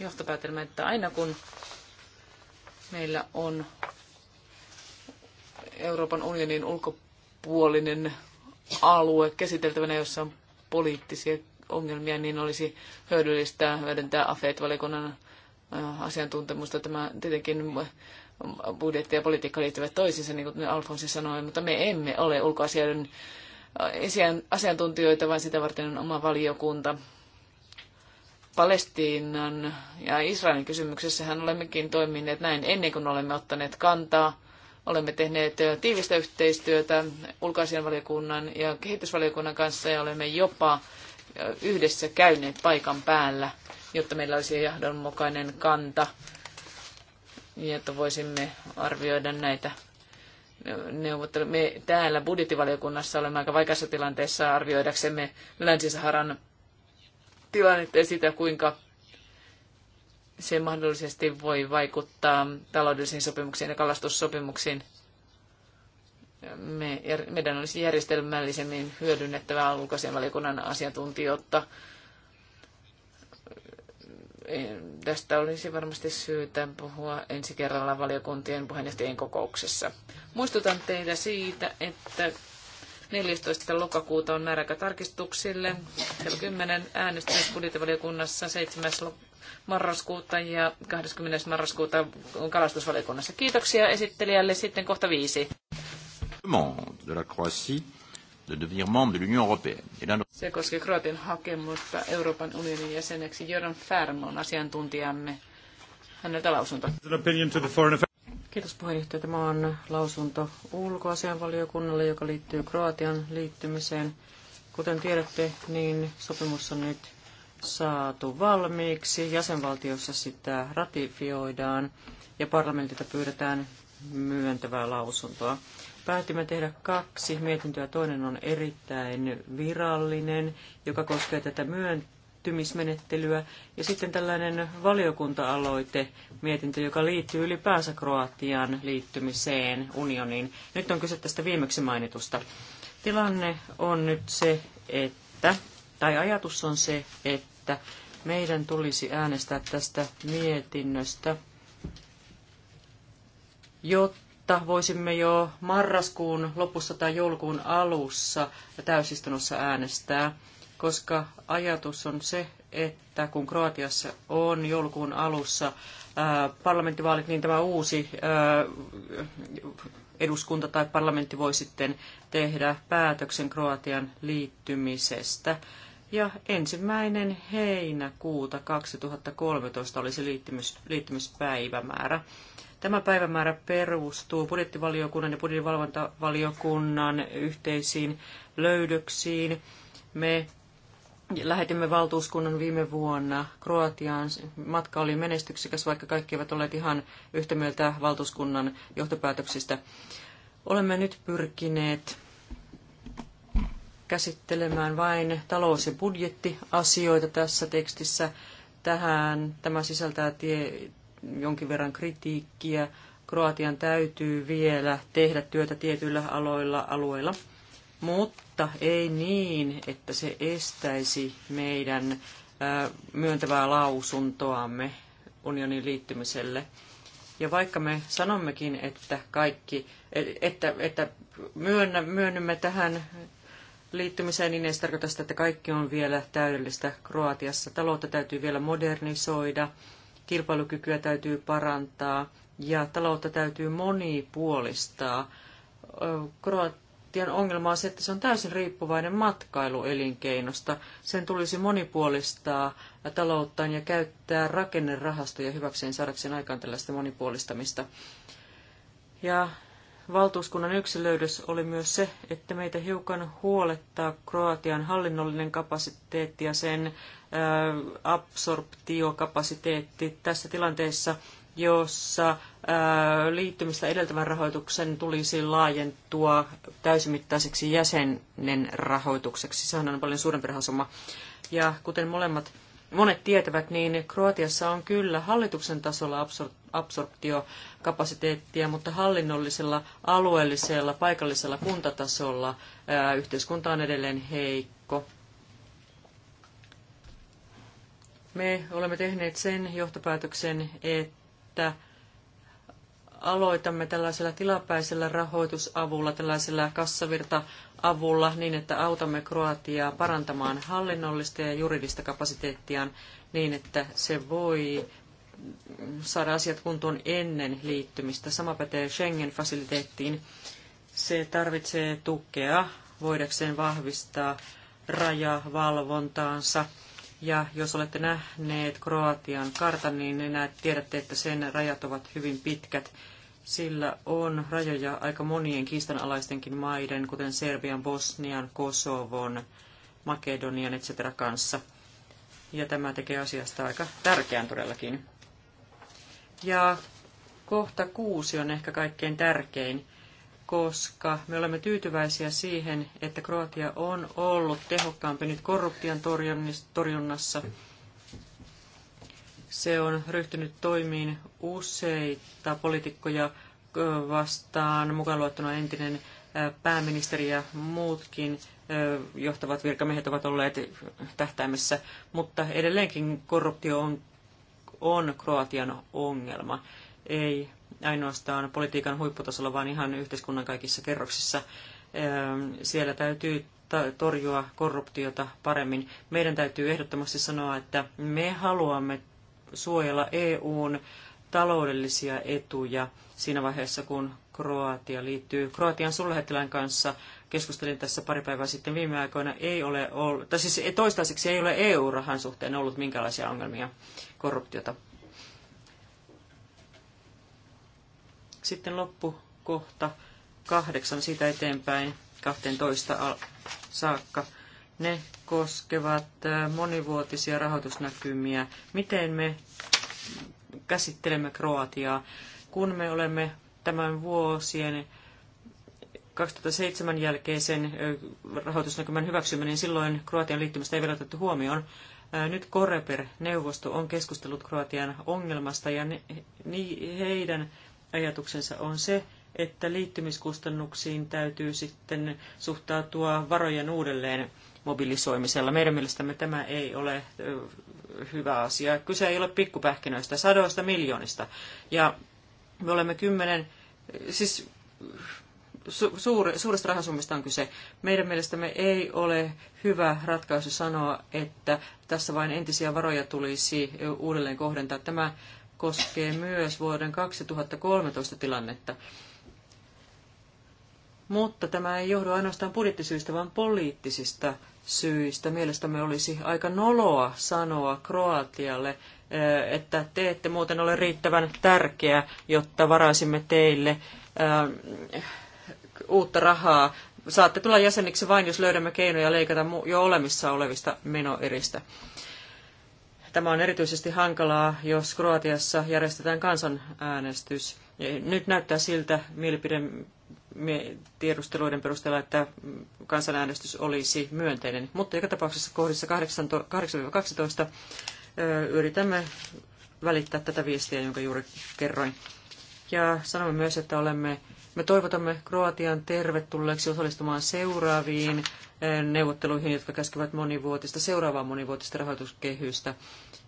johtopäätelmä, että aina kun meillä on Euroopan unionin ulkopuolinen alue käsiteltävänä, jossa on poliittisia ongelmia, niin olisi hyödyllistä hyödyntää afeet valikunnan Äh, asiantuntemusta. Tämä tietenkin äh, budjetti ja politiikka liittyvät toisiinsa, niin kuin Alfonsi sanoi, mutta me emme ole ulkoasioiden äh, asiantuntijoita, vaan sitä varten on oma valiokunta. Palestiinan ja Israelin kysymyksessähän olemmekin toimineet näin ennen kuin olemme ottaneet kantaa. Olemme tehneet tiivistä yhteistyötä ulkoasianvaliokunnan ja kehitysvaliokunnan kanssa ja olemme jopa yhdessä käyneet paikan päällä, jotta meillä olisi johdonmukainen kanta, niin että voisimme arvioida näitä neuvotteluja. Me täällä budjettivaliokunnassa olemme aika vaikeassa tilanteessa arvioidaksemme Länsi-Saharan tilannetta ja sitä, kuinka se mahdollisesti voi vaikuttaa taloudellisiin sopimuksiin ja kalastussopimuksiin – me, er, meidän olisi järjestelmällisemmin hyödynnettävä ulkoasianvaliokunnan asiantuntijoita. Tästä olisi varmasti syytä puhua ensi kerralla valiokuntien puheenjohtajien kokouksessa. Muistutan teitä siitä, että 14. lokakuuta on määräaika tarkistuksille. Kello 10 äänestys budjettivaliokunnassa 7. marraskuuta ja 20. marraskuuta kalastusvaliokunnassa. Kiitoksia esittelijälle. Sitten kohta viisi demande de la Croatie de devenir membre de l'Union européenne. Se koski Kroatian hakemusta Euroopan unionin jäseneksi. Jöran Färm on asiantuntijamme. Häneltä lausunto. Kiitos puheenjohtaja. Tämä on lausunto ulkoasianvaliokunnalle, joka liittyy Kroatian liittymiseen. Kuten tiedätte, niin sopimus on nyt saatu valmiiksi. Jäsenvaltiossa sitä ratifioidaan ja parlamentilta pyydetään myöntävää lausuntoa. Päätimme tehdä kaksi mietintöä. Toinen on erittäin virallinen, joka koskee tätä myöntymismenettelyä. Ja sitten tällainen valiokunta-aloite mietintö, joka liittyy ylipäänsä Kroatian liittymiseen unioniin. Nyt on kyse tästä viimeksi mainitusta. Tilanne on nyt se, että, tai ajatus on se, että meidän tulisi äänestää tästä mietinnöstä, jotta jotta voisimme jo marraskuun lopussa tai joulukuun alussa täysistunnossa äänestää, koska ajatus on se, että kun Kroatiassa on joulukuun alussa parlamenttivaalit, niin tämä uusi eduskunta tai parlamentti voi sitten tehdä päätöksen Kroatian liittymisestä. Ja ensimmäinen heinäkuuta 2013 oli se liittymis, liittymispäivämäärä. Tämä päivämäärä perustuu budjettivaliokunnan ja budjettivalvontavaliokunnan yhteisiin löydöksiin. Me lähetimme valtuuskunnan viime vuonna Kroatiaan. Matka oli menestyksekäs, vaikka kaikki eivät olleet ihan yhtä mieltä valtuuskunnan johtopäätöksistä. Olemme nyt pyrkineet käsittelemään vain talous- ja budjettiasioita tässä tekstissä. Tähän tämä sisältää tie, jonkin verran kritiikkiä. Kroatian täytyy vielä tehdä työtä tietyillä aloilla, alueilla, mutta ei niin, että se estäisi meidän myöntävää lausuntoamme unionin liittymiselle. Ja vaikka me sanommekin, että kaikki, e, että, että myönnä, myönnymme tähän liittymiseen, niin ei se tarkoita sitä, että kaikki on vielä täydellistä Kroatiassa. Taloutta täytyy vielä modernisoida kilpailukykyä täytyy parantaa ja taloutta täytyy monipuolistaa. Kroatian ongelma on se, että se on täysin riippuvainen matkailuelinkeinosta. Sen tulisi monipuolistaa talouttaan ja käyttää rakennerahastoja hyväkseen saadakseen aikaan tällaista monipuolistamista. Ja valtuuskunnan yksi löydös oli myös se, että meitä hiukan huolettaa Kroatian hallinnollinen kapasiteetti ja sen absorptiokapasiteetti tässä tilanteessa, jossa liittymistä edeltävän rahoituksen tulisi laajentua täysimittaiseksi jäsenen rahoitukseksi. Sehän on paljon suurempi rahasumma. Ja kuten molemmat monet tietävät, niin Kroatiassa on kyllä hallituksen tasolla absorptio absorptiokapasiteettia, mutta hallinnollisella, alueellisella, paikallisella kuntatasolla ää, yhteiskunta on edelleen heikko. Me olemme tehneet sen johtopäätöksen, että aloitamme tällaisella tilapäisellä rahoitusavulla, tällaisella kassavirta-avulla niin, että autamme Kroatiaa parantamaan hallinnollista ja juridista kapasiteettiaan niin, että se voi saada asiat kuntoon ennen liittymistä. Sama pätee Schengen-fasiliteettiin. Se tarvitsee tukea voidakseen vahvistaa rajavalvontaansa. Ja jos olette nähneet Kroatian kartan, niin näet, tiedätte, että sen rajat ovat hyvin pitkät. Sillä on rajoja aika monien kiistanalaistenkin maiden, kuten Serbian, Bosnian, Kosovon, Makedonian, etc. kanssa. Ja tämä tekee asiasta aika tärkeän todellakin. Ja kohta kuusi on ehkä kaikkein tärkein, koska me olemme tyytyväisiä siihen, että Kroatia on ollut tehokkaampi nyt korruption torjunnassa. Se on ryhtynyt toimiin useita poliitikkoja vastaan, mukaan luettuna entinen pääministeri ja muutkin johtavat virkamiehet ovat olleet tähtäimessä, mutta edelleenkin korruptio on on Kroatian ongelma. Ei ainoastaan politiikan huipputasolla, vaan ihan yhteiskunnan kaikissa kerroksissa. Ehm, siellä täytyy torjua korruptiota paremmin. Meidän täytyy ehdottomasti sanoa, että me haluamme suojella EUn taloudellisia etuja siinä vaiheessa, kun Kroatia liittyy. Kroatian suurlähettilään kanssa keskustelin tässä pari päivää sitten viime aikoina. Ei ole ollut, tai siis toistaiseksi ei ole EU-rahan suhteen ollut minkälaisia ongelmia korruptiota. Sitten loppukohta kahdeksan siitä eteenpäin 12 saakka. Ne koskevat äh, monivuotisia rahoitusnäkymiä. Miten me käsittelemme Kroatiaa? Kun me olemme tämän vuosien 2007 jälkeisen rahoitusnäkymän hyväksyminen, niin silloin Kroatian liittymistä ei vielä otettu huomioon. Nyt Koreper-neuvosto on keskustellut Kroatian ongelmasta ja heidän ajatuksensa on se, että liittymiskustannuksiin täytyy sitten suhtautua varojen uudelleen mobilisoimisella. Meidän mielestämme tämä ei ole hyvä asia. Kyse ei ole pikkupähkinöistä, sadoista miljoonista. Ja me olemme kymmenen siis su, suure, suuresta rahasummista on kyse. Meidän mielestämme ei ole hyvä ratkaisu sanoa, että tässä vain entisiä varoja tulisi uudelleen kohdentaa. Tämä koskee myös vuoden 2013 tilannetta. Mutta tämä ei johdu ainoastaan budjettisyistä, vaan poliittisista syistä. Mielestämme olisi aika noloa sanoa Kroatialle, että te ette muuten ole riittävän tärkeä, jotta varaisimme teille uutta rahaa. Saatte tulla jäseniksi vain, jos löydämme keinoja leikata jo olemissa olevista menoeristä. Tämä on erityisesti hankalaa, jos Kroatiassa järjestetään kansanäänestys. Nyt näyttää siltä mielipidetiedusteluiden perusteella, että kansanäänestys olisi myönteinen. Mutta joka tapauksessa kohdissa 8-12 yritämme välittää tätä viestiä, jonka juuri kerroin. Ja sanomme myös, että olemme, me toivotamme Kroatian tervetulleeksi osallistumaan seuraaviin neuvotteluihin, jotka käskevät monivuotista, seuraavaa monivuotista rahoituskehystä.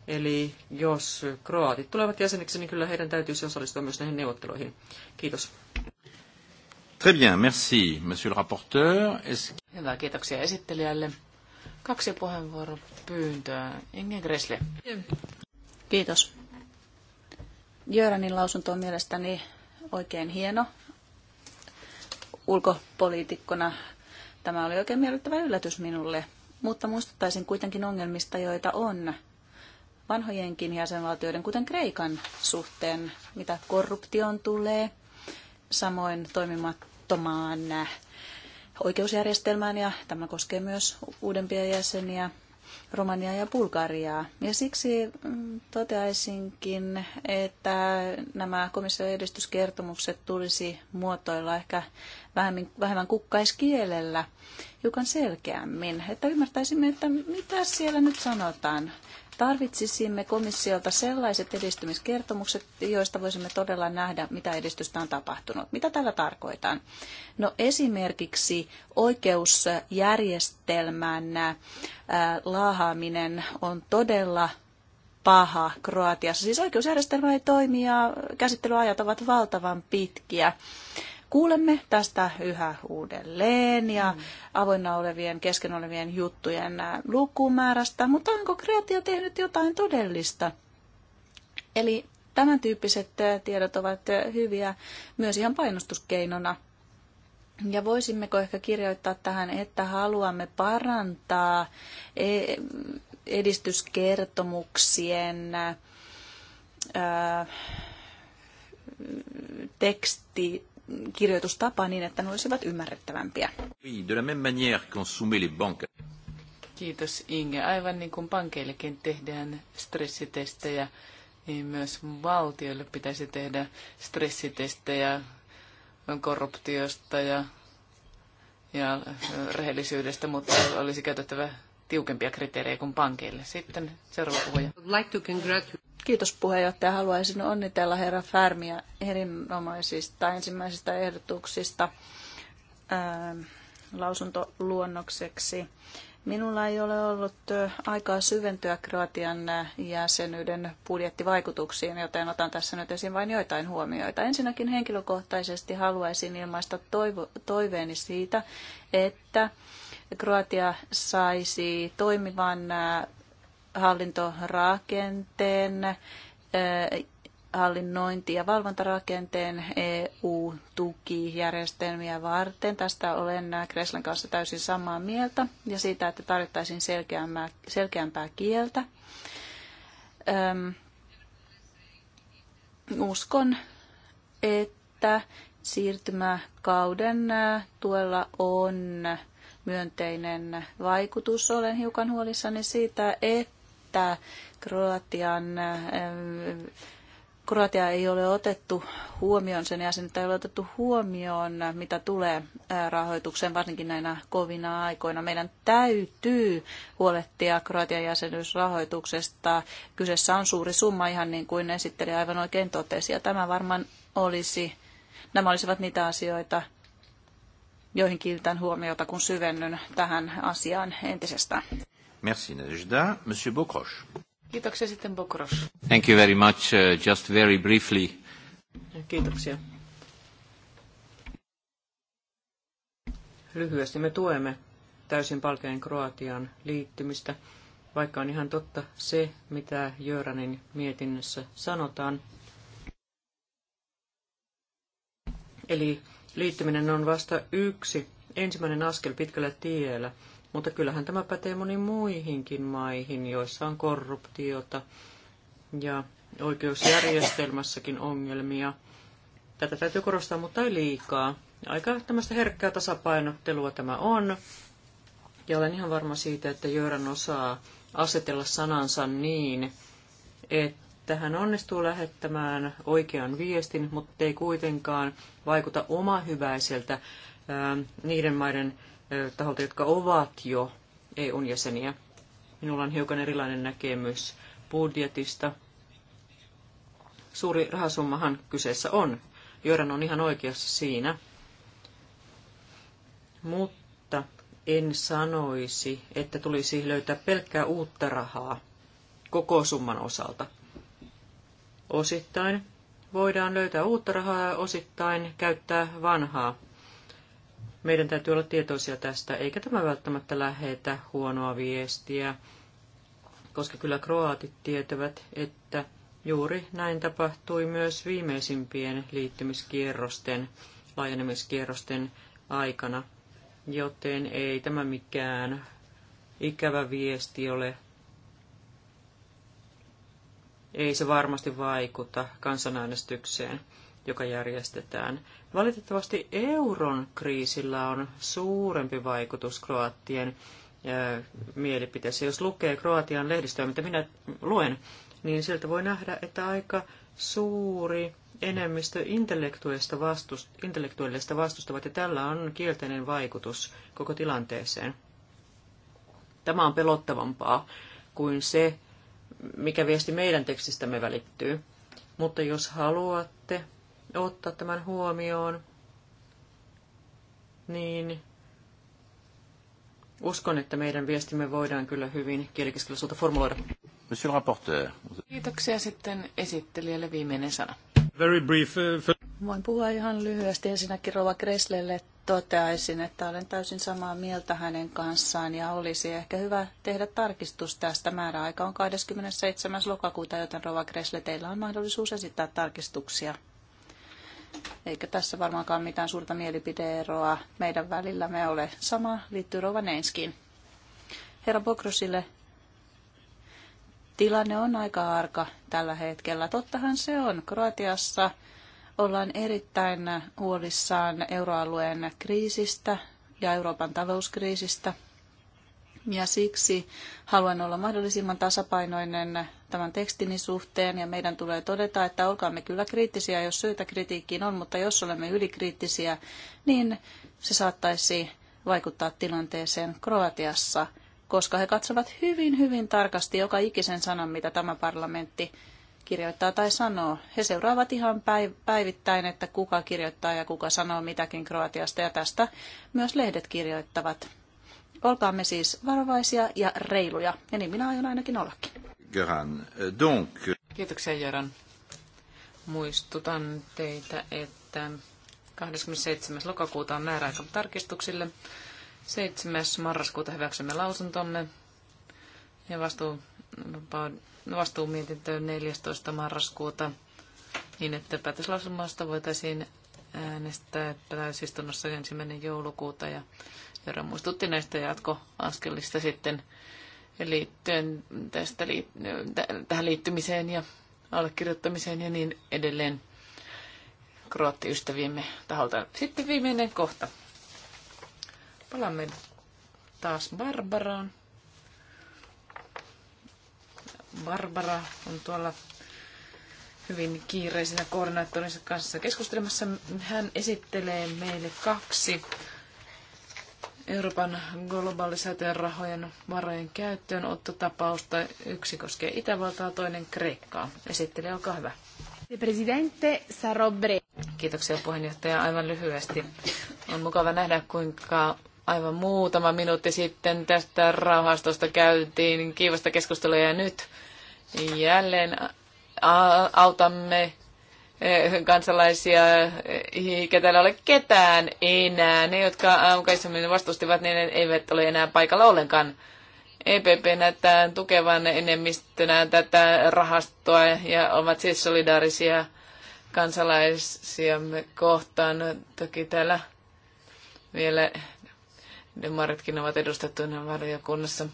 Eli jos kroatit tulevat jäseniksi, niin kyllä heidän täytyisi osallistua myös näihin neuvotteluihin. Kiitos. Très bien, merci, monsieur le rapporteur. Hyvä, kiitoksia esittelijälle. Kaksi puheenvuoropyyntöä. Inge Gressle. Kiitos. Jöranin lausunto on mielestäni oikein hieno. Ulkopoliitikkona tämä oli oikein miellyttävä yllätys minulle, mutta muistuttaisin kuitenkin ongelmista, joita on vanhojenkin jäsenvaltioiden, kuten Kreikan suhteen, mitä korruptioon tulee, samoin toimimattomaan oikeusjärjestelmään ja tämä koskee myös uudempia jäseniä, Romaniaa ja Bulgariaa. Ja siksi mm, toteaisinkin, että nämä komission edistyskertomukset tulisi muotoilla ehkä vähemmän, vähemmän kukkaiskielellä, hiukan selkeämmin, että ymmärtäisimme, että mitä siellä nyt sanotaan. Tarvitsisimme komissiolta sellaiset edistymiskertomukset, joista voisimme todella nähdä, mitä edistystä on tapahtunut. Mitä tällä tarkoitan? No esimerkiksi oikeusjärjestelmän laahaaminen on todella paha Kroatiassa. Siis oikeusjärjestelmä ei toimi ja käsittelyajat ovat valtavan pitkiä kuulemme tästä yhä uudelleen ja mm. avoinna olevien, kesken olevien juttujen äh, lukumäärästä, mutta onko kreatio tehnyt jotain todellista? Eli tämän tyyppiset äh, tiedot ovat äh, hyviä myös ihan painostuskeinona. Ja voisimmeko ehkä kirjoittaa tähän, että haluamme parantaa e, edistyskertomuksien teksti, kirjoitustapa niin, että ne olisivat ymmärrettävämpiä. Kiitos Inge. Aivan niin kuin pankeillekin tehdään stressitestejä, niin myös valtioille pitäisi tehdä stressitestejä korruptiosta ja, ja rehellisyydestä, mutta olisi käytettävä tiukempia kriteerejä kuin pankeille. Sitten seuraava puhuja. Like Kiitos puheenjohtaja. Haluaisin onnitella herra Färmiä erinomaisista ensimmäisistä ehdotuksista ää, ähm, lausuntoluonnokseksi. Minulla ei ole ollut äh, aikaa syventyä Kroatian äh, jäsenyyden budjettivaikutuksiin, joten otan tässä nyt esiin vain joitain huomioita. Ensinnäkin henkilökohtaisesti haluaisin ilmaista toivo, toiveeni siitä, että Kroatia saisi toimivan äh, hallintorakenteen, hallinnointi- ja valvontarakenteen EU-tukijärjestelmiä varten. Tästä olen Kreslan kanssa täysin samaa mieltä ja siitä, että tarvittaisiin selkeämpää, selkeämpää kieltä. Öm, uskon, että siirtymäkauden tuella on myönteinen vaikutus. Olen hiukan huolissani siitä, että että Kroatian, Kroatia ei ole otettu huomioon, sen jäsenet ei ole otettu huomioon, mitä tulee rahoitukseen, varsinkin näinä kovina aikoina. Meidän täytyy huolehtia Kroatian jäsenyysrahoituksesta. Kyseessä on suuri summa, ihan niin kuin esittelijä aivan oikein totesi, ja tämä varmaan olisi, nämä olisivat niitä asioita, joihin kiinnitän huomiota, kun syvennyn tähän asiaan entisestään. Merci Monsieur Bokros. Kiitoksia sitten Bokros. Thank you very much. Uh, just very briefly. Kiitoksia. Lyhyesti me tuemme täysin palkeen Kroatian liittymistä, vaikka on ihan totta se, mitä Jöranin mietinnössä sanotaan. Eli liittyminen on vasta yksi ensimmäinen askel pitkällä tiellä. Mutta kyllähän tämä pätee moniin muihinkin maihin, joissa on korruptiota ja oikeusjärjestelmässäkin ongelmia. Tätä täytyy korostaa, mutta ei liikaa. Aika tämmöistä herkkää tasapainottelua tämä on. Ja olen ihan varma siitä, että Jöran osaa asetella sanansa niin, että hän onnistuu lähettämään oikean viestin, mutta ei kuitenkaan vaikuta hyväiseltä niiden maiden taholta, jotka ovat jo EUn jäseniä. Minulla on hiukan erilainen näkemys budjetista. Suuri rahasummahan kyseessä on. Joran on ihan oikeassa siinä. Mutta en sanoisi, että tulisi löytää pelkkää uutta rahaa koko summan osalta. Osittain voidaan löytää uutta rahaa ja osittain käyttää vanhaa meidän täytyy olla tietoisia tästä, eikä tämä välttämättä lähetä huonoa viestiä, koska kyllä kroaatit tietävät, että juuri näin tapahtui myös viimeisimpien liittymiskierrosten, laajenemiskierrosten aikana, joten ei tämä mikään ikävä viesti ole. Ei se varmasti vaikuta kansanäänestykseen joka järjestetään. Valitettavasti euron kriisillä on suurempi vaikutus Kroatien mielipiteessä. Jos lukee Kroatian lehdistöä, mitä minä luen, niin sieltä voi nähdä, että aika suuri enemmistö intellektuellista, vastustavat, ja tällä on kielteinen vaikutus koko tilanteeseen. Tämä on pelottavampaa kuin se, mikä viesti meidän tekstistämme välittyy. Mutta jos haluatte ottaa tämän huomioon, niin uskon, että meidän viestimme voidaan kyllä hyvin kielikeskustelusulta formuloida. Monsieur rapporteur. Kiitoksia sitten esittelijälle viimeinen sana. Very brief, uh, Voin puhua ihan lyhyesti. Ensinnäkin Rova Kreslelle toteaisin, että olen täysin samaa mieltä hänen kanssaan ja olisi ehkä hyvä tehdä tarkistus tästä. Määräaika on 27. lokakuuta, joten Rova Kresle, teillä on mahdollisuus esittää tarkistuksia. Eikä tässä varmaankaan mitään suurta mielipideeroa meidän välillä? Me ole. Sama liittyy Rovaneinskiin. Herra Bokrosille tilanne on aika arka tällä hetkellä. Tottahan se on. Kroatiassa ollaan erittäin huolissaan euroalueen kriisistä ja Euroopan talouskriisistä. Ja siksi haluan olla mahdollisimman tasapainoinen tämän tekstini suhteen ja meidän tulee todeta, että olkaamme kyllä kriittisiä, jos syytä kritiikkiin on, mutta jos olemme ylikriittisiä, niin se saattaisi vaikuttaa tilanteeseen Kroatiassa, koska he katsovat hyvin, hyvin tarkasti joka ikisen sanan, mitä tämä parlamentti kirjoittaa tai sanoo. He seuraavat ihan päivittäin, että kuka kirjoittaa ja kuka sanoo mitäkin Kroatiasta, ja tästä myös lehdet kirjoittavat. Olkaamme siis varovaisia ja reiluja, ja niin minä aion ainakin ollakin. Göran. Euh, donc... Kiitoksia, Göran. Muistutan teitä, että 27. lokakuuta on määräaika tarkistuksille. 7. marraskuuta hyväksymme lausuntomme ja vastuu, vastuumietintö 14. marraskuuta niin, että päätöslausumasta voitaisiin äänestää täysistunnossa ensimmäinen joulukuuta ja Jörä muistutti näistä jatkoaskelista sitten liittyen tästä, tähän liittymiseen ja allekirjoittamiseen ja niin edelleen kroattiystäviimme taholta. Sitten viimeinen kohta. Palaamme taas Barbaraan. Barbara on tuolla hyvin kiireisenä koordinaattorinsa kanssa keskustelemassa. Hän esittelee meille kaksi Euroopan globalisaation rahojen varojen käyttöön käyttöönottotapausta. Yksi koskee Itävaltaa, toinen Kreikkaa. Esitteli, olkaa hyvä. Presidente Saro Kiitoksia puheenjohtaja. Aivan lyhyesti. On mukava nähdä, kuinka aivan muutama minuutti sitten tästä rahastosta käytiin kiivasta keskustelua ja nyt jälleen autamme Eh, kansalaisia, eh, eikä täällä ole ketään enää. Ne, jotka aukaisemmin vastustivat, niin eivät ole enää paikalla ollenkaan. EPP näyttää tukevan enemmistönä tätä rahastoa ja ovat siis solidaarisia kansalaisiamme kohtaan. Toki täällä vielä demaritkin ovat edustettuina valiokunnassa.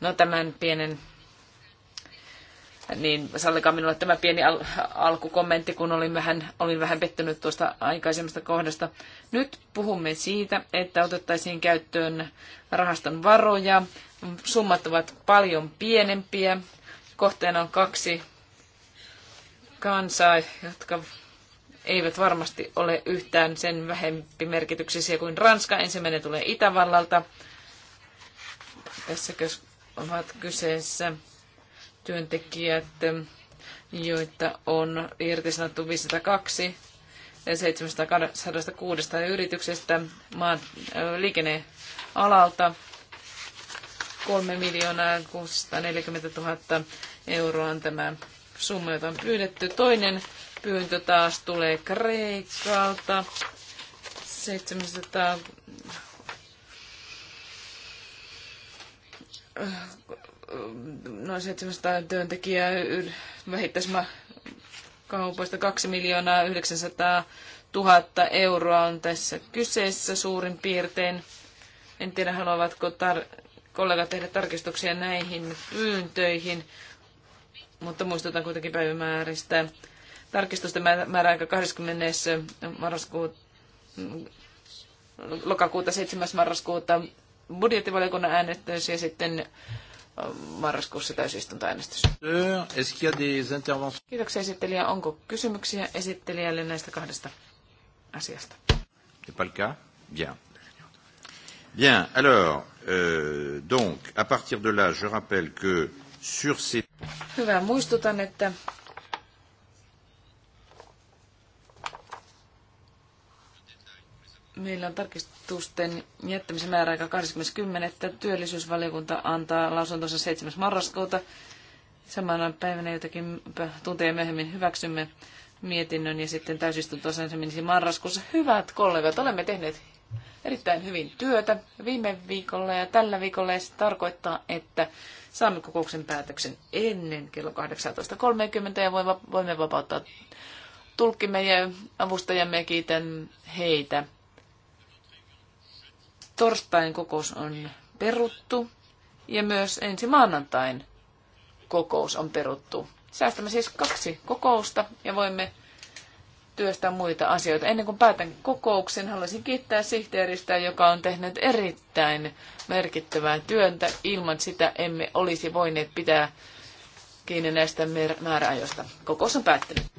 No tämän pienen niin sallikaa minulle tämä pieni al- alkukommentti, kun olin vähän, olin vähän pettynyt tuosta aikaisemmasta kohdasta. Nyt puhumme siitä, että otettaisiin käyttöön rahaston varoja. Summat ovat paljon pienempiä. Kohteena on kaksi kansaa, jotka eivät varmasti ole yhtään sen vähempi merkityksisiä kuin Ranska. Ensimmäinen tulee Itävallalta. Tässäkö ovat kyseessä työntekijät, joita on irtisanottu 502 706 yrityksestä maan, liikennealalta. 3 miljoonaa 640 000 euroa on tämä summa, jota on pyydetty. Toinen pyyntö taas tulee Kreikalta. 700 noin 700 työntekijää vähittäismä kaupoista 2 miljoonaa 900 000 euroa on tässä kyseessä suurin piirtein. En tiedä, haluavatko tar- kollegat tehdä tarkistuksia näihin pyyntöihin, mutta muistutan kuitenkin päivämääristä. Tarkistusten määräaika 20. marraskuuta lokakuuta 7. marraskuuta budjettivaliokunnan äänestys ja sitten marraskuussa täysistuntoäänestys. Kiitoksia esittelijä. Onko kysymyksiä esittelijälle näistä kahdesta asiasta? Bien. alors, euh, donc, à partir de là, je rappelle que sur ces... Hyvä, muistutan, että Meillä on tarkistusten jättämisen määräaika 20.10. Työllisyysvaliokunta antaa lausuntonsa 7. marraskuuta. Samana päivänä jotakin tunteja myöhemmin hyväksymme mietinnön ja sitten täysistunto se menisi marraskuussa. Hyvät kollegat, olemme tehneet erittäin hyvin työtä viime viikolla ja tällä viikolla ja se tarkoittaa, että saamme kokouksen päätöksen ennen kello 18.30 ja voimme vapauttaa tulkkimme ja avustajamme ja kiitän heitä torstain kokous on peruttu ja myös ensi maanantain kokous on peruttu. Säästämme siis kaksi kokousta ja voimme työstää muita asioita. Ennen kuin päätän kokouksen, haluaisin kiittää sihteeristä, joka on tehnyt erittäin merkittävää työntä. Ilman sitä emme olisi voineet pitää kiinni näistä määräajoista. Kokous on päättynyt.